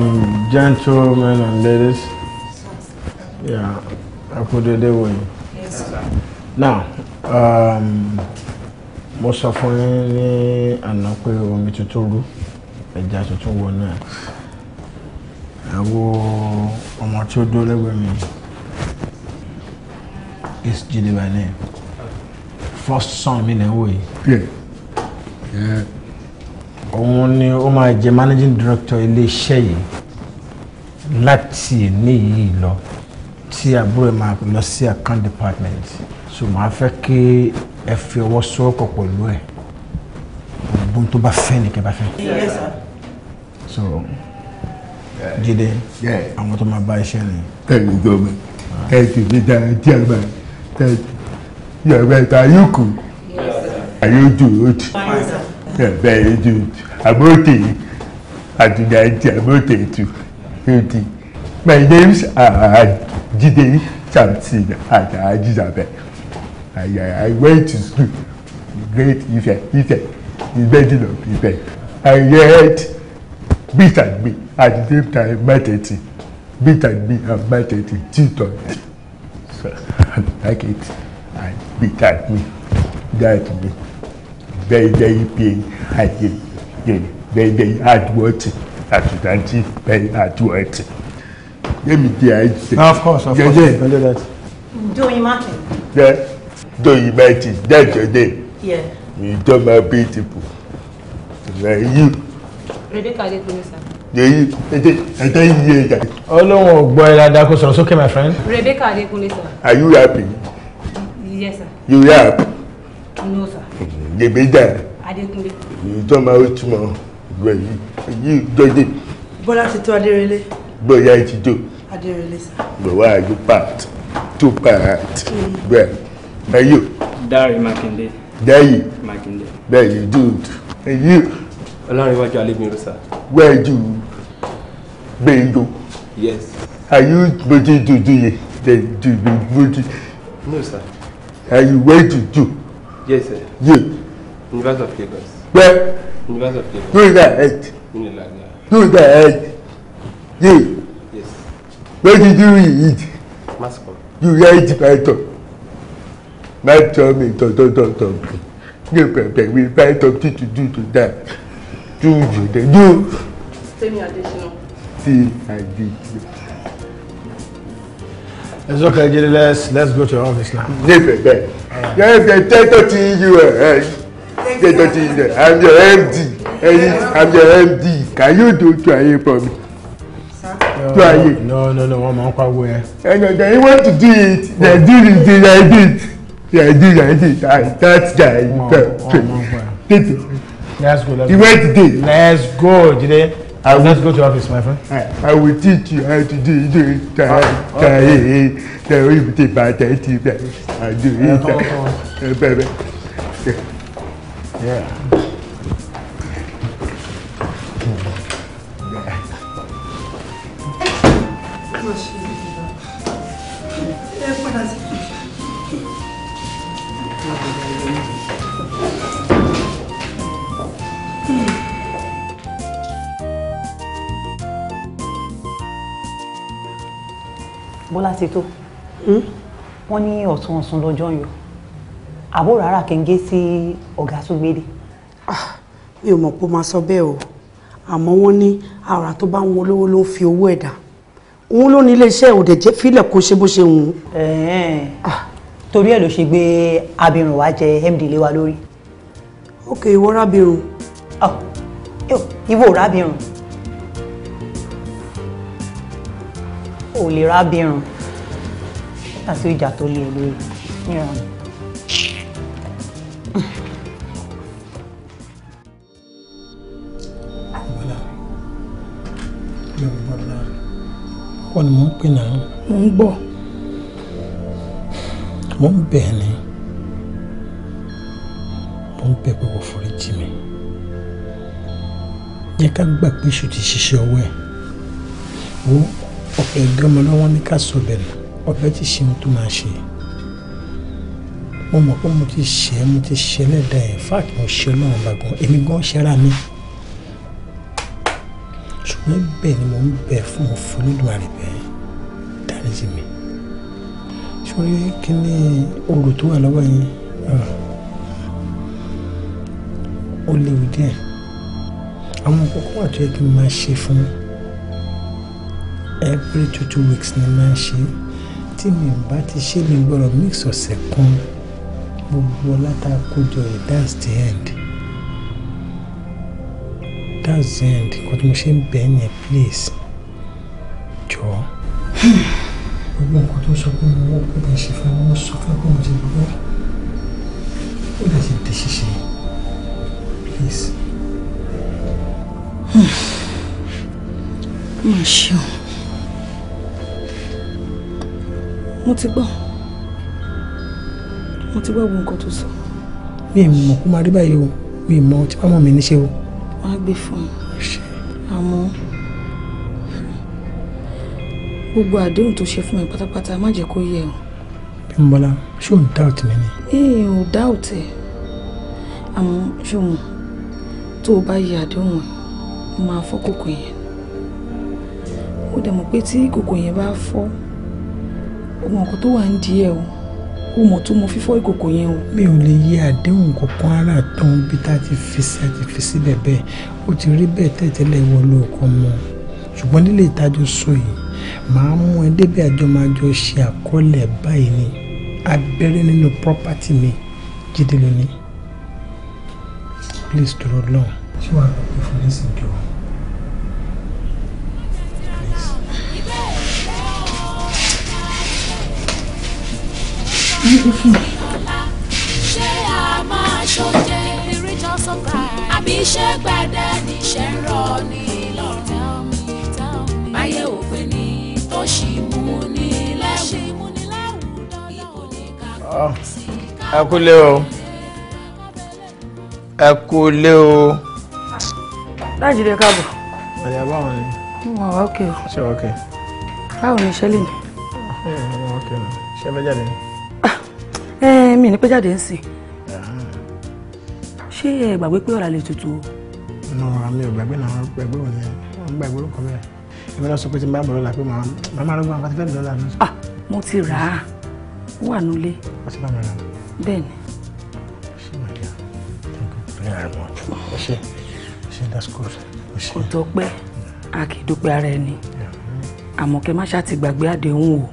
um, gentlemen and ladies. Yeah, I put akudede wọ̀nyí. Yes, now, um, of sọ fún yín ní àná pé omi tuntun rú I just wọ náà. Ẹ wo ọmọ tí ó dúró lẹ́gbẹ̀ẹ́ mi. It's Jide by name. First son mi náà Yeah. Yeah òun ni ó máa jẹ managing director iléeṣẹ́ yìí láti èní yìí lọ tí àbúrò ẹ̀ máa lọ sí account department so màá fẹ́ kí ẹ fi ọwọ́ sọ́ọ̀kọ̀ pẹ̀lú ẹ̀ ogun tó bá fẹ́ ni kẹ́ bá fẹ́. so Jídé àwọn tó máa bá iṣẹ́ ni. ẹni tó mi ẹ ti fi da jẹba jẹba ta yóò kù ayé ojú ojú bẹ̀rẹ̀ ju àbótè àtúndà àti àbótè tu ètì my name is Ajide Samson Ajajizabe I, I went to school Great Ife Ife Ibeji of Ife I read beat and me at the same time marketing beat and me and Two tutor so I like it and beat and me that me very very pain I get very very hard working agitanti very hard working. Let me dey hide Of course of yeah, course yeah. you can do that. Doyin Martin. Yeah Doyin Martin that's your name. Yeah. You don't my beautiful. Na you. Rebecca Adekunle sir. Yeyi ete ete yiye ja. Ọlọ́run ò gbọ́ ẹ dáadáa kó sọ̀rọ̀ okay, my friend. Rebecca Adekunle sir. Are you happy? Yes sir. You happy? No sir gbègbèdà adékúnlé èyí tó máa ó túmọ̀ ìwẹ̀ yìí èyí jọjẹ. bọ́lá ti tó adérelé. bóyá ti tó. adérelé sá. bọ̀wá àjò part two part mm. bẹ́ẹ̀ bẹ́ẹ̀ yóò. dáre mákindé. dáyì mákindé. bẹ́ẹ̀ yóò dùdù èyí. ọlọ́runwájú alẹ́mìíràn sá. wẹ́ẹ̀dù gbẹ̀yọ. yes. are you ready to do it? then do the booty. no sir. are you ready to do? yes sir. yeah. University of Lagos. Where? University of Lagos. Unilag. Unilag, yeah. Unilag. Yeah. Yes. Where did you eat? Mascom. You read Python. tell me don't, to to to. You can pay me Python to to do to that. Do you the do? me additional. See, I did. It's okay, Jiri, let's, let's go to your office now. Yes, yes, yes. Yes, yes, 10 to 10 US. I'm your MD. I'm your MD. Can you do Tuaye for me? Tuaye. No, no, no. I'm not aware. And they want to do it. They did it. They did it. They did it. They did it. That guy. Let's go. Let's he go. went Let's go, Jide. I will, go to office, my friend. I, will teach you how to do it. do Tuaye. Tuaye. Tuaye. Tuaye. Tuaye. Tuaye. Tuaye. Tuaye. Tuaye. Yeah. Bọ́lá ti tó. Hmm? Wọ́n ní ọ̀tún ọ̀sùn lọ́jọ́ yọ àbúrò rárá kẹ́ńgé sí ọ̀gá Súgbédé. Ah, mi ò mọ̀ pé ó máa sọ bẹ́ẹ̀ o àmọ́ wọ́n ní ara tó bá ń wọn olówó ló ń fi owó ẹ̀ dà òun ló ní iléeṣẹ́ òde jẹ́ fílẹ̀ kó ṣe bó ṣe wù ú. Ah. torí ẹ̀ ló ṣe gbé abirùn wá jẹ MD lé wa lórí. ok ìwọ rábìrùn. Ah, ìwọ rábìrùn. ò lè rábìrùn àti ìjà tó lé e lórí. pọ̀ ni mò ń pè náà. mò ń gbọ́. mò ń bẹ̀ ni mò ń bẹ̀ pé kò foríjì mi jẹ́ ká gbà pé èṣù ti ṣiṣẹ́ ọwọ́ ẹ̀ wo ọ̀pẹ̀ ìgbẹ́mọ lọ́wọ́ ní ká sọ bẹ̀rẹ̀ ọ̀pẹ̀ ti ṣe ohun tó máa ṣe mo mọ̀ pé mo ti ṣe é mo ti ṣe é lẹ́dàá ẹ̀ fáàkì mo ṣe é lọ́wọ́ bàgbọ́n èmi gan ṣe ara mi ṣùgbọ́n bẹ́ẹ̀ ni mo ń bẹ̀ fún Olódùmarè bẹ́ẹ̀ dáríjì mi sórí kíní orò tó wà lọ́wọ́ yẹn ah, ó léwu díẹ̀ àwọn kókó wà tó yẹ kí n máa ṣe fún every two two weeks ni máa ń ṣe tí mi bá ti ṣe mi gbọ́dọ̀ mix ọ̀sẹ̀ kan gbogbo ọlá tá a kó jọ ẹ̀ that's the end that's end kò tí mo ṣe ń bẹ̀ ẹ́ yẹn please jọ. gbogbo nǹkan tó sọ pé mo kò bẹ̀ ṣe fún mi mo sọ fún ẹ pé mo ti gbọ́ ó lè ti di please. mà ṣe o mo ti gbọ́ mo ti gbọ́ gbogbo nǹkan tó sọ. mi ò mọ̀ kó máa rí báyìí o mi ò mọ̀ tí bá mọ̀ mi níṣẹ́ o wọ́n á gbé fún un àmọ́ gbogbo àdéhùn tó ṣe fún mi pátápátá má jẹ́ kó yẹ̀ o. Bímbọ́lá ṣé òun doubt mi ni. ee ò doubt ẹ àmọ́ ṣé òun tó o bá yẹ àdéhùn ẹ mo máa fọ́ kòkò yẹn ó dẹ̀ mọ̀ pé tí kòkò yẹn bá fọ́ ohun ọ̀kan tó wà ń di ẹ̀ o o mọ̀ tó mo fífọ́ ìkòkò yẹn o. mi ò lè yí àdéhùn kankan ara tán bí tá a ti fi sí a ti fi síbẹ̀ bẹ́ẹ̀ ó ti rí bẹ́ẹ̀ tẹ̀tẹ̀lẹ̀ ìwọ ló kọ́ mọ́ ṣùgbọ́n nílé ìtajọ sọ yìí màá mú ẹ débi àjọ máa jọ ṣe àkọọ́lẹ̀ báyìí ni abẹ́rẹ́ nínú property mi jíde lónìí please dúró lọ́hùn. ṣé wàá lọ pé fún mi sì jọ. kó fún mi. ṣé ẹ kúlẹ̀ o ẹ o. láti lè káàbọ̀. àyà báwọn ni. wọn wá òkè o. ṣé wàá kẹ. báwo ni iṣẹ́ lè mi. ṣé ah, ẹ bẹ jáde ni mi ní pé jáde ń sìn ṣé ẹ gbàgbé pé ọ̀rọ̀ àlejò tó. nù àmì ò gbàgbé náà gbàgbé òní wọn gbàgbé orúkọ bẹ́ẹ̀ ìwé lọ sọ pé tí n bá bọ̀ lọ́la pé màá máa rọ́gbọ́n àti fẹ́ẹ́ lọ́la. ah mo ti rà á ó wà nulẹ̀. wọ́n ti bá mi rà á. bẹ́ẹ̀ ni. kò tọ́pẹ́ a kì í dúpẹ́ ara ẹni àmọ́ kẹ́ má ṣáà ti gbàgbé àdéhùn o.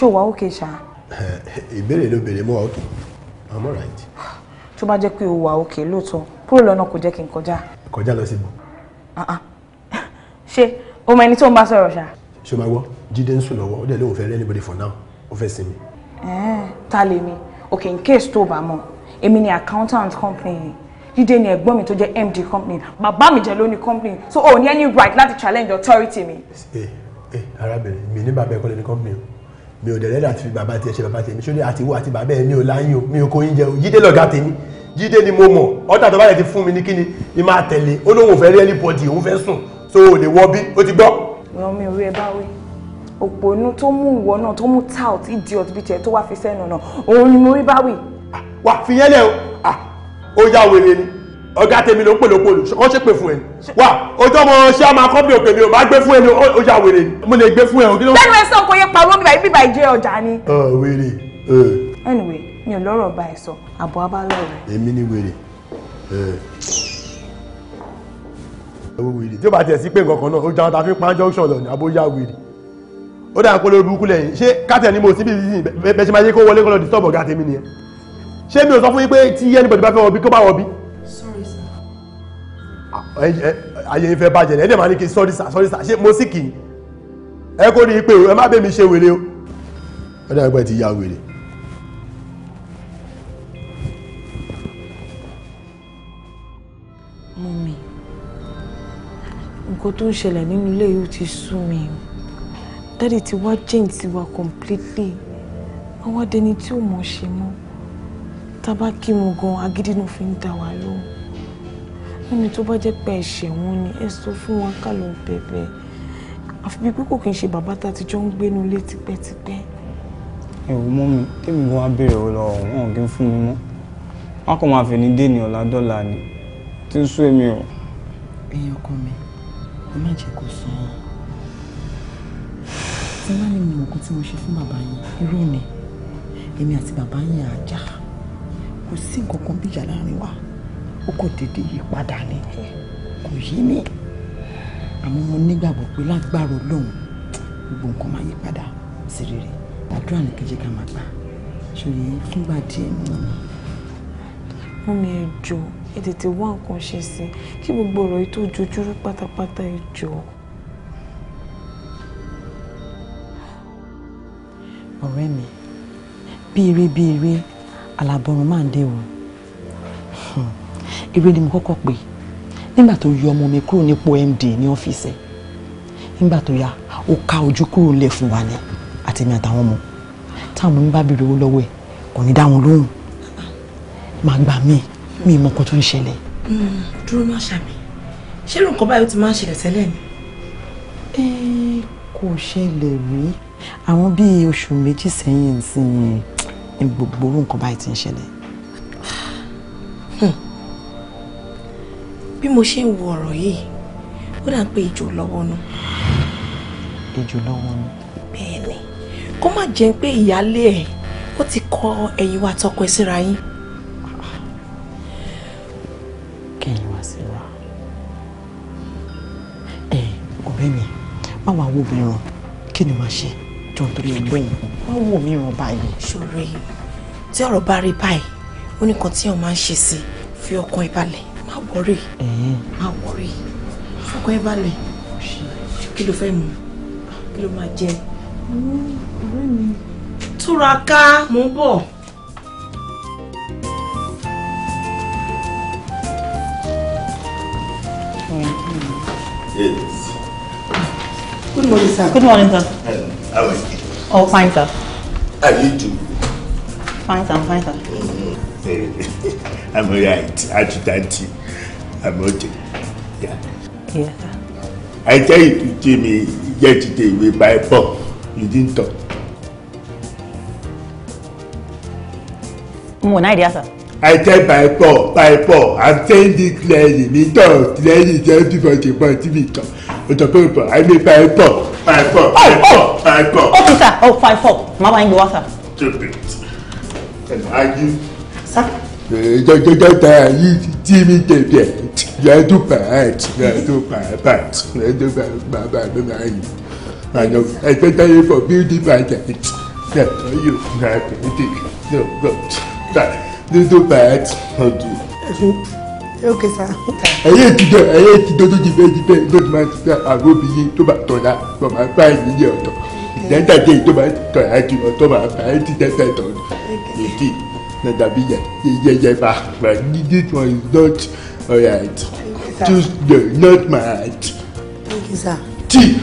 ṣó wà ókè ṣá. Eh, ìbéèrè ló béèrè mo wà ókè i'm alright. tó bá jẹ́ pé o wà ókè lóòótọ́ kúrò lọ́nà kò jẹ́ kí n kọjá. kọjá lọ sí ibò. Ah, ah. ṣé o mọ ẹni tó ń bá sọ̀rọ̀ ṣá. ṣé o máa gbọ́ jíde ń sùn lọ́wọ́ ó dẹ̀ lóun fẹ́ rí anybody for now ó fẹ́ sinmi. Eh, ta lè mi Okay, in case tó o mo. mọ̀ èmi ni accountant company yìí jíde ni ẹ̀gbọ́n mi tó jẹ́ md company bàbá mi jẹ́ ló ni company so o ò ní any right láti challenge authority mi. ẹ eh, ẹ arábìnrin mi ní bàbá ẹ kọ́lé ní company mi ò dẹ̀ lẹ́dà àti bàbá tiẹ̀ ṣe bàbá tèmi ṣọlẹ́ àtiwọ́ àti bàbá ẹ̀ mi ò láyìn o mi ò kó yín jẹ o jíde lọ̀gá tèmi jíde ni mo mọ̀ ọ̀tà tó bá yẹ ti fún mi ní kíni ni máa tẹ̀lé ó lóun ò fẹ́ rí ẹni bọ̀dì òun fẹ́ sùn so ò lè wọ bí ó ti gbọ́. ìran mi ò rí ẹ bá wí òpònú tó mú ìwọ náà tó mú tout idiot bíi tiẹ̀ tó wá fi sẹ́nu náà òun ni mo rí bá wí. Ah, wà fi yẹn lẹ́ o ah, ó yá wèrè ni ọ̀gá tèmi ló ń pè ló pòlù kọ́ ṣe pè fún ẹ wà ojú ọmọ ṣé ọmọ akọ́bí òkè mi ò máa gbé fún ẹ ní ọjà wèrè mo lè gbé fún ẹ òkè. bẹ́ẹ̀ ni ẹ sọ kò yẹ pariwo mi báyìí bíbá ọjà ni. ọ wèrè. anyway mi ò lọ́rọ̀ bá ẹ sọ àbọ̀ abálọ̀rẹ̀. èmi ni wèrè. owó wèrè tí ó bá tẹ̀ sí pé nǹkan kan náà ó jáwọ́ ta fi pan junction lọ ní abóyá wèrè ó dà ń polówó burúkú lẹ́yìn ṣé kátẹ̀ ni mo síbi bẹ́ẹ̀ ṣe máa yẹ kó disturb ọ̀gá tèmi ṣé mi ò sọ fún yín pé tí anybody bá fẹ́ wọ bí kó bá wọ bí ayé ìfẹ́ bàjẹ́ ẹ̀dẹ̀ máa ní kí sọ́rí sà sọ́rí sà ṣé mo sì kì í ẹ kó rí i pé ẹ má bẹ́ mi ṣe wèrè o ẹ dàgbà ẹ ti ya wèrè. mọ̀mí nǹkan tó ń ṣẹlẹ̀ nínú ilé yìí ti sú mi dáàdì ti wá jẹ́ǹtì tiwa completely àwọn adẹni tí ò mọ̀ ṣe mọ́ tá a bá kí mu gan agídí fi ń dá wa lóhùn níbi tó bá jẹ́ pé ẹ̀ṣẹ̀ wọn ni ẹ sọ fún wọn ká lọ bẹ̀bẹ̀ àfi pé kò kí n ṣe bàbá tá a ti jọ ń gbénu ilé tipẹ́tipẹ́. ẹ ò mọ mi tèmi gan wá béèrè ọ lọ wọn kì í fún mi mọ́ wọn kàn máa fẹ́ ní dé ní ọ̀làdọ́là ni tí ń sún èmi o. ẹ̀yin ọkọ mi ẹ má jẹ́ kó sùn ọ́ tí má ní mi mọ̀ nǹkan tí mo ṣe fún bàbá yín irú ni èmi àti bàbá yín àjà kò sí nǹkan kan bíjà láàrin wa. O kò dédé yí padà ni kò yí ni àmọ́ mo nígbàgbọ́ pé lágbára Ọlọ́run gbogbo nǹkan máa yí padà sí rere àdúrà ní kejì ká máa gbà ṣòye fúngbà díẹ̀ nínú mi. wọ́n ní ẹ jọ̀ọ́ ẹ tètè wá nǹkan ṣe sí i kí gbogbo ọ̀rọ̀ yìí tó jojúrú pátápátá ẹ jọ̀ọ́. ọ̀rẹ́ mi bí eré bí eré àlàbọ̀rùn máa ń dé o. Hmm eré ni mo kọ́kọ́ pè nígbà tó yọ ọmọ mi kúrò nípò MD ní ọ́fíìsì nígbà tó yá ó ká ojú kúrò ńlẹ̀ fún wa ni àtẹ̀mí àtàwọn ọmọ táwọn ọmọ mi bá bèrè owó lọ́wọ́ ẹ̀ kò ní dá wọn lóhùn màá gbà mí mi ìmọ̀ kan tó ń ṣẹlẹ̀. Hmm, dúró má ṣàmì ṣé ló ń kọ́ báyìí ó ti máa ń ṣẹlẹ̀ tẹ́lẹ̀ ni. ẹ kò ṣẹlẹ̀ rí àwọn bíi oṣù méjì sẹ́yìn sí ni gbogbo nǹkan báyìí ti ń ṣẹlẹ̀. bí mo ṣe ń wo ọ̀rọ̀ yìí ó dà ń pé ìjò lọ́wọ́ nu. ìjò lọ́wọ́ nu. bẹ́ẹ̀ ni kó má jẹ́ pé ìyáálé ẹ̀ ó ti kọ ẹ̀yìn wa tọkọ ẹ̀ síra yín. kẹ̀yìn wa síra ẹ ọ̀rẹ́ mi má wàá wo obìnrin ràn kí ni màá ṣe jọ nítorí ẹgbẹ́ yìí má wò mí ràn báyìí. ṣòro yìí tí ọ̀rọ̀ bá rí báyìí ó ní kan tí wọ́n máa ń ṣe sí fi ọkàn ẹ̀ balẹ̀ má wọrí eh. má wọrí fọkàn ẹ balẹ̀ kí ló fẹ́ mu kí ló máa jẹ túra ká mò ń Good morning, sir. Good morning, sir. Hello. How are you? All oh, fine, sir. How you do? Fine, sir. Fine, sir. Mm, I'm alright. How Adjutant. Amote. Yeah. Yeah. I tell you to tell me yesterday we buy Bible. You didn't talk. Mo mm, idea, sir. I tell Bible, Bible. I'm saying this clearly. Me talk clearly. Tell people to buy TV talk. But the people, I mean Bible, Bible, Bible, Bible. Okay, sir. Oh, five four. Mama, I'm the water. Stupid. And argue. Sir jọjọjọta yìí tí mi tẹ̀lé yàtú pààtì yàtú pààtì yàtú bàbá mi máa yìí àná ẹgbẹ́ta yìí fọ bíúdì bàjẹ́ yàtọ̀ yóò náà tẹ̀lé yóò gbọ́ yàtú pààtì ọdún. ok sir. ẹyẹ ìtijọ ẹyẹ ìtijọ tó ti fẹ́ ti fẹ́ ló ti máa ti fẹ́ àwọn obìnrin tó bá tọ̀la lọ́ máa bá ìyìn yẹ ọ̀tọ̀ ìdẹ́ntàjẹ́ tó bá tọ̀la ti ọ̀tọ̀ máa bá ẹ̀ ti dẹ́sẹ̀ tọ̀ ọ̀tọ̀ na dabi ya yeyeyeba but this one is not alright tuesday not my right. thank you sir. tea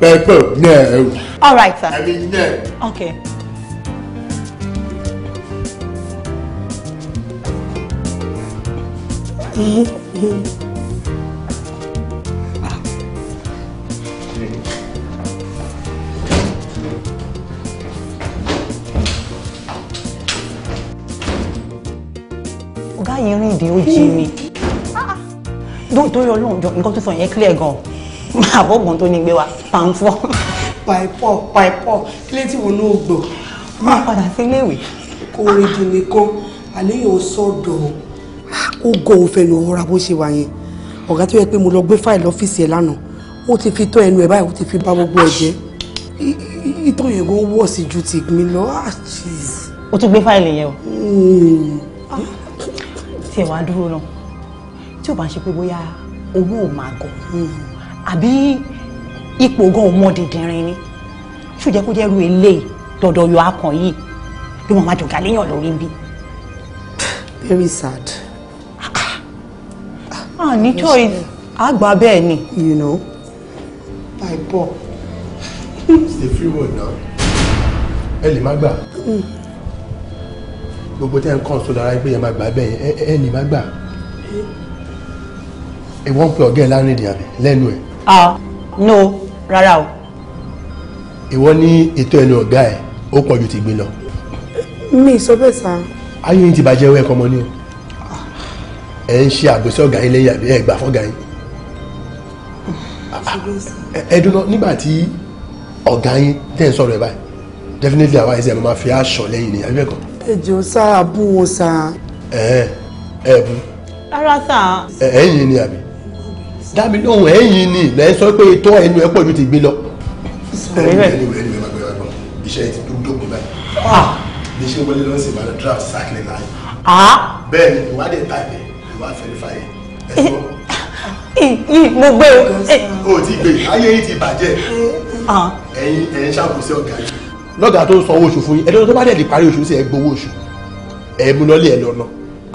pepper no. alright sir. i mean no. okay. Mm-hmm. Káyọ̀dé ó jí mi dóńtó yọ lóun jọ nǹkan tó sọ yẹn clear gan máa bọ́ gbọ́n tó ní gbé wa pàǹfọ́. pàìpọ̀ pàìpọ̀ kílé tí wọn náà gbọ́. máa padà sí iléèwé. kó o rìn jìnnì kan àléyìn ò sọ̀dọ̀ ó gọ òfẹ́ ló rọra bó ṣe wà yẹn ọ̀gá tó yẹ pé mo lọ gbé fáìlì ọ́fíìsì ẹ̀ lánàá ó ti fi tọ́ ẹnu ẹ̀ báyìí ó ti fi bá gbogbo ẹ̀ jẹ́ ìtọ́ yẹn gan wọ̀ sí ju tì mí lọ. ó ah, tún gbé fáìlì yẹn o. Hmm tiẹ̀ wá dúró náà tí ò bá ń ṣe pé bóyá owó ò máa gọ̀ àbí ipò gan ò mọ ni ṣùjẹ́ ru eléyìí dọ̀dọ̀ yọ akàn yìí ló máa jọ̀gá léèyàn lórí bí. very sad. a ní choice àgbà bẹ́ẹ̀ ni. you know by paul. it's a free word now ẹ lè má gbà. Mm gbogbo tẹ́ ń kàn sọ lára pé yẹn máa gbà bẹ́ẹ̀ yẹn ẹ ní má gbà. ẹ wọ́n pè ọ̀gá ẹ̀ lánàá ìdí àbí lẹ́nu ẹ̀. ah no rárá o. ìwọ ní ètò ẹnu ọ̀gá ẹ̀ ó pọ̀ ju ti gbé lọ. mi sọ bẹ́ẹ̀ sá. ayé yín ti bàjẹ́ wẹ́ ẹ̀kọ́ ọmọ ni o. ẹ ń ṣe àgbẹ̀sẹ̀ ọ̀gá yín lẹ́yìn àbí ẹ gbà fọ́gà yín. ẹ dúró nígbà tí ọ̀gá yín tẹ̀ ń sọ̀rọ̀ ẹ̀ báyìí definitely àwa ẹ̀sẹ̀ máa fi aṣọ lẹ́yìn ni àbí bẹ́ẹ̀ kọ́ ẹjọ sá abú wọn sá. ẹ ẹ bú. rárá sá. ẹ̀yin ni àbí dábì lóhùn ẹ̀yin ni lẹ sọ pé tó ẹnu ẹ pọ̀ ju ti gbé lọ. iṣẹ́ ti tó dókun báyìí ah! bí ṣe wọlé lọ sí ìbàdàn draft sákìlì láàyè. Ah! bẹ́ẹ̀ ni ìwádìí tàbí ìwà fẹ́rífà yẹn ẹ sọ. Eh, eh, eh, mo gbé o. o ti gbé ayé yìí ti bàjẹ́ ah! ẹ̀yin ẹ̀ ń ṣàkóso ọ̀gá yìí lọ́gàá tó ń sanwó oṣù fún yín ẹ̀dọ́ tó bá dẹ̀ lè parí oṣù sí ẹ gbowó oṣù ẹ mú lọ́lẹ̀ ẹ lọ́nà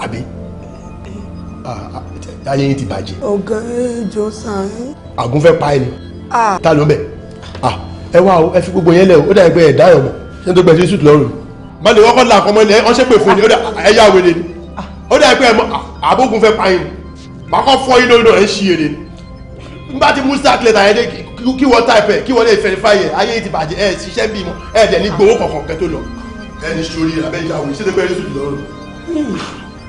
àbí ah, ah, ayé yín ti bàjẹ́. ọ̀gá ẹjọ sàn. àgùn fẹ́ pa ẹni ta ló bẹ̀ ẹ wá o ẹ fi gbogbo yẹn lẹ o ó dà ẹgbẹ́ ẹ̀ dá ọ̀mọ̀ ṣé tó gbẹ̀sí sùt lọ́rùn. má lè wọ́kọ́ la àkọ́mọ́ ilẹ̀ ọ̀ṣẹ́ pè fún yín ó dà ẹgbẹ́ àbógun fẹ́ ni nígbà tí musa kí wọ́n táìpù ẹ̀ kí wọ́n lè fẹ́rifáì ẹ̀ ayé ti bàjẹ́ ẹ̀ ṣiṣẹ́ bí mọ́ ẹ̀ dẹ̀ ní gbowó kankan kẹ́ tó lọ. ẹni sori abẹ́jà òun ṣẹ́dẹ̀ pẹ́ẹ́rẹ́ sùn lọ́rùn.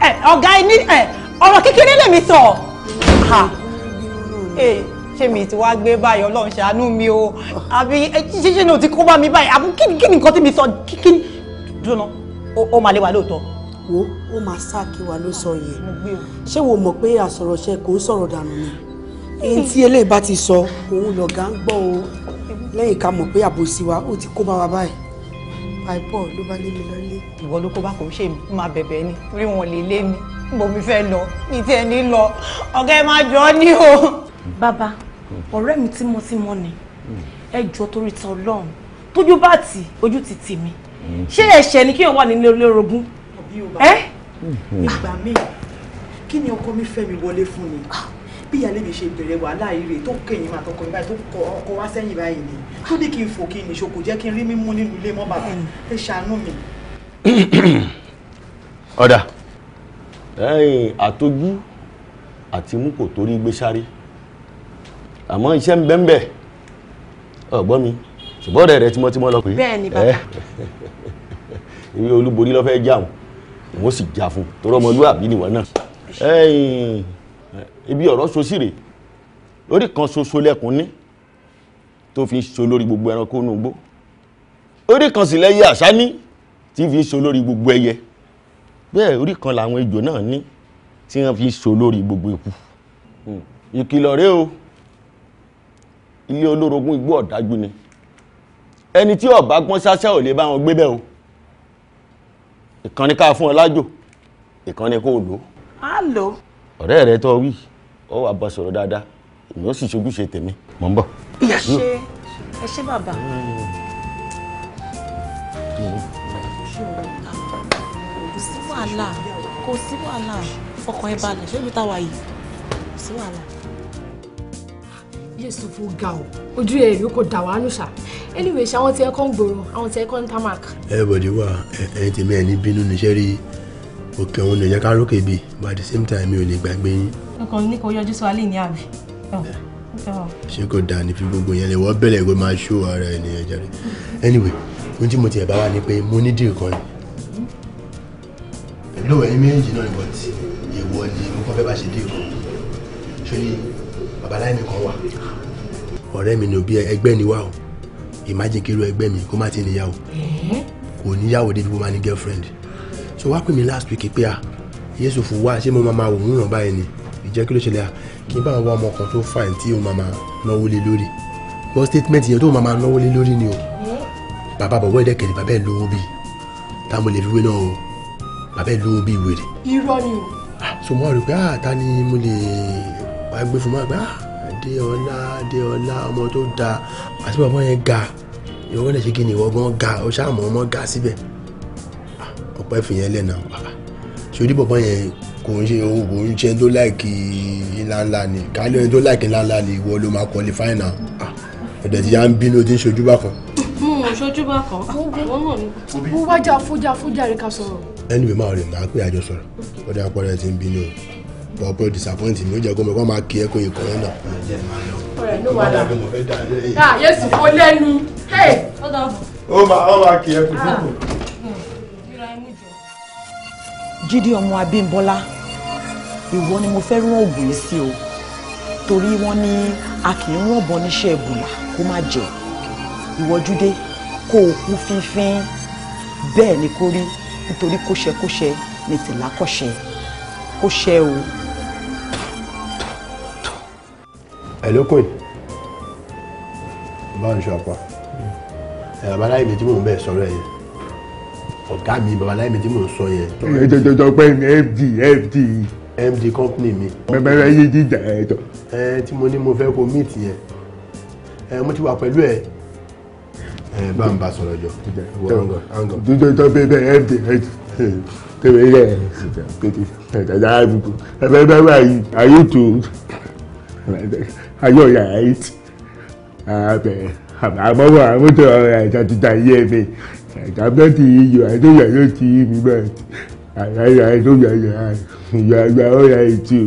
ẹ ọ̀gá ẹ ní ẹ ọ̀rọ̀ kékeré lèmi sọ ṣé mi ti wá gbé báyìí ọlọ́run ṣàánú mi o àbí ṣíṣe ní o ti kó bá mi báyìí àbí kí ni nǹkan tí mi sọ kí ni dúró ó máa lé wa lóòótọ́. wo ó máa sáà kí wa ló sọ yẹn ṣé wo mọ̀ pé àsọ̀rọ̀ṣẹ́ kò sọ̀rọ̀ dànù ni ẹni tí eléyìí bá ti sọ òun lọ̀gá ń gbọ́ o lẹ́yìn ká mọ̀ pé àbòsí wa ó ti kó bá wa báyìí àìpọ̀ ló bá lé mi lọ́lé. ìwọ ló kó bá kò ṣe máa bẹ̀bẹ̀ ni rí wọn lè lé mi mo fi fẹ́ lọ ní tiẹ̀ ní lọ ọ̀gá ẹ máa jọ ọ́ ní o. bàbá ọ̀rẹ́ mi tímọ́tímọ́ ni ẹ jọ torí tan ọlọ́run tójú bá tì ojú ti tì mí ṣé ẹ̀ṣẹ̀ ni kéèyàn wà nílé olórogún ẹ. ìgbà míì kí ni ọkọ mi fẹ́ mi wọlé fún ni bí ìyá lèmi ṣe bẹ̀rẹ̀ wàhálà ire tó kẹ̀yìn máa tọkọ ìbáyìí tó kọ ọkọ wá sẹ́yìn báyìí ni tó ní kí n fò kí n nìṣó kò jẹ́ kí n rí mímú nínú ilé mọ́ bàbá ẹ ṣàánú mi. ọ̀dà àtọ́jú àti mú kò torí gbé sáré àmọ́ iṣẹ́ ń bẹ́ńbẹ́ ọ̀gbọ́n mi ṣùgbọ́n ọ̀rẹ́ rẹ tímọ́tímọ́ lọ pé bẹ́ẹ̀ ni bàbá ìwé olúborí lọ́fẹ́ jáàmù òun sì jà fún torọ́mọlúwàbí nìwọ náà ibi ọ̀rọ̀ so sí rè lórí kan ṣoṣo lẹ́kùn ní tó fi ń so lórí gbogbo ẹranko inú igbó orí kan sì lẹ́yẹ àṣá ní tí fi ń so lórí gbogbo ẹyẹ bẹ́ẹ̀ orí kan làwọn ejò náà ní tí wọ́n fi ń so lórí gbogbo eku hmm. ìkìlọ̀ rẹ o ilé olórogún igbó ọ̀dájú ni ẹni tí ó bá gbọ́n sáṣẹ́ ò lè bá wọn gbé bẹ́ẹ̀ o ìkànnì ká fún ọ lájò ìkànnì kò lò. á lò. ọ̀rẹ́ rẹ tó wí ó wà bá sọ̀rọ̀ dáadáa èmi ó sì ṣojúṣe tèmi mò ń bọ̀. ẹ ṣé ẹ ṣé bàbá. kò sí wàhálà kò sí wàhálà fọkàn ẹ balẹ̀ ṣé ibi táwa yìí kò sí wàhálà yéésù fún ga o ojú ẹ yòókù dà wá nù ṣá anyway ṣe àwọn tí ẹ kàn gbòòrò àwọn tí ẹ kàn tamak. ẹ bọ̀dé wa ẹ ẹ tèmi ẹ ní bínú níṣẹ́ rí òkè òun lè yẹ ká rókè bíi but at the same time mi ò lè gbàgbé yín. nǹkan ní kò yọjú sí wa lè ní àbí. ṣé kò dáa ní fi gbogbo yẹn lè wọ́n bẹ̀rẹ̀ pé máa ṣó ara ẹ̀ nìyẹn jàre anyway ohun tí mo tiẹ̀ bá wà ni pé mo ní dìrì kan ni pẹ̀lú ẹ̀yin méjì náà ni but èèwọ̀ ni mo kọ́ fẹ́ bá ṣe dìrì kan ṣé ni babaláyé mi kan wà ọ̀rẹ́ mi ni òbí ẹgbẹ́ ni wá o imagine kí irú ẹgbẹ́ mi kó má ti níyàwó kò níyàwó débi kó má ní girlfriend so wá pè mí last week pé a Yusuf wá ṣé mo máa wò wúràn báyìí ni ìjẹ́ kí ló ṣẹlẹ̀ à kí n bá wá ọmọ kan tó fine tí o máa náwó lé lórí wọ́n statement yẹn tó máa náwó lé lórí ni o bàbá bọ̀wọ́ ìdẹ́kẹ̀lẹ̀ bàbá ẹ̀ lówó bíi táwọn lè fi wé náà o bàbá ẹ̀ lówó bíi wèrè. irọ́ ni o. so mo rò pé ah ta ni mo lè wá gbé fún mi àgbà Adéọlá Adéọlá ọmọ tó dáa àti bàbá yẹn ga ìwọ́n lè ṣe kí ni ìwọ́n gan ga ọ̀ṣà àmọ́ bàbá ìfìyẹn lẹ̀ náà bàbá ṣorí bàbá yẹn kò ń ṣe òun kò ń ṣe tó láìkì ńláńlá ni kálí ẹni tó láìkì ńláńlá ni ìwọ ló máa qualify náà ọ̀dẹ̀ tí yà ń bínú ti ń ṣojú bákan. mo ò ṣojú bákan wọn náà ni. mo wá jà fújà fújà rẹ ká sọ̀rọ̀. ẹnu mi máa rìn máa pè àjọ sọ̀rọ̀ ọ̀dẹ̀ àpọ̀rẹ́ ti ń bínú o ọ̀pọ̀ disappoint mi ó jẹ́ kó mi kó máa kí ẹ kó ikọ̀ ẹ̀ náà. ọ̀rẹ́ ló wà láàbù. yéṣù kò lẹ́nu. ó máa kí ẹ kò fún kò jíde ọmọ abímbọ́lá ìwọ ni mo fẹ́ rán oògùn yìí sí o torí wọ́n ní a kì í rán ọ̀bọ̀n níṣẹ́ ìbùlà kó má jẹ ìwọ júdé kó o kú fínfín bẹ́ẹ̀ ni kó rí nítorí kóṣẹkóṣẹ ní tìlákọ̀ṣẹ kóṣẹ o. ẹ lókun báwo ni ṣe ọ̀pọ̀ ẹ̀ àbáláyé mi tí mò ń bẹ̀ sọ̀rọ̀ ẹ̀ yẹn ọ̀gá mi babaláyé mi tí mò ń sọ yẹn. ẹ jọjọ jọ pé md md. md company mi. bẹ́ẹ̀ yé jíjà ẹ jọ. ẹ tí mo ní mo fẹ́ kó meet yẹn ẹ mo ti wà pẹ̀lú ẹ ẹ bá ń bá sọ̀rọ̀ jọ. jọjọ jọ pé bẹ́ẹ̀ md md tẹ̀wé yẹ ẹ̀ẹ́dẹ̀dẹ̀ àbùkù ẹ̀fẹ̀ bẹ́ẹ̀ báyìí ayé tó ayé ọ̀yà ayé tì àbẹ̀ àbọ̀ àmọ́tò ọ̀rọ̀ ẹ̀ẹ́dẹ̀dẹ̀ ayé mi àtàbẹ́tì yíyọ àìtóyà yóò ti yí mi bẹ́ẹ̀ àyàyà àìtóyà yà ìyàgbà ọ̀yà ètò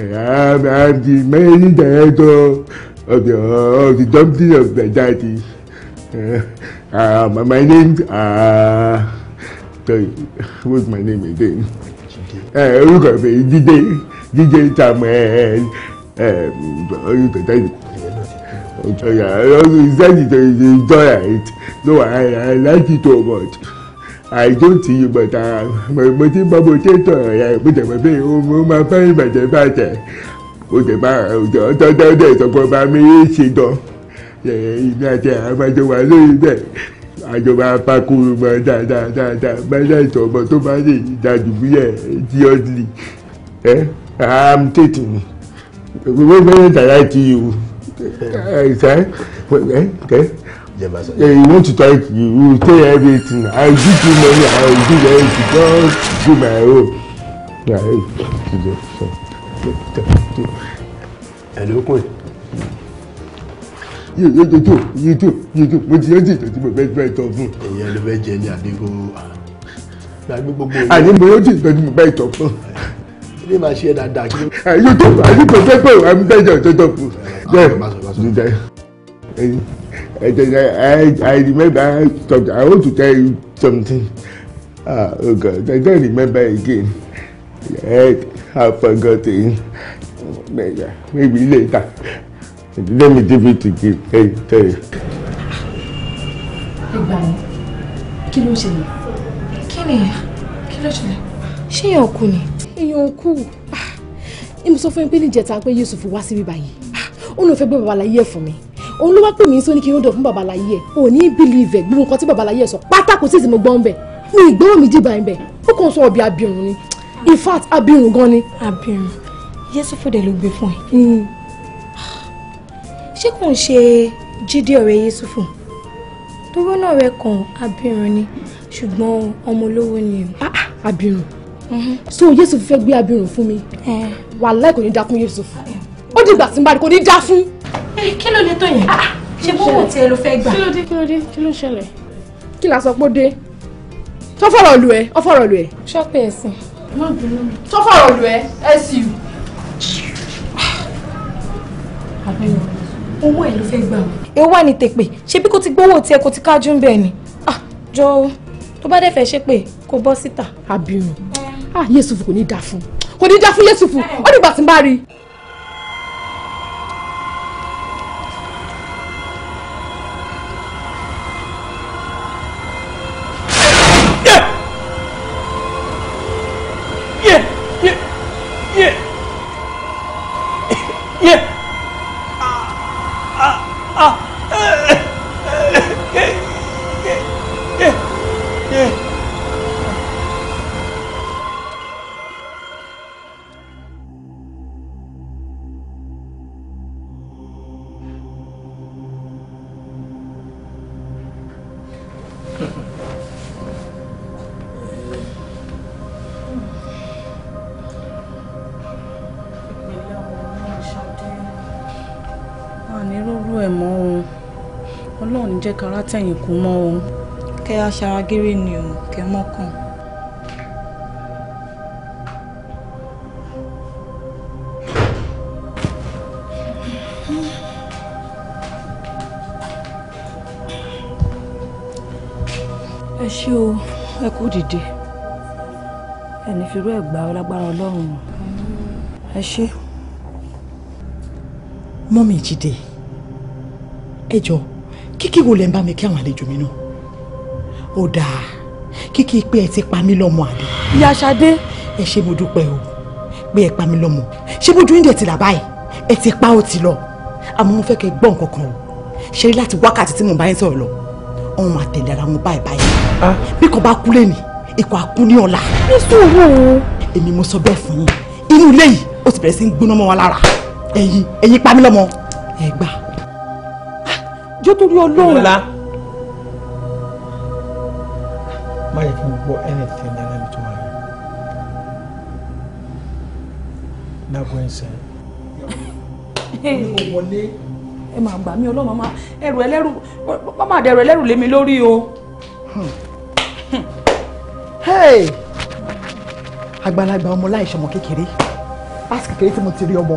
ẹ̀yà àti mẹ́rin dàrẹ́tọ̀ ọ̀bẹ̀ ọ̀bẹ̀ dọ́mpítì ọ̀bẹ̀ dáàtì my name uh, sorry what's my name again? orúkọ mi Jídé Jídé Samuel orúkọ tẹ́lẹ̀ enjoy it. Send it to enjoy it. No, I, I like it too much. I don't see you, but I'm mo ti bọ́ mo ti tọ̀ ẹ̀ mo tẹ̀ mọ́ pé mo máa fẹ́ ìbàjẹ́ bàjẹ́ mo tẹ̀ bá ọ̀tọ̀ọ̀tọ̀ dẹ̀ sọ̀kọ̀ bá mi ṣe tán ìgbà tí àwọn ọmọdé wà lórí bẹ́ẹ̀ àjọba apákòrò mọ́ dáadáa dáadáa bẹ́ẹ̀ ìtọ̀ ọmọ tó bá lè dàdúgbìyẹ díọ̀dì ẹ̀ I'm taking. Gbogbo bẹ́ẹ̀ dàrá kí you. Eh, okay. you want to talk you you tell everything i give you money i will give everything just do my own na ẹ ṣe ṣe ṣe. ẹ̀lú You yóò You tó You yóò tó yóò you mo ti rántí ìtọ́jú mo bẹ́ẹ̀ bẹ́ẹ̀ tọ́ fún. èèyàn ló fẹ́ jẹ ní àdínkù àgbẹ̀ gbogbo. àní mo rántí ìtọ́jú mo bẹ́ẹ̀ tọ́ fún ilé máa ṣe é kí ló. tó àyè tó tó pé à ń bẹ̀jọ̀ tó tó kù. I remember something. I want to tell you something. Ah, oh God, I don't remember again. I have forgotten. Maybe later. Let me give it to you. Hey, tell you. Ìgbà ni, kí ló ṣẹlẹ̀? Kí ni, kí ló ṣẹlẹ̀? Ṣé ìyá òkú ni? èèyàn kù ah, èmi sọ fún yín pé níjẹta pé Yusuf wá síbí báyìí òun ah, ló fẹ́ gbé babaláyé ẹ̀ fún mi òun ló wá pè mí sóní kí n ó dọ̀ fún babaláyé ẹ̀ ò ní bílíìvẹ̀ gbogbo nǹkan tí babaláyé ẹ̀ sọ pátákó sì sì mo gbọ́n bẹ̀ mi ìgbọ́n mi jìbà ẹ̀ bẹ̀ ó kàn sọ ọ̀bì abirùn ni in fact abirùn gan ni. abirùn Yusuf dẹ̀ ló gbé fún ẹ. Hmm. ṣé kò ń ṣe jíde ọ̀rẹ́ Yusuf tó rọ́nà rẹ̀ kan abirùn ni ṣùgbọ́n ọmọ olówó ni o. Ah, abirùn so Yusuf fẹ́ gbé abirùn fún mi wàláhì kò ní dá fún Yusuf ó dìgbà tí n bá rí kò ní dá fún. kí ló dé tó yẹn ṣe bọ́wọ́ tí ẹ ló fẹ́ gbà. kí ló dé kí ló dé kí ló ṣẹlẹ̀. kí la sọ pé ó dé tó fọ̀rọ̀ lu ẹ ó fọ̀rọ̀ lu ẹ. ṣọ́ọ̀pù ẹ̀sìn. tó fọ̀rọ̀ lu ẹ ẹ sì. owó ẹ ló fẹ́ gbà o. èwo wà ní tèpè ṣé bí kò ti gbówó tí ẹ kò ti kájú ń bẹ̀ ni. Ah, jọ tó bá dẹ̀ fẹ́ ṣépè kó bọ́ síta. àbírùn ah Yéṣùfù kò ní dá fún kò ní dá fún Yéṣùfù ó dìgbà tí n bá rí i. ànírúurú ẹ̀ mọ́ o ọlọ́run ní jẹ́ kára tẹ̀yìn kú mọ́ o. kẹ́ aṣaragéré ni o kẹ́ mọ́kàn. ẹ ṣé o ẹ kú dìde ẹnì fìrú ẹ̀ gbà ọ lágbára ọlọ́run ẹ ṣé mọ́mí jíde ẹ jọ kíkí wo lẹ́ ń bá mi kí àwọn àlejò mi náà ó dáa kíkí pé ẹ ti pa mí lọ́mọ àbí. ìyá Ṣadé ẹ ṣe mo dúpẹ́ o pé ẹ pa mí lọ́mọ ṣé bójú ń dẹ̀ ti là báyìí ẹ ti pa ó ti lọ àmọ́ mo fẹ́ kẹ́ gbọ́ nǹkan kan o ṣe rí láti wákàtí tí mo bá yín sọ̀rọ̀ lọ ọ̀hún máa tẹ̀lé ara wọn báyìí báyìí ah. bí kò bá kú lé ikọ̀ akú ní ọ̀la. ní sùúrù o. èmi mo sọ bẹ́ẹ̀ fún yín inú ilé yìí ó ti bẹ̀rẹ̀ sí í gbóná mọ́ wa lára ẹ̀yin ẹ̀yin pa mí lọ́mọ. ẹ gbà jó torí ọlọ́run. ọlá má yẹ kí n gbọ́ anything nana mi tó wà yẹn nàgbọ́ ẹ̀sẹ̀. ẹ máa gbà mí ọlọ́run máa ẹrù ẹlẹ́rù máa dẹrù ẹlẹ́rù lé mi lórí o. àgbàlagbà ọmọ láìsọmọ kékeré pásítọ̀ kékeré tí mo ti rí ọmọ.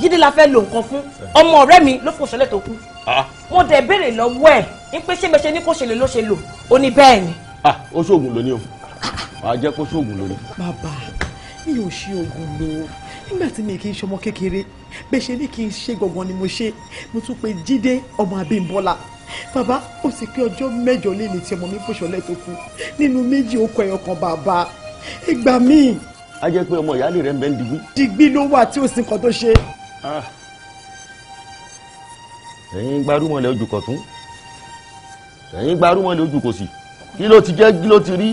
jíde la fẹ́ lo nǹkan fún ọmọ ọ̀rẹ́ mi ló fòṣẹlẹ̀ tó kú ah. mo dẹ̀ béèrè lọ́wọ́ ẹ̀ ní pé ṣé mẹṣẹ ní kò ṣe lè ló ṣe lò ó ní bẹ́ẹ̀ ni. Ah, ó ṣoògùn lóní o wàá jẹ́ kó ṣoògùn lóní. bàbá mi ò ṣe oògùn lò ó nígbà tí mi kì í ṣọmọ kékeré bẹ́ẹ̀ ṣe ní kì í ṣe gbọ̀ngàn ni mo ṣe mo tún pe jíde ọmọ abímbọ́lá bàbá ó sì pé ọjọ́ mẹ́jọ lé ní tí ọmọ mi fòṣọlẹ̀ tó kú nínú méjì ó kọ ẹyọ kan bàbá ìgbà míì. a jẹ́ pé ọmọ ìyáálé rẹ̀ ń bẹ ń digbí. digbí ló wà tí ó sì nǹkan tó ṣe. Ah. ẹ̀yin gbarúmọ̀lẹ̀ ojú kọ̀tún ẹ̀yin gbarúmọ̀lẹ̀ ojú kòsì kí ló ti jẹ́ kí ló ti rí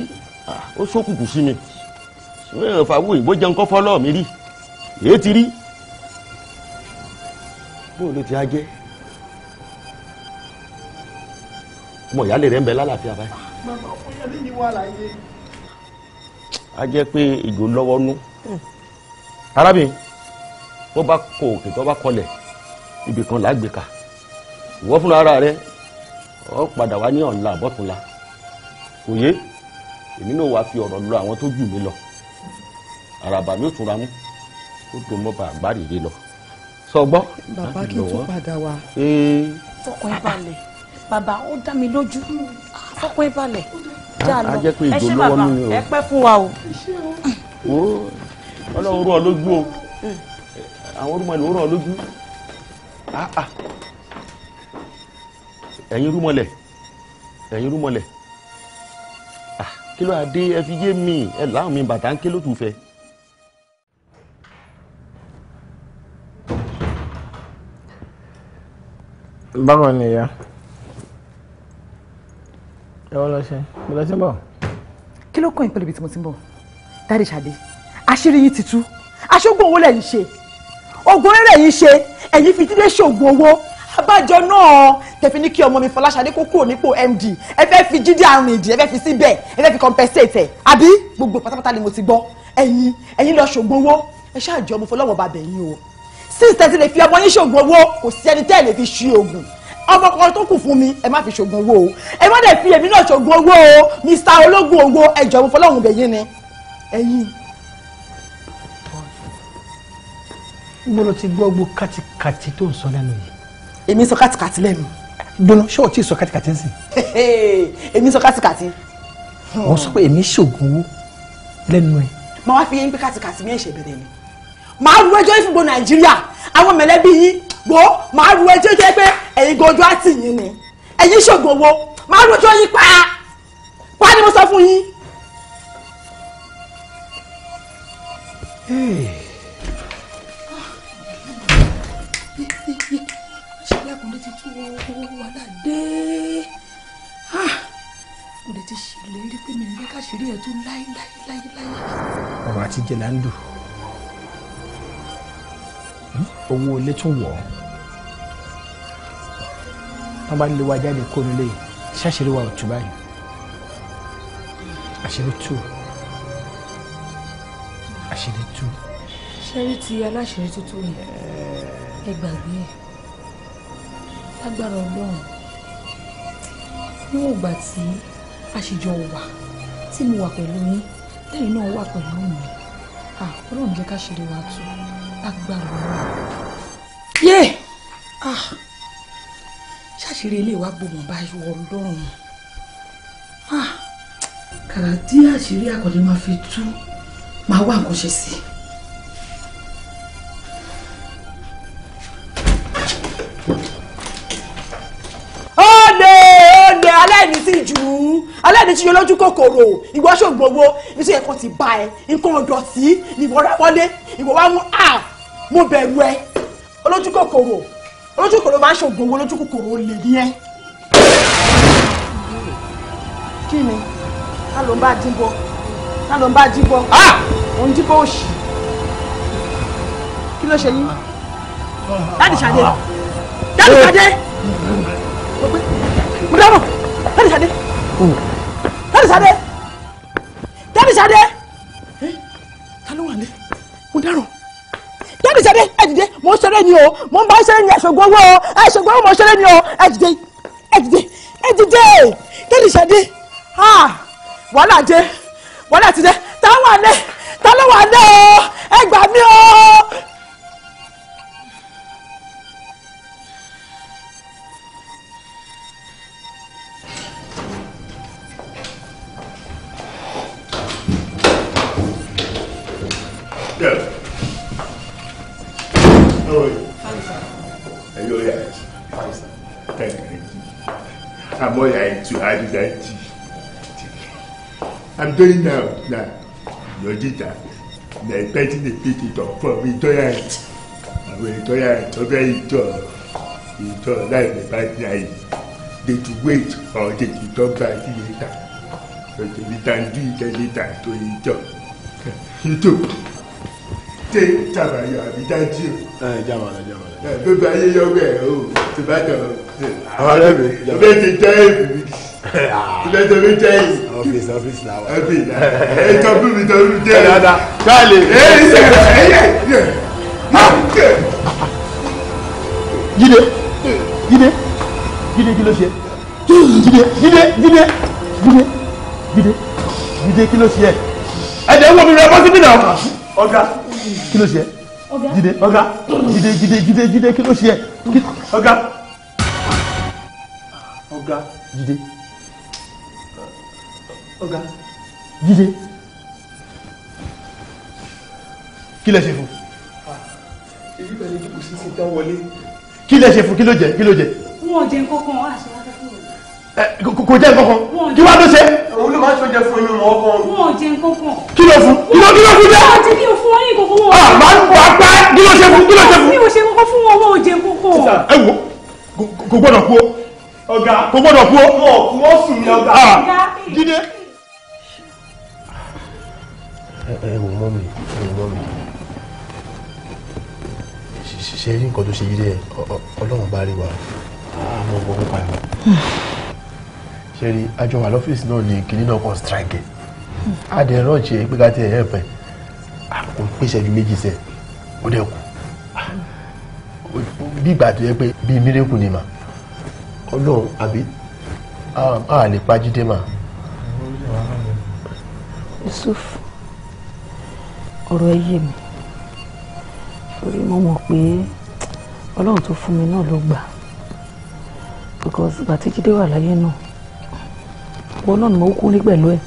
ah, ó ṣókùnkùn sí mi ìwéèrè fàwọ ìbò jẹun kọ́ fọ́lọ́ mi rí èé ti rí bóun ló ti á jẹ́ ọmọ ìyáálé rẹ̀ ń bẹ lálàáfíà báyìí. màmá fún yẹn lẹ́yìn wà láyé. a jẹ́ pé ìgò lọ́wọ́ nú arábìnrin tó bá kọ òkè tó bá kọlẹ̀ ibì kan là á gbé ka ìwọ fúnra ara rẹ ọ padà wá ní ọ̀la àbọ̀túnla kò yé èmi náà wàá fi ọ̀rọ̀ lọ àwọn tó jù mí lọ àràbà mi ò tún ra mú kó tó mọ́ bá àgbáríire lọ sọ gbọ́. bàbá kí n tún padà wá. fọkàn ẹ bàbá ó dá mi lójú fọkàn ẹ balẹ̀ já lọ ẹ ṣé bàbá ẹ pẹ́ fún wa o. wo ọlọ́run rú ọ lójú o. Mm àwọn rúmọlẹ̀ ó ràn lójú ah, ah. ẹ̀yin rúmọlẹ̀ ẹ̀yin rúmọlẹ̀ ah, kí ló adé ẹ fi yé mi ẹ láwọn mi bàtà ń ké lótú fẹ. báwo ni ìyá ẹ wọ́n lọ ṣe mo lọ sí bọ̀. kí ló kọ́ ìpele ibi tí mo ti ń bọ̀ dáre ṣàdé àṣírí yìí ti tú aṣọ́gbọ̀n owó lẹ̀ ṣe oògùn rere yìí ṣe ẹ̀yin fi dídé ṣoògùn owó abájọ náà tẹ̀fi ní kí ọmọ mi Fọláṣadé kó kúrò nípò MD ẹ fẹ́ fi jíde àrùn ìdí ẹ fẹ́ fi síbẹ̀ ẹ fẹ́ fi compensate ẹ̀ àbí gbogbo pátápátá ni mo ti gbọ́ ẹ̀yin ẹ̀yin lọ ṣoògùn owó ẹ ṣáàjọ ọmọ fọlọ́wọ́ bàbẹ̀ yín o six thirty lè fi ọmọ yín ṣoògùn owó kò sí ẹni tẹ́ ẹ lè fi ṣí oògùn ọmọ kan tó kù fún mi ẹ má fi ṣoògùn owó o ẹ má dẹ̀ fi èmi náà ṣoògùn owó o Mr. ológun owó ẹjọ́ ọmọ fọlọ́wọ́ bẹ̀ yín ni ẹ̀yin mo lọ ti gbọ́ gbọ́ kàtìkàtì tó ń sọ lẹ́nu yìí. èmi sọ kàtìkàtì lẹ́nu. dunu ṣé o ti sọ kàtìkàtì nsìn. èmi sọ kàtìkàtì. wọ́n sọ pé èmi ṣoògùn owó lẹ́nu ẹ̀. màá wá fi yín pé kàtìkàtì mi ẹ̀ṣẹ̀ bẹ̀rẹ̀ ni. màá ru ẹjọ́ ìfúngbọ̀n nàìjíríà àwọn mẹ̀lẹ́bí yín gbọ́ màá ru ẹjọ́ jẹ́ pé ẹ̀yin gọ́jọ́ àti yín ni ẹ̀yin ṣoògùn owó màá ru ẹjọ́ yín aládé ah, mo lè ti ṣèlérí pé mi nílé káṣírí ẹ̀ tún láíláíláíláí. ọ̀rọ̀ àti jẹ́ là ń dùn hmm? owó ilé tún wọ̀ ọ́ wọ́n bá lé wa jáde kó nílé ṣàṣírí wa ò tú báyìí àṣírí tú àṣírí tú. ṣé rí ti aláṣírí tuntun yẹn ẹ gbàgbé ẹ lágbára ọlọ́run níwọ̀n ìgbà tí a ṣe jọ wà tí mo wà pẹ̀lú yín lẹ́yìn náà wà pẹ̀lú mi ọlọ́run jẹ́ ká ṣe lè wà tó lágbára ọlọ́run. yé ṣàṣírí ilé wa gbòmọ̀ báyìí wọ ọlọ́run kàrà tí àṣírí àkọ́dé máa fi tú máa wá nǹkan ṣe sí i. aláìní ti yọ lójú kòkòrò ìwọ ṣògbọ́n owó iṣẹ́ yẹn kan ti bá ẹ nǹkan ọ̀dọ̀ sí ìwọ rẹ wọlé ìwọ wá mú à mo bẹ̀rù ẹ olójú kòkòrò olójú kòkòrò máa ń ṣògbọ́n owó olójú kòkòrò lè ní ẹ. kí ni ká ló ń bá dín bọ ká ló ń bá dín bọ òun dín bọ òṣì kí ló ṣe yín láti ṣàdé láti ṣàdé mo Tẹ́miṣadé Tẹ́miṣadé eh, ta ló wà ní mo dárò Tẹ́miṣadé ẹ dìde mo ń ṣeré ni o mo ba bá ṣeré ni ẹ̀ṣọ̀gbọ́n owó o ẹ̀ṣọ̀gbọ́n owó mo ń ṣeré ni o ẹ dìde ẹ dìde ẹ dìde Tẹ́miṣadé wàhálà dé wàhálà ti dé ta wà ní ta ló wà ní o ẹ gbà o. how are you? Fine, sir. Are you alright? Fine, sir. you. I'm alright too. How did I tea? I'm doing now. Now, your data. they're I the you it up for me. Do it. I'm going to do it. I'm going to do it. You don't like night. They to wait or they to come back later. So we can do it later to each other. You too. tẹ jàbàyọ àbí dájú. ẹ jàbàlẹ jàbàlẹ. ẹ bẹbẹ ayé yọgbẹ o tó bá dàn o. àwọn ọ̀rẹ́ mi jàbàlẹ. bẹ́ẹ̀ ti jẹ èbì mi ilé tó fi jẹ yìí. ọfíìsì ọfíìsì la wa. ẹbí ẹ tọ́ bí mi tọ́ bí mi jẹ yìí. dada káàlì. ẹ ẹ ṣe ẹ yẹ yẹ yẹ. Jídé Jídé Jídé kí ló ṣe Jídé Jídé Jídé Jídé Jídé Jídé kí ló ṣe ẹ. ẹ jẹ́ wọ́n mi rẹ bọ́sibí náà. ọ̀gá kí ló ṣe jíde ọ̀gá jíde jíde jíde jíde kí ló ṣe ọ̀gá ọ̀gá jíde ọ̀gá jíde kí lẹ ṣe fún. èyí bẹ̀rẹ̀ kò sí sí tán wọlé. kí lẹ ṣe fún kí ló jẹ kí ló jẹ. wọn ò jẹ nǹkan kan àṣẹ. Eh, kò jẹ́ nǹkankan kí wàá tó ṣe. òun ló máa fún inú wọn kan. ò jẹ nǹkankan. kí ló fún kí ló fún jẹ. wọn ah, ò jẹ kí n fún wọn. a ah, máa fún wọn wọn ò jẹ kókó. ẹ wo kò gbọ́dọ̀ kú o. ọ̀gá kò gbọ́dọ̀ kú o. wọn sùn ní ọ̀gá. Ah, eh. jíde. ẹ wò mọ mi ẹ wò mọ mi ṣe rí nǹkan tó ṣe yí dẹ Ọlọ́run bá rí wa àmọ́ gbogbo pa ẹ ṣẹ́rí àjọ wà lọ́fíìsì náà ni kìnìún náà kàn strike adé rọ́ọ̀ṣì ẹ̀ pé ká tẹ̀ ẹ̀ pẹ̀ kò pèsè ju méjì sẹ́ ó dẹ̀ kù bí ìgbà tó yẹ pé bíi mírèkù ni mà ọlọ́run àbí a lè pa jíde mà. Yusuf ọ̀rọ̀ ẹ yé mi torí mo mọ̀ pé ọlọ́run tó fún mi náà ló gbà because bàtíjídé wà láyé náà wọn náà ni mo kú rí pẹ̀lú ẹ̀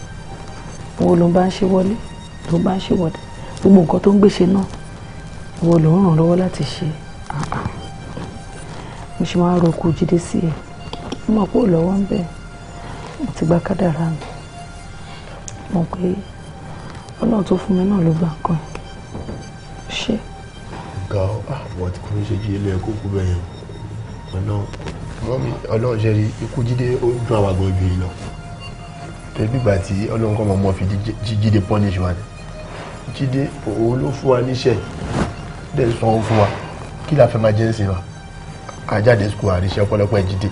wọn ló bá ń ṣe wọlé ló bá ń ṣe wọ̀dé gbogbo nǹkan tó ń gbèsè náà wọn ló ń ràn lọ́wọ́ láti ṣe mo ṣe máa ń roku jíde sí ẹ mo mọ̀ pé ò lọ́wọ́ ń bẹ̀ mo ti gba kádàrá mi mo pé ọlọ́run tó fún mi náà ló gbà kan ṣe. ga ọ àwọn tí kò ní ṣe jíde ló yẹ kó kú bẹ́ẹ̀ yẹn ọ̀nà ọlọ́run ṣe rí ikú jíde ó dùn àwọn àgbọ̀n obìnrin lọ tẹbi ìgbà tí Ọlọ́run kọ mọmọ fi jíde punish wa ni jíde òun ló fún wa níṣẹ́ dẹ sanwó fún wa kí la fẹ́ máa jẹ ẹsìn wa àjáde sukù àríṣẹ ọpọlọpọ jíde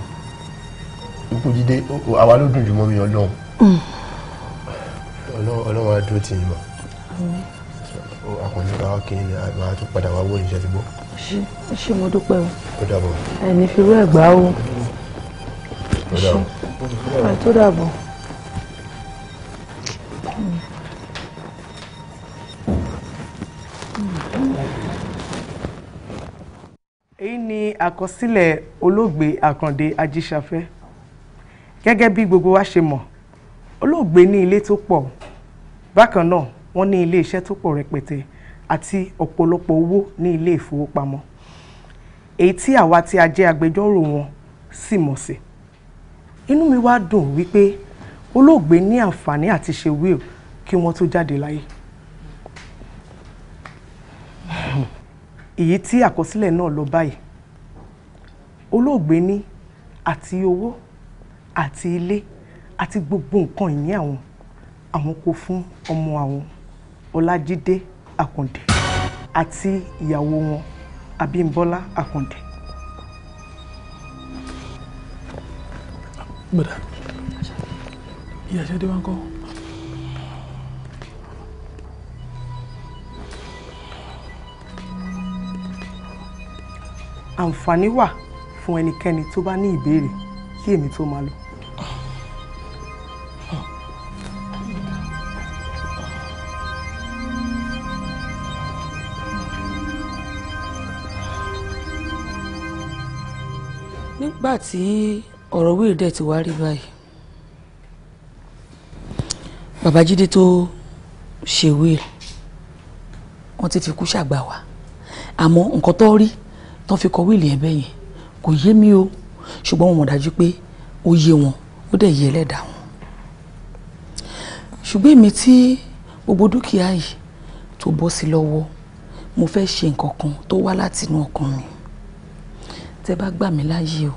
ikú jíde àwa ló dùn jù mọ́ mi Ọlọ́run hmm. Ọlọ́run á dúró tì í mọ́ akọni ká kiri ni máa tún padà wá wọ ìṣẹ́ ti bọ́. ó mo dúpẹ́ o. ó dàbọ̀. ẹni fi rú ẹ̀gbá o. ó dàbọ̀. ó dàbọ̀ èyí ni àkọsílẹ̀ olóògbé àkàndé ajíṣafẹ́ gẹ́gẹ́ bí gbogbo wa ṣe mọ̀ olóògbé ní ilé tó pọ̀ bákan náà wọ́n ní ilé iṣẹ́ tó pọ̀ rẹpẹtẹ àti ọ̀pọ̀lọpọ̀ owó ní ilé ìfowópamọ́ èyí tí àwa tí a jẹ́ agbẹjọ́rò wọn sì mọ̀ sí inú mi wá dùn wípé olóògbé ní àǹfààní àti ṣe will kí wọ́n tó jáde láyé. èyí tí àkọsílẹ̀ náà lọ báyìí olóògbé ní àti owó àti ilé àti gbogbo nǹkan ìní àwọn àwọn kò fún ọmọ àwọn ọlájídé àkàndé àti ìyàwó wọn abímbọ́lá àkàndé. Madam ìyá Ṣadé wá ń kọ́. àǹfààní wà fún ẹnikẹ́ni tó bá ní ìbéèrè kí èmi tó máa lọ. nígbà tí ọ̀rọ̀ wíìlì ti wá rí báyìí Babájídé tó ṣe wíìlì wọ́n ti fi kú ṣàgbà wá àmọ́ nǹkan tó rí tó fi kọ wíìlì ẹ̀bẹ̀ yẹn kò yé mi o ṣùgbọ́n mo mọ̀ dájú pé ó yé wọn ó dẹ̀ yé ẹlẹ́dàá wọn. ṣùgbọ́n èmi tí gbogbo dúkìá yìí tó bọ́ sí lọ́wọ́ mo fẹ́ ṣe nǹkan kan tó wá látinú ọkàn mi tẹ́ bá gbà mí láyè o.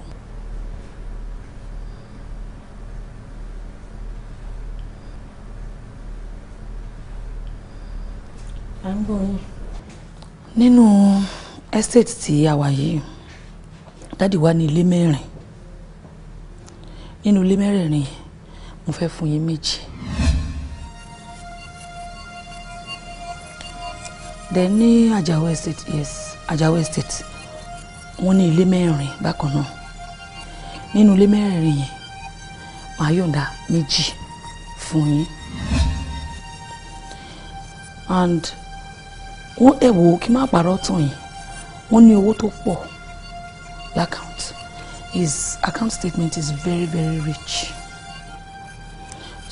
à ń bọ̀ yín. nínú estate tí a wà yìí dáàdì wa ní ilé mẹ́rin nínú ilé mẹ́rẹ̀ẹ̀rin mo fẹ́ fún yín méjì. dẹ̀ ní àjàwọ̀ estate yes àjàwọ̀ estate wọ́n ní ilé mẹ́rin bákan náà nínú ilé mẹ́rẹ̀ẹ̀rin yẹn màá yọ̀ǹda méjì fún yín and wọ́n ẹ̀ wò ó kí má parọ́ tàn yín wọ́n ní owó tó pọ̀ l'account his account statement is very very rich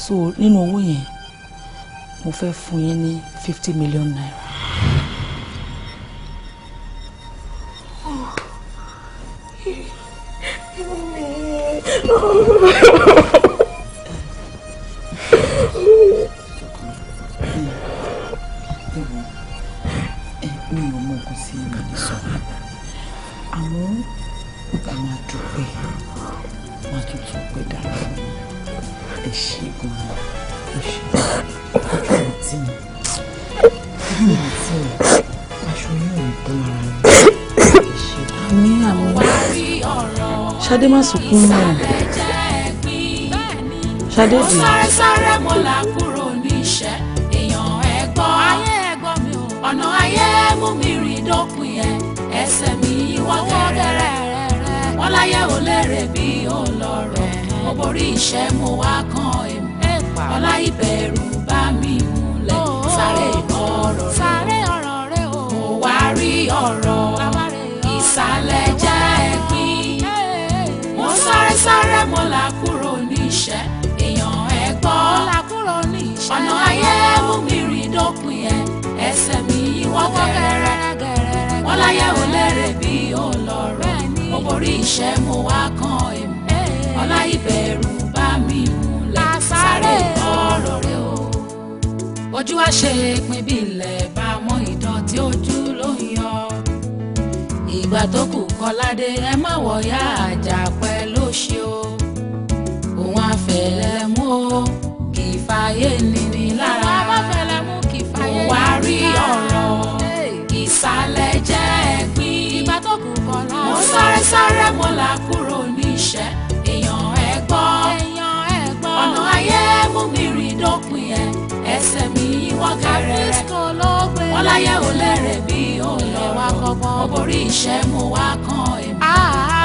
so nínú owó yẹn mo fẹ́ fún yín ní fifty million naira. Oh. tí mo lè sọ àmọ́ ìgbà máa dúpẹ́ máa tuntun pé dára ẹ ṣe gan ẹ ṣe gan-an tí mi tí mi tí mi aṣọ yóò rí tán ara mi ẹ ṣe gan-an. àmì àmọ́ ṣadé má sunkún mọ́ ṣadé jù. sáré sáré mo là kúrò níṣẹ́ ọ̀nà ayé mú mi rìn dópin ẹ̀ ẹsẹ̀ mi wọ́wọ́ gẹ́rẹ́rẹ́rẹ́ wọ́n láyé ò bí ó lọ́rọ̀ mo borí ìṣẹ́ mo wá kan èmù ọlá ìbẹ̀rù bá mi múlẹ̀ sáré ọ̀rọ̀ rẹ̀ mo wá rí ọ̀rọ̀ ìsàlẹ̀ jẹ́ ẹ̀gbin mo sáré sáré mo là kúrò níṣẹ́ èèyàn ẹ̀gbọ́n ọ̀nà ayé mú mi rìn dópin ẹ̀ wọ́n kọ́ gẹ̀rẹ́ wọ́n láyé ò lérè bí ó lọ́rọ̀ mo borí iṣẹ́ mo wá kan èmọ̀ ọlá ìbẹ̀rù bá mi múlẹ̀ sáré ọ̀rọ̀ rẹ o ojú wa ṣe pin bí ilẹ̀ bá mọ ìdọ̀tí ojú ló ń yọ ìgbà tó kù kọ́ládé ẹ má wọ̀yá àjà pẹ̀lú òun àfẹ́ ẹ mú o kì í fàyè ni wá rí ọ̀rọ̀ ìsàlẹ̀ jẹ́ ẹ̀gbin ìgbà tó kù kọ́ la. mo sáré sáré mo là kúrò níṣẹ́ èèyàn ẹ gbọ́ ọ̀nà ayé mú mi rìn dópin ẹ̀ ẹsẹ̀ mi wọ́n kárẹ̀ wọ́n láyé ò lẹ́rẹ̀ bí ó lọ́rọ̀ ó borí iṣẹ́ mo wá kan èmi. Ah, ah.